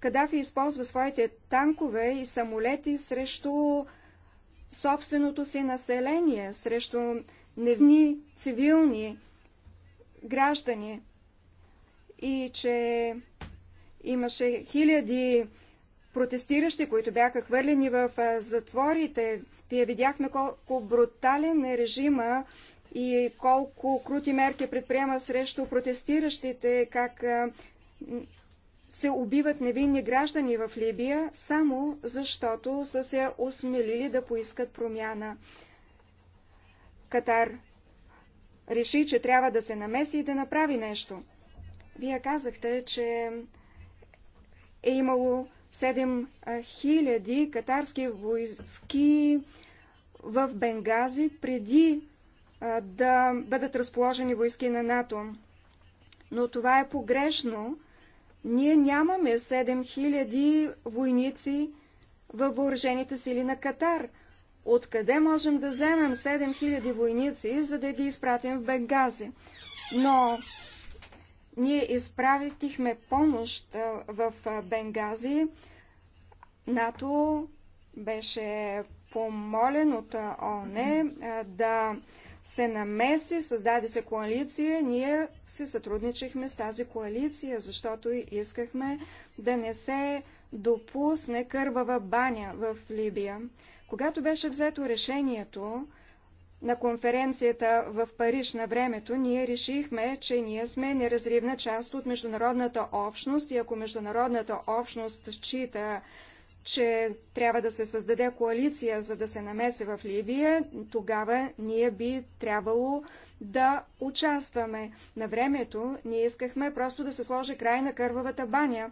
Кадафи използва своите танкове и самолети срещу собственото си население, срещу невни цивилни граждани и че имаше хиляди протестиращи, които бяха хвърлени в затворите. Вие видяхме колко брутален е режима и колко крути мерки предприема срещу протестиращите, как се убиват невинни граждани в Либия, само защото са се осмелили да поискат промяна. Катар реши, че трябва да се намеси и да направи нещо. Вие казахте, че е имало 7000 катарски войски в Бенгази преди да бъдат разположени войски на НАТО. Но това е погрешно. Ние нямаме 7000 войници във въоръжените сили на Катар. Откъде можем да вземем 7000 войници, за да ги изпратим в Бенгази? Но ние изпратихме помощ в Бенгази. НАТО беше помолен от ООН да се намеси, създаде се коалиция. Ние се сътрудничихме с тази коалиция, защото искахме да не се допусне кървава баня в Либия. Когато беше взето решението на конференцията в Париж на времето, ние решихме, че ние сме неразривна част от международната общност и ако международната общност счита, че трябва да се създаде коалиция, за да се намеси в Либия, тогава ние би трябвало да участваме. На времето ние искахме просто да се сложи край на кървавата баня.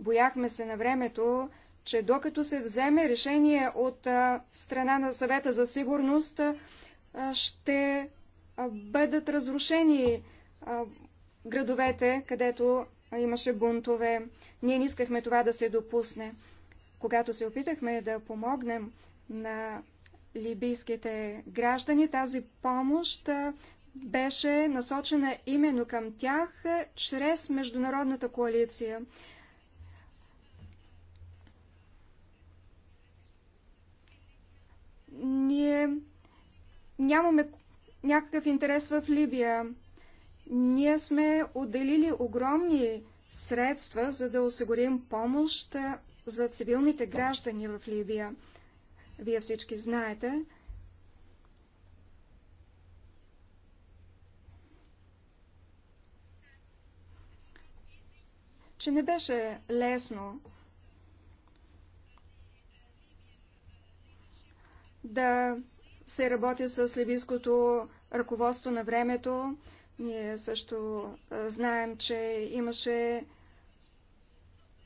Бояхме се на времето, че докато се вземе решение от а, страна на съвета за сигурност, ще бъдат разрушени градовете, където имаше бунтове. Ние не искахме това да се допусне. Когато се опитахме да помогнем на либийските граждани, тази помощ беше насочена именно към тях чрез Международната коалиция. Ние нямаме някакъв интерес в Либия. Ние сме отделили огромни средства, за да осигурим помощ за цивилните граждани в Либия. Вие всички знаете. че не беше лесно да се работи с либийското ръководство на времето. Ние също знаем, че имаше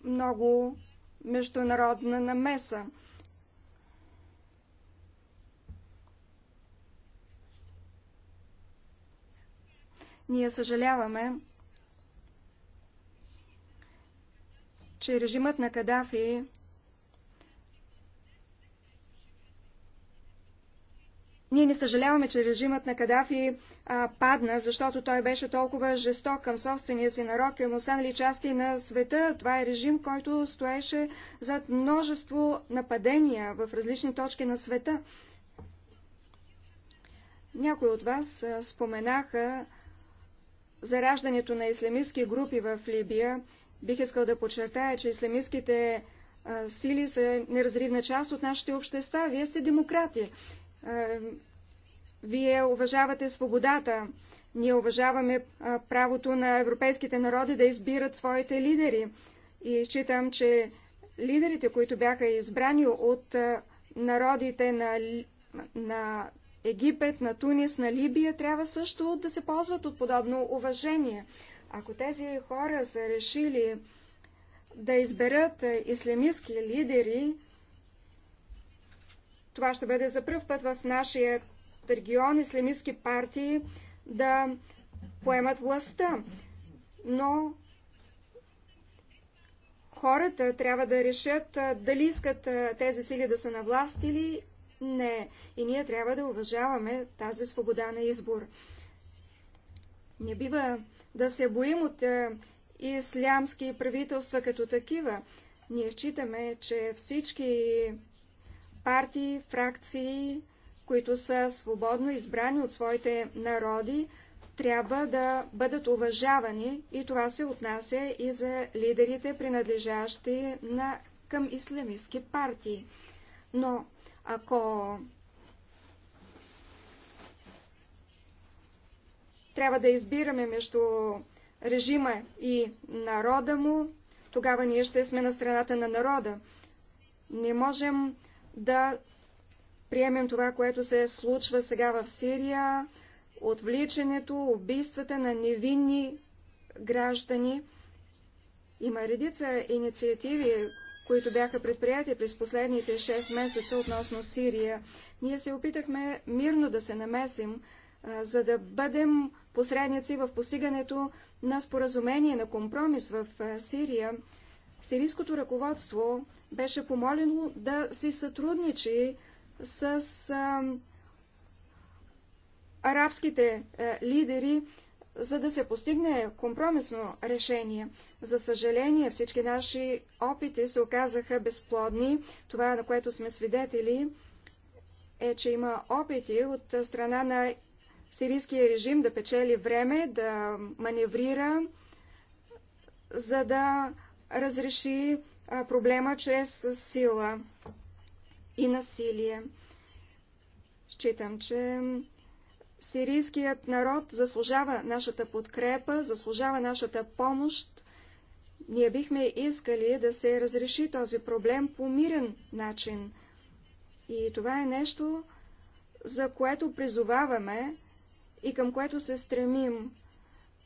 много международна намеса. Ние съжаляваме, че режимът на Кадафи Ние не съжаляваме, че режимът на Кадафи а, падна, защото той беше толкова жесток към собствения си народ, към останали части на света. Това е режим, който стоеше зад множество нападения в различни точки на света. Някои от вас а, споменаха зараждането на ислямистски групи в Либия. Бих искал да подчертая, че ислямистските сили са неразривна част от нашите общества. Вие сте демократи. Е, вие уважавате свободата. Ние уважаваме е, правото на европейските народи да избират своите лидери. И считам, че лидерите, които бяха избрани от е, народите на, на Египет, на Тунис, на Либия, трябва също да се ползват от подобно уважение. Ако тези хора са решили да изберат ислямистски лидери, това ще бъде за първ път в нашия регион ислямистски партии да поемат властта. Но хората трябва да решат дали искат тези сили да са на власт или не. И ние трябва да уважаваме тази свобода на избор. Не бива да се боим от ислямски правителства като такива. Ние считаме, че всички партии, фракции, които са свободно избрани от своите народи, трябва да бъдат уважавани и това се отнася и за лидерите, принадлежащи на, към исламистски партии. Но ако трябва да избираме между режима и народа му, тогава ние ще сме на страната на народа. Не можем да приемем това, което се случва сега в Сирия, отвличането, убийствата на невинни граждани. Има редица инициативи, които бяха предприяти през последните 6 месеца относно Сирия. Ние се опитахме мирно да се намесим, за да бъдем посредници в постигането на споразумение, на компромис в Сирия сирийското ръководство беше помолено да си сътрудничи с а, арабските а, лидери, за да се постигне компромисно решение. За съжаление, всички наши опити се оказаха безплодни. Това, на което сме свидетели, е, че има опити от страна на сирийския режим да печели време, да маневрира, за да разреши проблема чрез сила и насилие. Считам, че сирийският народ заслужава нашата подкрепа, заслужава нашата помощ. Ние бихме искали да се разреши този проблем по мирен начин. И това е нещо, за което призоваваме и към което се стремим,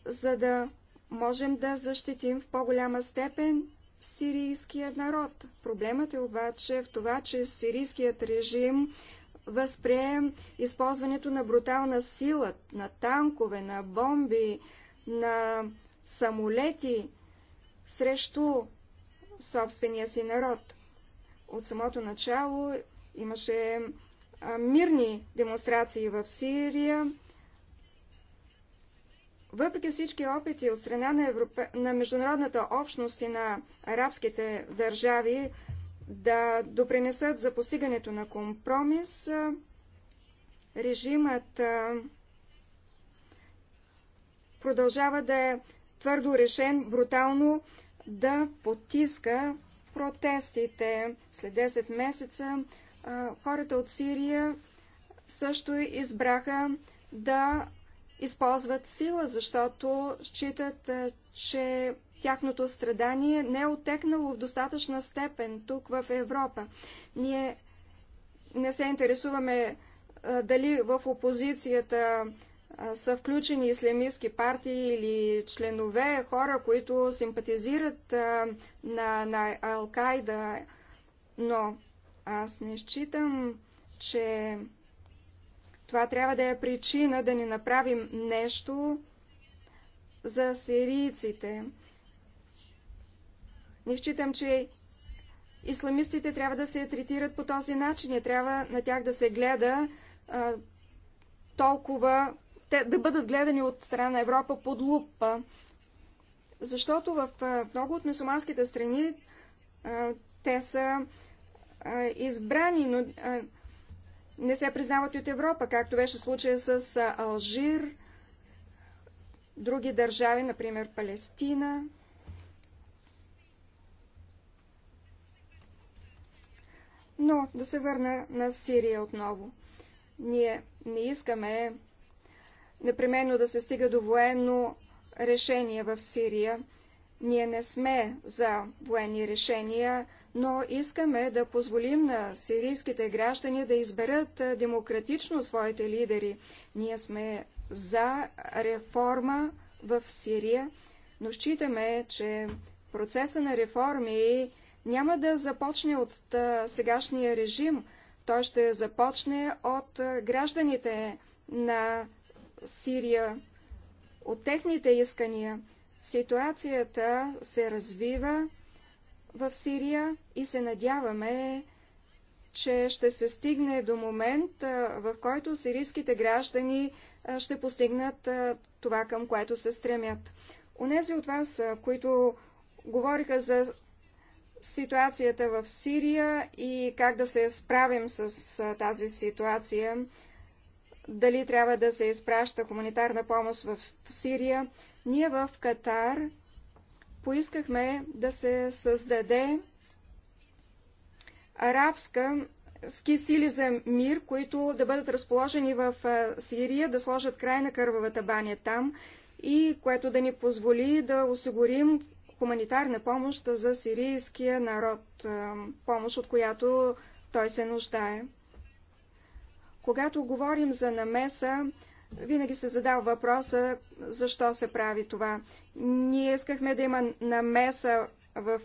за да можем да защитим в по-голяма степен сирийският народ. Проблемът е обаче в това, че сирийският режим възприе използването на брутална сила, на танкове, на бомби, на самолети срещу собствения си народ. От самото начало имаше мирни демонстрации в Сирия, въпреки всички опити от страна на, Европе... на международната общност и на арабските държави да допринесат за постигането на компромис, режимът продължава да е твърдо решен брутално да потиска протестите. След 10 месеца хората от Сирия също избраха да използват сила, защото считат, че тяхното страдание не е отекнало в достатъчна степен тук в Европа. Ние не се интересуваме дали в опозицията са включени ислямистски партии или членове, хора, които симпатизират на, на Ал-Кайда, но аз не считам, че това трябва да е причина да не направим нещо за сирийците. Не считам, че исламистите трябва да се третират по този начин. Не трябва на тях да се гледа а, толкова, те, да бъдат гледани от страна на Европа под лупа. Защото в а, много от мусулманските страни а, те са а, избрани, но а, не се признават от Европа, както беше случая с Алжир, други държави, например Палестина. Но да се върна на Сирия отново. Ние не искаме непременно да се стига до военно решение в Сирия. Ние не сме за военни решения, но искаме да позволим на сирийските граждани да изберат демократично своите лидери. Ние сме за реформа в Сирия, но считаме, че процеса на реформи няма да започне от сегашния режим. Той ще започне от гражданите на Сирия, от техните искания. Ситуацията се развива в Сирия и се надяваме, че ще се стигне до момент, в който сирийските граждани ще постигнат това, към което се стремят. Унези от вас, които говориха за ситуацията в Сирия и как да се справим с тази ситуация, дали трябва да се изпраща хуманитарна помощ в Сирия, ние в Катар поискахме да се създаде арабска ски сили за мир, които да бъдат разположени в Сирия, да сложат край на кървавата баня там и което да ни позволи да осигурим хуманитарна помощ за сирийския народ, помощ от която той се нуждае. Когато говорим за намеса, винаги се задал въпроса, защо се прави това. Ние искахме да има намеса в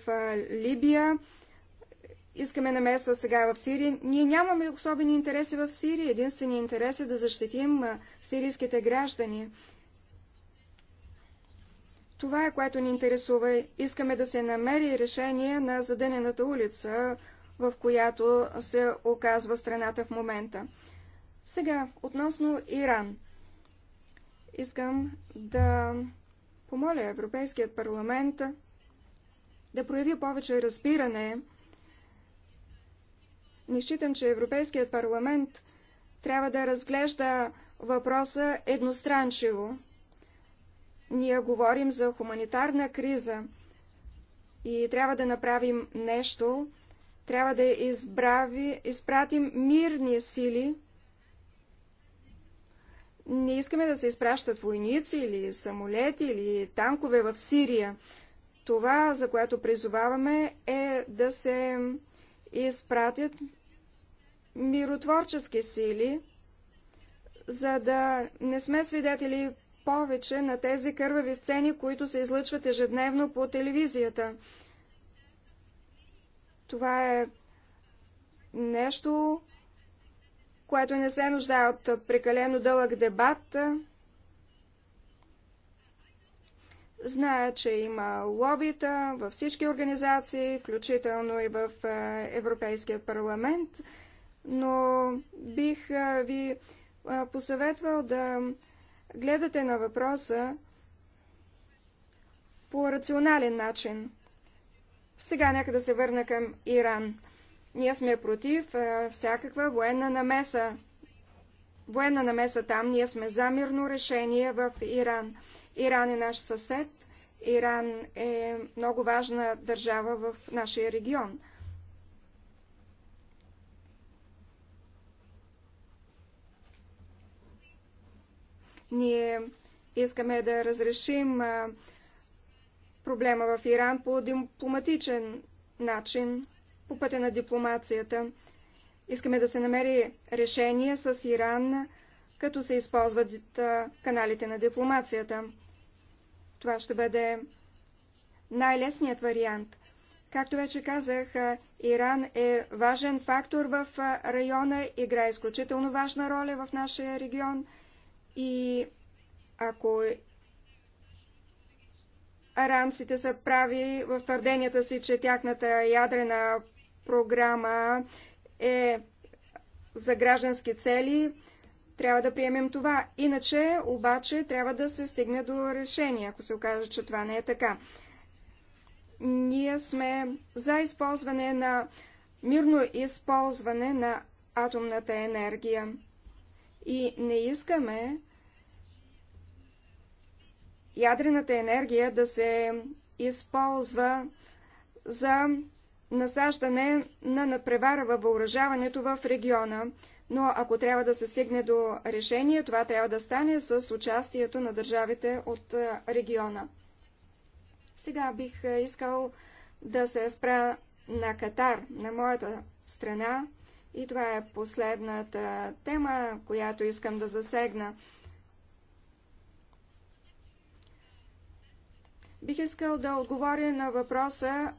Либия, искаме намеса сега в Сирия. Ние нямаме особени интереси в Сирия. Единственият интерес е да защитим сирийските граждани. Това е което ни интересува. Искаме да се намери решение на задънената улица, в която се оказва страната в момента. Сега, относно Иран. Искам да помоля Европейският парламент да прояви повече разбиране. Не считам, че Европейският парламент трябва да разглежда въпроса едностранчиво. Ние говорим за хуманитарна криза и трябва да направим нещо, трябва да избрави, изпратим мирни сили не искаме да се изпращат войници или самолети или танкове в Сирия. Това, за което призоваваме, е да се изпратят миротворчески сили, за да не сме свидетели повече на тези кървави сцени, които се излъчват ежедневно по телевизията. Това е нещо, което не се нуждае от прекалено дълъг дебат. Зная, че има лобита във всички организации, включително и в е, Европейския парламент, но бих е, ви е, посъветвал да гледате на въпроса по рационален начин. Сега нека да се върна към Иран. Ние сме против всякаква военна намеса. Военна намеса там. Ние сме за мирно решение в Иран. Иран е наш съсед. Иран е много важна държава в нашия регион. Ние искаме да разрешим проблема в Иран по дипломатичен начин по пътя на дипломацията. Искаме да се намери решение с Иран, като се използват каналите на дипломацията. Това ще бъде най-лесният вариант. Както вече казах, Иран е важен фактор в района, играе изключително важна роля в нашия регион и ако аранците са прави в твърденията си, че тяхната ядрена програма е за граждански цели, трябва да приемем това. Иначе, обаче, трябва да се стигне до решение, ако се окаже, че това не е така. Ние сме за използване на мирно използване на атомната енергия. И не искаме ядрената енергия да се използва за насаждане на надпревара във въоръжаването в региона. Но ако трябва да се стигне до решение, това трябва да стане с участието на държавите от региона. Сега бих искал да се спра на Катар, на моята страна. И това е последната тема, която искам да засегна. Бих искал да отговоря на въпроса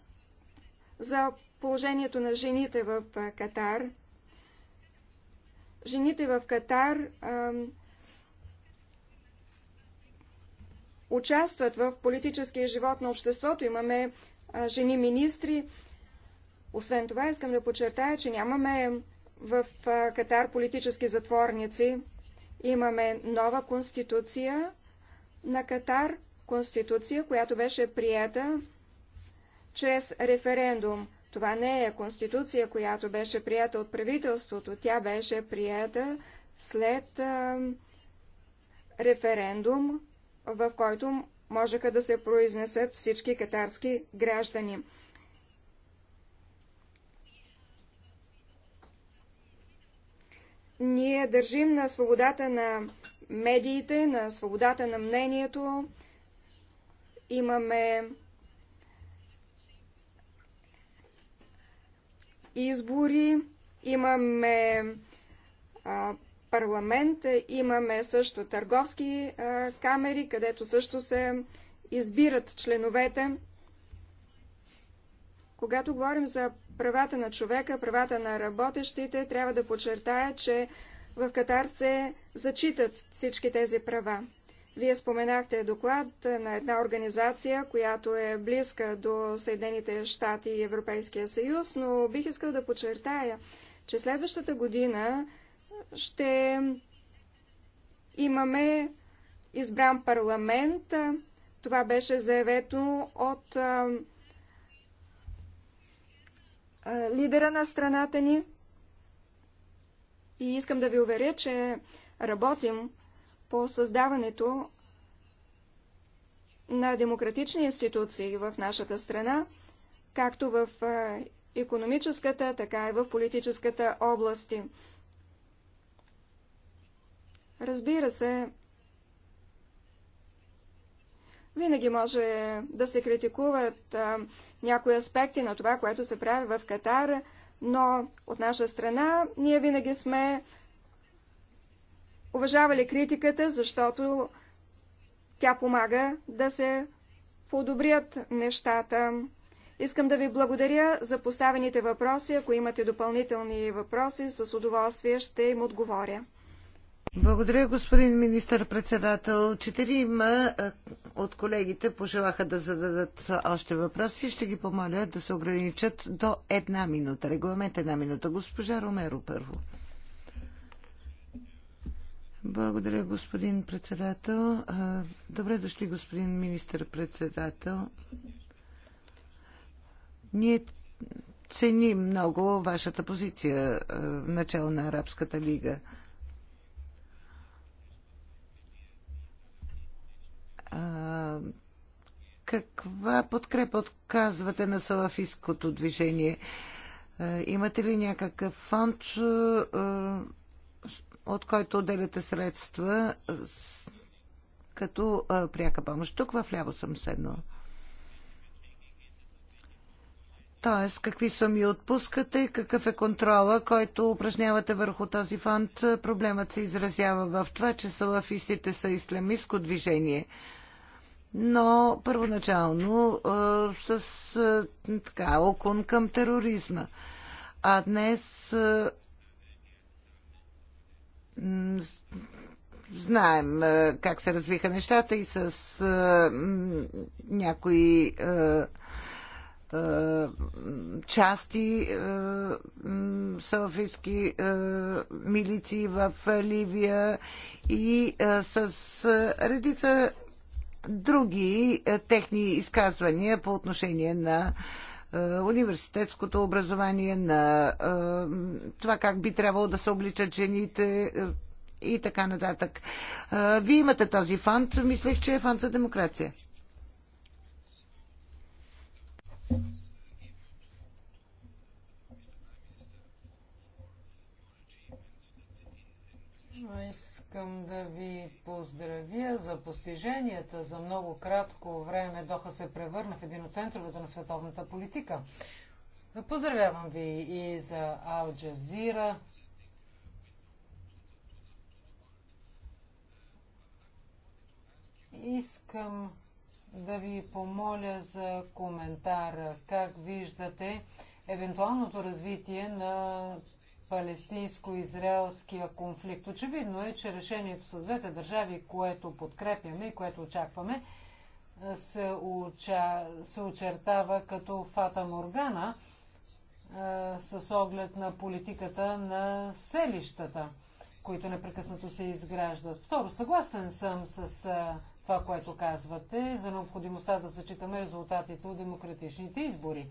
за положението на жените в Катар. Жените в Катар а, участват в политическия живот на обществото. Имаме а, жени министри. Освен това, искам да подчертая, че нямаме в а, Катар политически затворници. Имаме нова конституция на Катар, конституция, която беше приета чрез референдум. Това не е конституция, която беше прията от правителството. Тя беше прията след а, референдум, в който можеха да се произнесат всички катарски граждани. Ние държим на свободата на медиите, на свободата на мнението. Имаме избори, имаме а, парламент, имаме също търговски а, камери, където също се избират членовете. Когато говорим за правата на човека, правата на работещите, трябва да подчертая, че в Катар се зачитат всички тези права. Вие споменахте доклад на една организация, която е близка до Съединените щати и Европейския съюз, но бих искал да подчертая, че следващата година ще имаме избран парламент. Това беше заявето от а, а, лидера на страната ни. И искам да ви уверя, че работим по създаването на демократични институции в нашата страна, както в економическата, така и в политическата области. Разбира се, винаги може да се критикуват а, някои аспекти на това, което се прави в Катар, но от наша страна ние винаги сме уважавали критиката, защото тя помага да се подобрят нещата. Искам да ви благодаря за поставените въпроси. Ако имате допълнителни въпроси, с удоволствие ще им отговоря. Благодаря, господин министър-председател. Четирима от колегите пожелаха да зададат още въпроси. Ще ги помоля да се ограничат до една минута. Регламент една минута. Госпожа Ромеро първо. Благодаря, господин председател. Добре дошли, господин министър-председател. Ние ценим много вашата позиция в начало на Арабската лига. каква подкрепа отказвате на салафистското движение? имате ли някакъв фонд? от който отделяте средства с, като а, пряка помощ. Тук в ляво съм седнала. Тоест, какви суми отпускате, какъв е контрола, който упражнявате върху този фонд? Проблемът се изразява в това, че салафистите са ислямистско движение. Но първоначално а, с а, така, окон към тероризма. А днес а, знаем как се развиха нещата и с някои части салфийски милиции в Ливия и с редица други техни изказвания по отношение на е, университетското образование, на е, това как би трябвало да се обличат жените е, и така нататък. Вие имате този фонд. Мислех, че е фонд за демокрация. Искам да ви поздравя за постиженията. За много кратко време Доха се превърна в един от центровете на световната политика. Поздравявам ви и за Ал Джазира. Искам да ви помоля за коментар. Как виждате евентуалното развитие на палестинско-израелския конфликт. Очевидно е, че решението с двете държави, което подкрепяме и което очакваме, се, уча, се очертава като Фата Моргана а, с оглед на политиката на селищата, които непрекъснато се изграждат. Второ, съгласен съм с а, това, което казвате за необходимостта да зачитаме резултатите от демократичните избори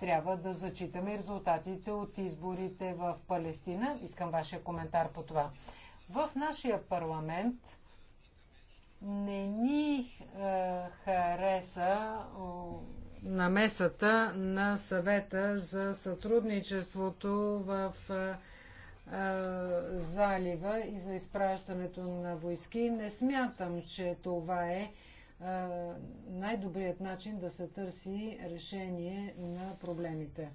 трябва да зачитаме резултатите от изборите в Палестина. Искам вашия коментар по това. В нашия парламент не ни е, хареса е, намесата на съвета за сътрудничеството в е, е, залива и за изпращането на войски. Не смятам, че това е най-добрият начин да се търси решение на проблемите.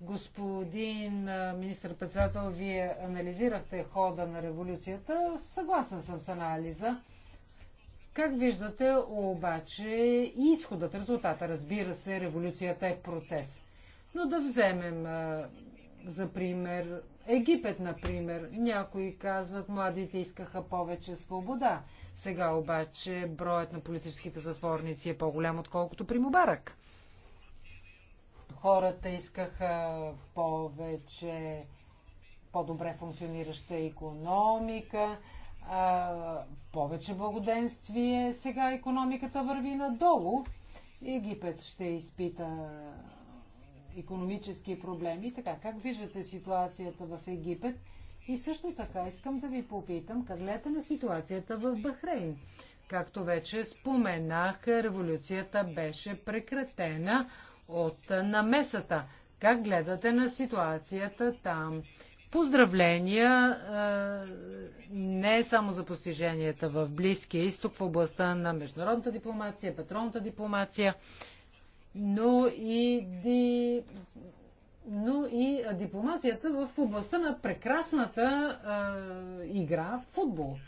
Господин министр-председател, вие анализирахте хода на революцията. Съгласен съм с анализа. Как виждате обаче изходът, резултата? Разбира се, революцията е процес. Но да вземем за пример Египет, например. Някои казват, младите искаха повече свобода. Сега обаче броят на политическите затворници е по-голям, отколкото при Мубарак. Хората искаха повече, по-добре функционираща економика, повече благоденствие. Сега економиката върви надолу. Египет ще изпита економически проблеми. Така, как виждате ситуацията в Египет? И също така искам да ви попитам, как гледате на ситуацията в Бахрейн? Както вече споменах, революцията беше прекратена от намесата. Как гледате на ситуацията там? Поздравления е, не само за постиженията в Близкия изток, в областта на международната дипломация, патронната дипломация, но и, ди, но и дипломацията в областта на прекрасната а, игра в футбол.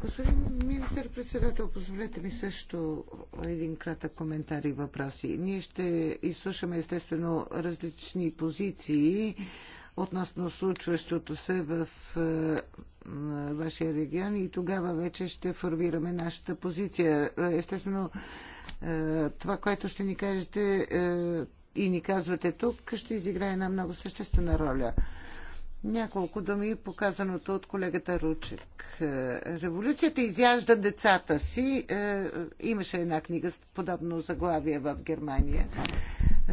Господин министър-председател, позволете ми също един кратък коментар и въпроси. Ние ще изслушаме естествено различни позиции относно случващото се в е, вашия регион и тогава вече ще формираме нашата позиция. Е, естествено, е, това, което ще ни кажете и ни казвате тук, ще изиграе една много съществена роля. Няколко думи показаното от колегата Ручек. Революцията изяжда децата си. Имаше една книга с подобно заглавие в Германия.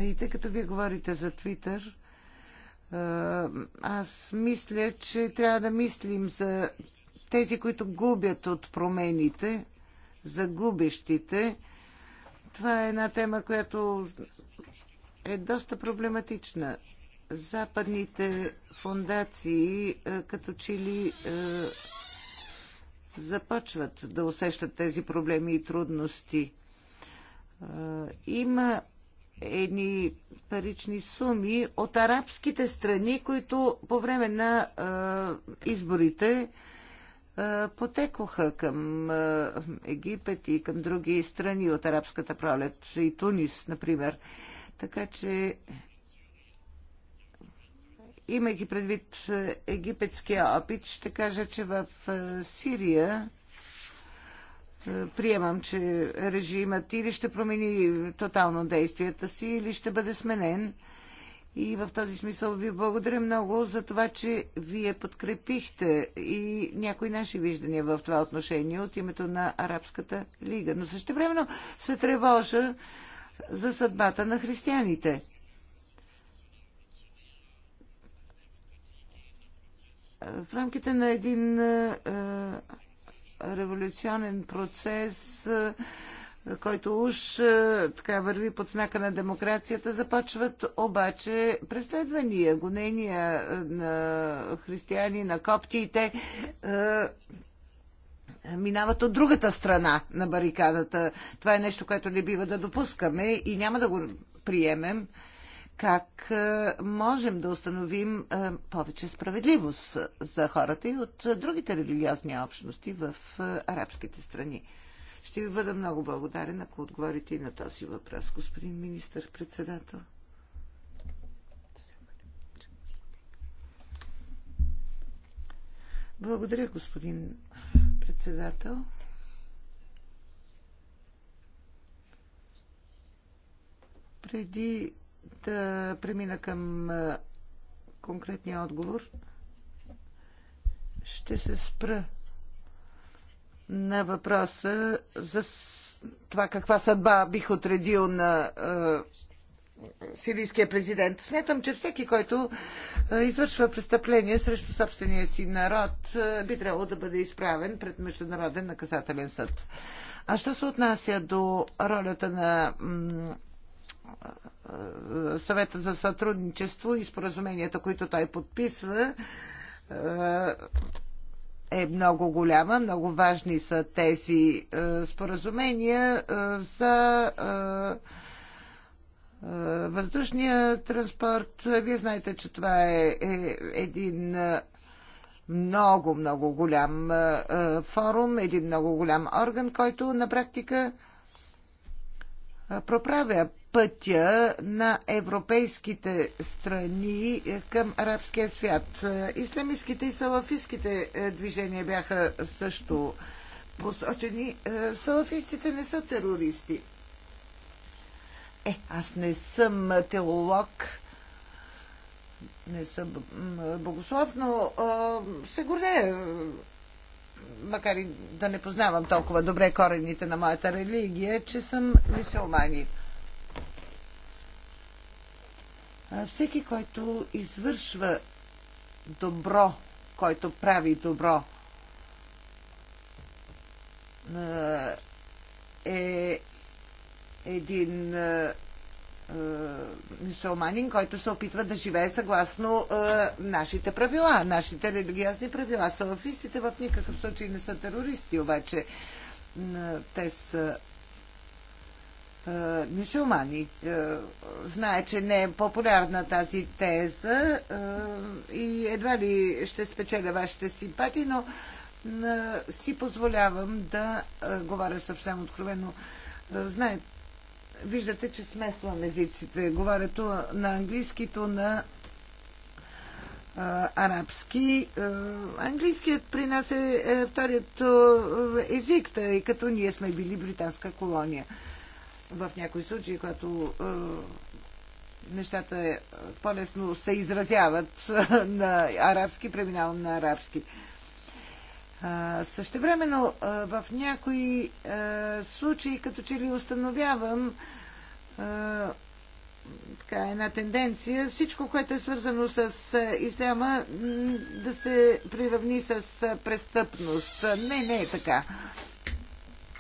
И тъй като вие говорите за Твитър, е, аз мисля, че трябва да мислим за тези, които губят от промените, за губещите. Това е една тема, която е доста проблематична. Западните фундации е, като че ли е, започват да усещат тези проблеми и трудности. Има едни парични суми от арабските страни, които по време на е, изборите е, потекоха към е, Египет и към други страни от арабската пролет и Тунис, например. Така че, имайки предвид египетския опит, ще кажа, че в Сирия приемам, че режимът или ще промени тотално действията си, или ще бъде сменен. И в този смисъл ви благодаря много за това, че вие подкрепихте и някои наши виждания в това отношение от името на Арабската лига. Но също времено се тревожа за съдбата на християните. В рамките на един революционен процес, който уж така върви под знака на демокрацията, започват обаче преследвания, гонения на християни, на коптиите минават от другата страна на барикадата. Това е нещо, което не бива да допускаме и няма да го приемем как е, можем да установим е, повече справедливост за хората и от е, другите религиозни общности в арабските страни. Ще ви бъда много благодарен, ако отговорите и на този въпрос, господин министър-председател. Благодаря, господин председател. Преди да премина към конкретния отговор. Ще се спра на въпроса за това каква съдба бих отредил на сирийския президент. Смятам, че всеки, който извършва престъпление срещу собствения си народ, би трябвало да бъде изправен пред Международен наказателен съд. А що се отнася до ролята на съвета за сътрудничество и споразуменията, които той подписва, е, е много голяма. Много важни са тези е, споразумения е, за въздушния транспорт. Вие знаете, че това е един много, много голям форум, един много голям орган, който на практика проправя пътя на европейските страни към арабския свят. Исламистските и салафистските е, движения бяха също посочени. Е, салафистите не са терористи. Е, аз не съм теолог, не съм богослов, но а, е, се гордея, макар и да не познавам толкова добре корените на моята религия, че съм мисиоманин. Всеки, който извършва добро, който прави добро, е един мисулманин, който се опитва да живее съгласно е, нашите правила. Нашите религиозни правила. Салафистите в никакъв случай не са терористи, обаче те са е, мюсюлмани. Е, знае, че не е популярна тази теза е, и едва ли ще спечеля вашите симпатии, но си позволявам да говоря съвсем откровено. Знаете, виждате, че смесвам езиците. Говоря на английскито на арабски. Английският при нас е вторият език, тъй като ние сме били британска колония в някои случаи, когато е, нещата е, по-лесно се изразяват на арабски, преминавам на арабски. Същевременно в някои случаи, като че ли установявам така, една тенденция, всичко, което е свързано с исляма, да се приравни с престъпност. Не, не е така.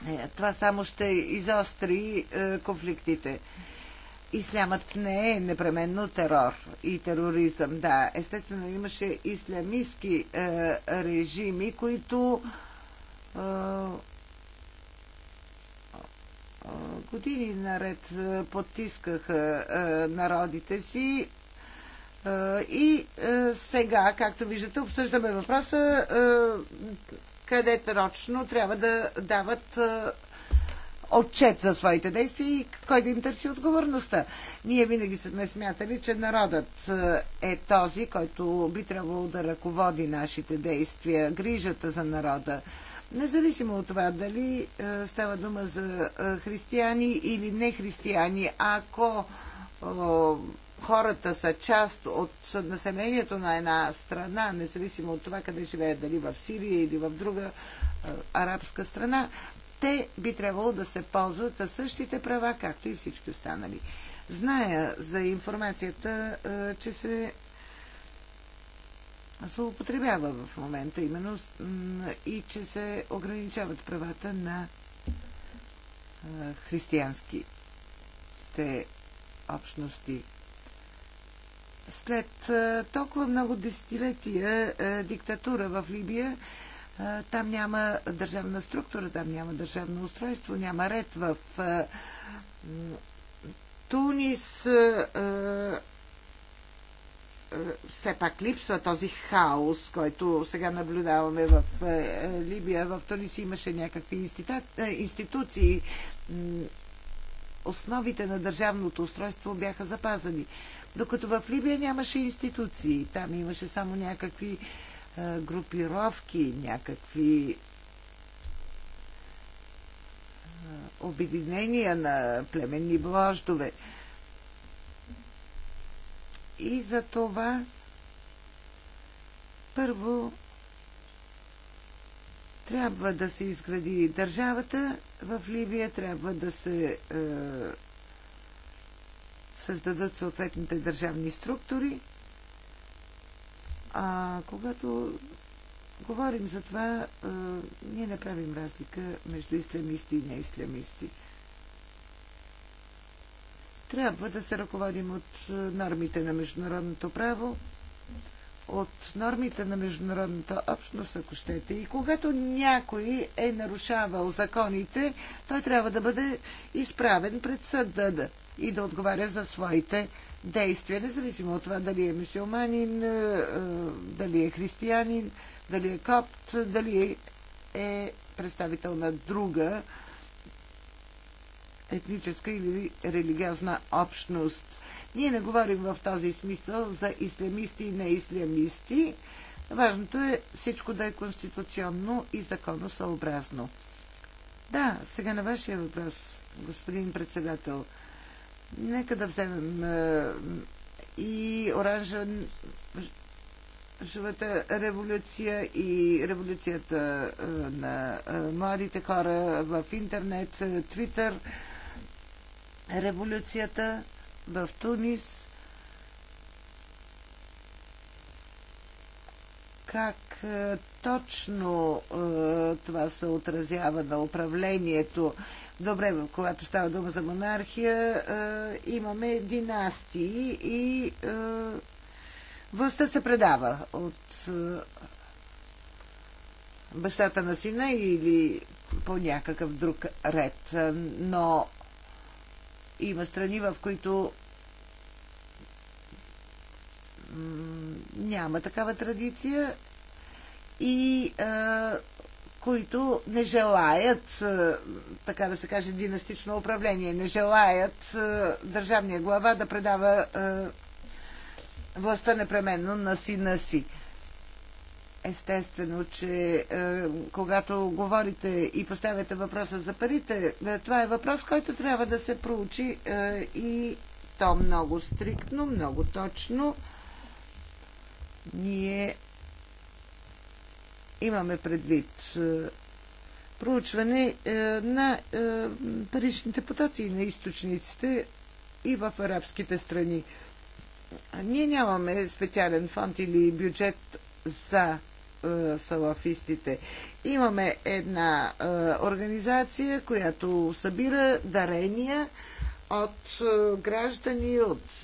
Е, това само ще изостри е, конфликтите. Ислямът не е непременно терор и тероризъм. Да, естествено имаше ислямистски е, режими, които години наред потискаха народите си. и сега, както виждате, обсъждаме въпроса къде точно трябва да дават отчет за своите действия и кой да им търси отговорността. Ние винаги сме смятали, че народът е този, който би трябвало да ръководи нашите действия, грижата за народа. Независимо от това дали става дума за християни или не християни, ако хората са част от населението на една страна, независимо от това къде живеят, дали в Сирия или в друга е, арабска страна, те би трябвало да се ползват със същите права, както и всички останали. Зная за информацията, е, че се злоупотребява в момента именно и че се ограничават правата на е, християнските общности. След толкова много десетилетия диктатура в Либия, там няма държавна структура, там няма държавно устройство, няма ред в Тунис. Все пак липсва този хаос, който сега наблюдаваме в Либия. В Тунис имаше някакви институции. Основите на държавното устройство бяха запазени. Докато в Либия нямаше институции, там имаше само някакви е, групировки, някакви е, обединения на племенни блождове. И за това първо трябва да се изгради държавата в Либия, трябва да се е, създадат съответните държавни структури. А когато говорим за това, а, ние не правим разлика между ислямисти и неислямисти. Трябва да се ръководим от нормите на международното право, от нормите на международната общност, ако щете. И когато някой е нарушавал законите, той трябва да бъде изправен пред съда и да отговаря за своите действия, независимо от това дали е мусулманин, е, дали е християнин, дали е копт, дали е, е представител на друга етническа или религиозна общност. Ние не говорим в този смисъл за ислямисти и неислямисти. Важното е всичко да е конституционно и законосъобразно. Да, сега на вашия въпрос, господин председател – Нека да вземем е, и живата революция и революцията е, на е, младите хора в интернет, Твитър, революцията в Тунис. Как точно това се отразява на управлението? Добре, когато става дума за монархия, имаме династии и властта се предава от бащата на сина или по някакъв друг ред. Но има страни, в които няма такава традиция и е, които не желаят, е, така да се каже, династично управление, не желаят е, държавния глава да предава е, властта непременно на сина си. Естествено, че когато говорите и поставяте въпроса за парите, това е въпрос, който трябва да се проучи и то много стриктно, много точно. Ние имаме предвид е, проучване е, на е, паричните потоци на източниците и в арабските страни. Ние нямаме специален фонд или бюджет за салафистите. Имаме една организация, която събира дарения от граждани, от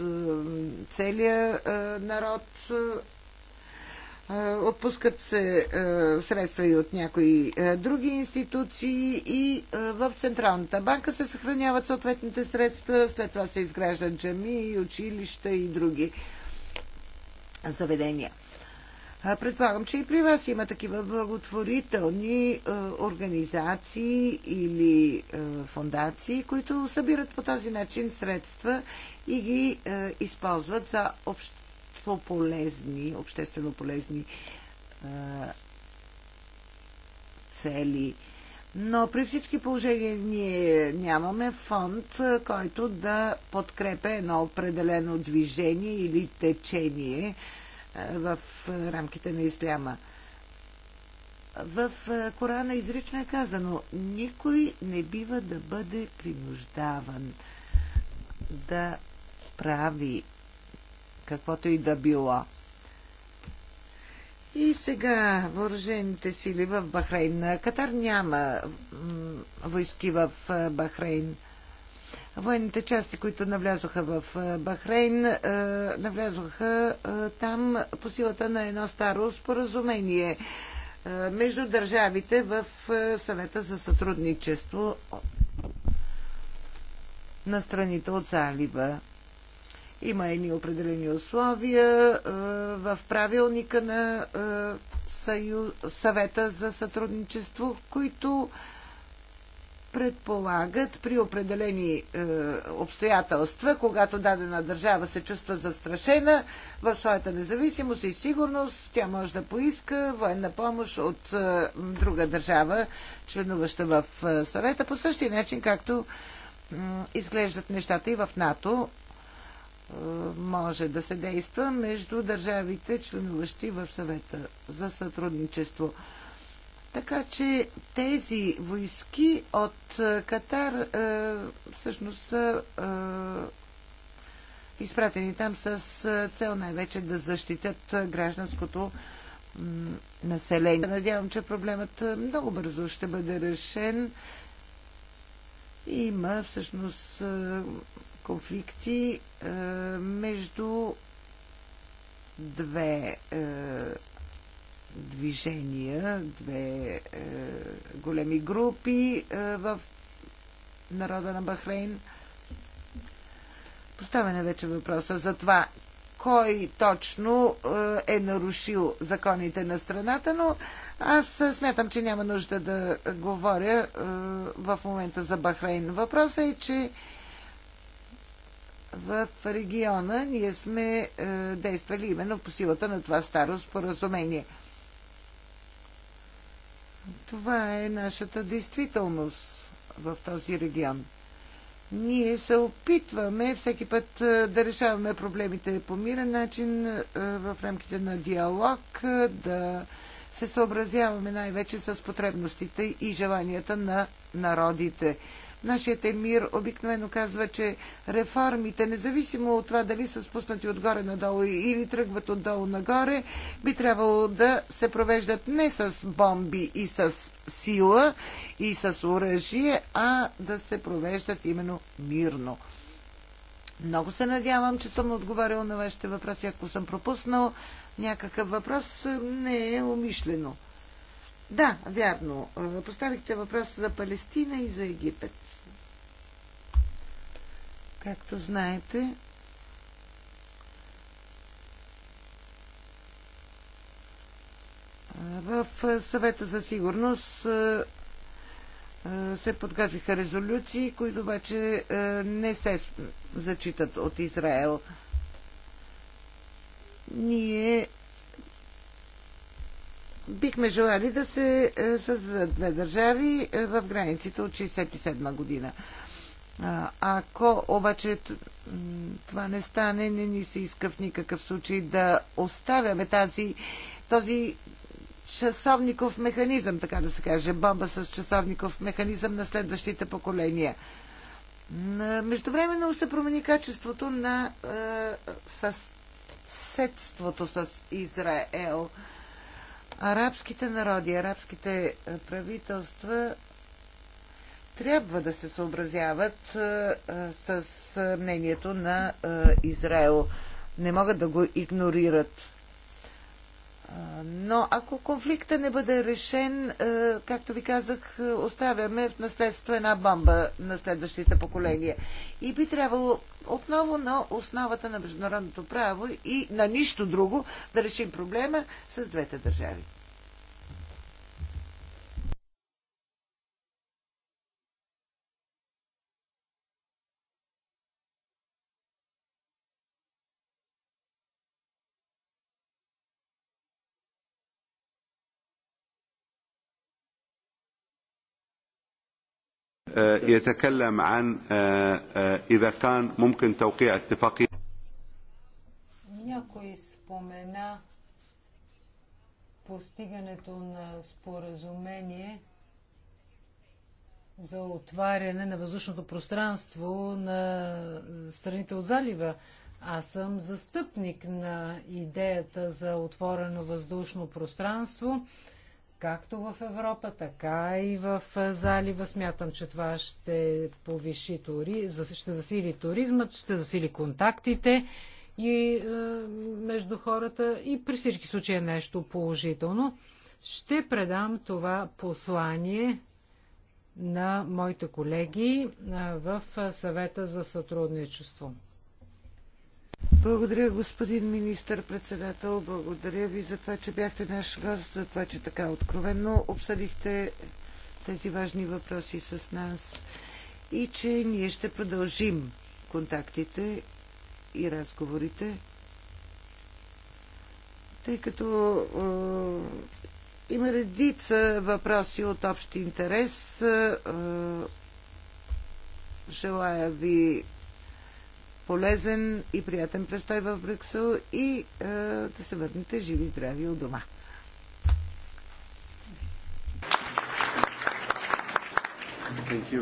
целия народ е, отпускат се е, средства и от някои е, други институции и в Централната банка се съхраняват съответните средства, след това се изграждат джами, училища и други заведения. Предполагам, че и при вас има такива благотворителни организации или фундации, които събират по този начин средства и ги използват за общ общество полезни, обществено полезни цели. Но при всички положения ние нямаме фонд, който да подкрепя едно определено движение или течение в рамките на исляма. В Корана изрично е казано, никой не бива да бъде принуждаван да прави каквото и да било. И сега въоръжените сили в Бахрейн. Катар няма войски в Бахрейн. Военните части, които навлязоха в Бахрейн, навлязоха там по силата на едно старо споразумение между държавите в съвета за сътрудничество на страните от залива. Има едни определени условия в правилника на съвета за сътрудничество, които предполагат при определени е, обстоятелства, когато дадена държава се чувства застрашена в своята независимост и сигурност, тя може да поиска военна помощ от е, друга държава, членуваща в е, съвета, по същия начин, както е, изглеждат нещата и в НАТО може да се действа между държавите, членуващи в съвета за сътрудничество. Така че тези войски от е, Катар е, всъщност са е, изпратени там с цел най-вече да защитят гражданското население. Надявам, че проблемът много бързо ще бъде решен. Има всъщност конфликти е, между две е, движения, две е, големи групи в народа на Бахрейн. Поставяне вече въпроса за това кой точно е нарушил законите на страната, но аз смятам, че няма нужда да говоря в момента за Бахрейн. Въпросът е, че в региона. Ние сме е, действали именно по силата на това старо споразумение. Това е нашата действителност в този регион. Ние се опитваме всеки път е, да решаваме проблемите по мирен начин, е, в рамките на диалог, да се съобразяваме най-вече с потребностите и желанията на народите. Нашият емир обикновено казва, че реформите, независимо от това дали са спуснати отгоре надолу или тръгват отдолу нагоре, би трябвало да се провеждат не с бомби и с сила и с оръжие, а да се провеждат именно мирно. Много се надявам, че съм отговарял на вашите въпроси. Ако съм пропуснал някакъв въпрос, не е умишлено. Да, вярно. Е, поставихте въпрос за Палестина и за Египет. Както знаете, в съвета за сигурност е, е, се подготвиха резолюции, които обаче е, не се зачитат от Израел. Ние бихме желали да се създадат две държави в границите от 67 година. Ако обаче това не стане, не ни се иска в никакъв случай да оставяме тази, този часовников механизъм, така да се каже, бомба с часовников механизъм на следващите поколения. Междувременно се промени качеството на е, съседството с Израел. Арабските народи, арабските правителства трябва да се съобразяват с мнението на Израел. Не могат да го игнорират. Но ако конфликта не бъде решен, както ви казах, оставяме в наследство една бомба на следващите поколения. И би трябвало отново на основата на международното право и на нищо друго да решим проблема с двете държави. يتكلم عن إذا كان ممكن توقيع اتفاقية някой спомена постигането на споразумение за отваряне на въздушното пространство на страните от залива. Аз съм застъпник на идеята за отворено въздушно пространство както в Европа, така и в залива. Смятам, че това ще повиши тури, ще засили туризмът, ще засили контактите и е, между хората и при всички случаи е нещо положително. Ще предам това послание на моите колеги в съвета за сътрудничество. Благодаря, господин министър-председател. Благодаря ви за това, че бяхте наш гост, за това, че така откровенно обсъдихте тези важни въпроси с нас и че ние ще продължим контактите и разговорите, тъй като е, има редица въпроси от общ интерес. Е, желая ви полезен и приятен престой в Брюксел и е, да се върнете живи и здрави от дома. Thank you.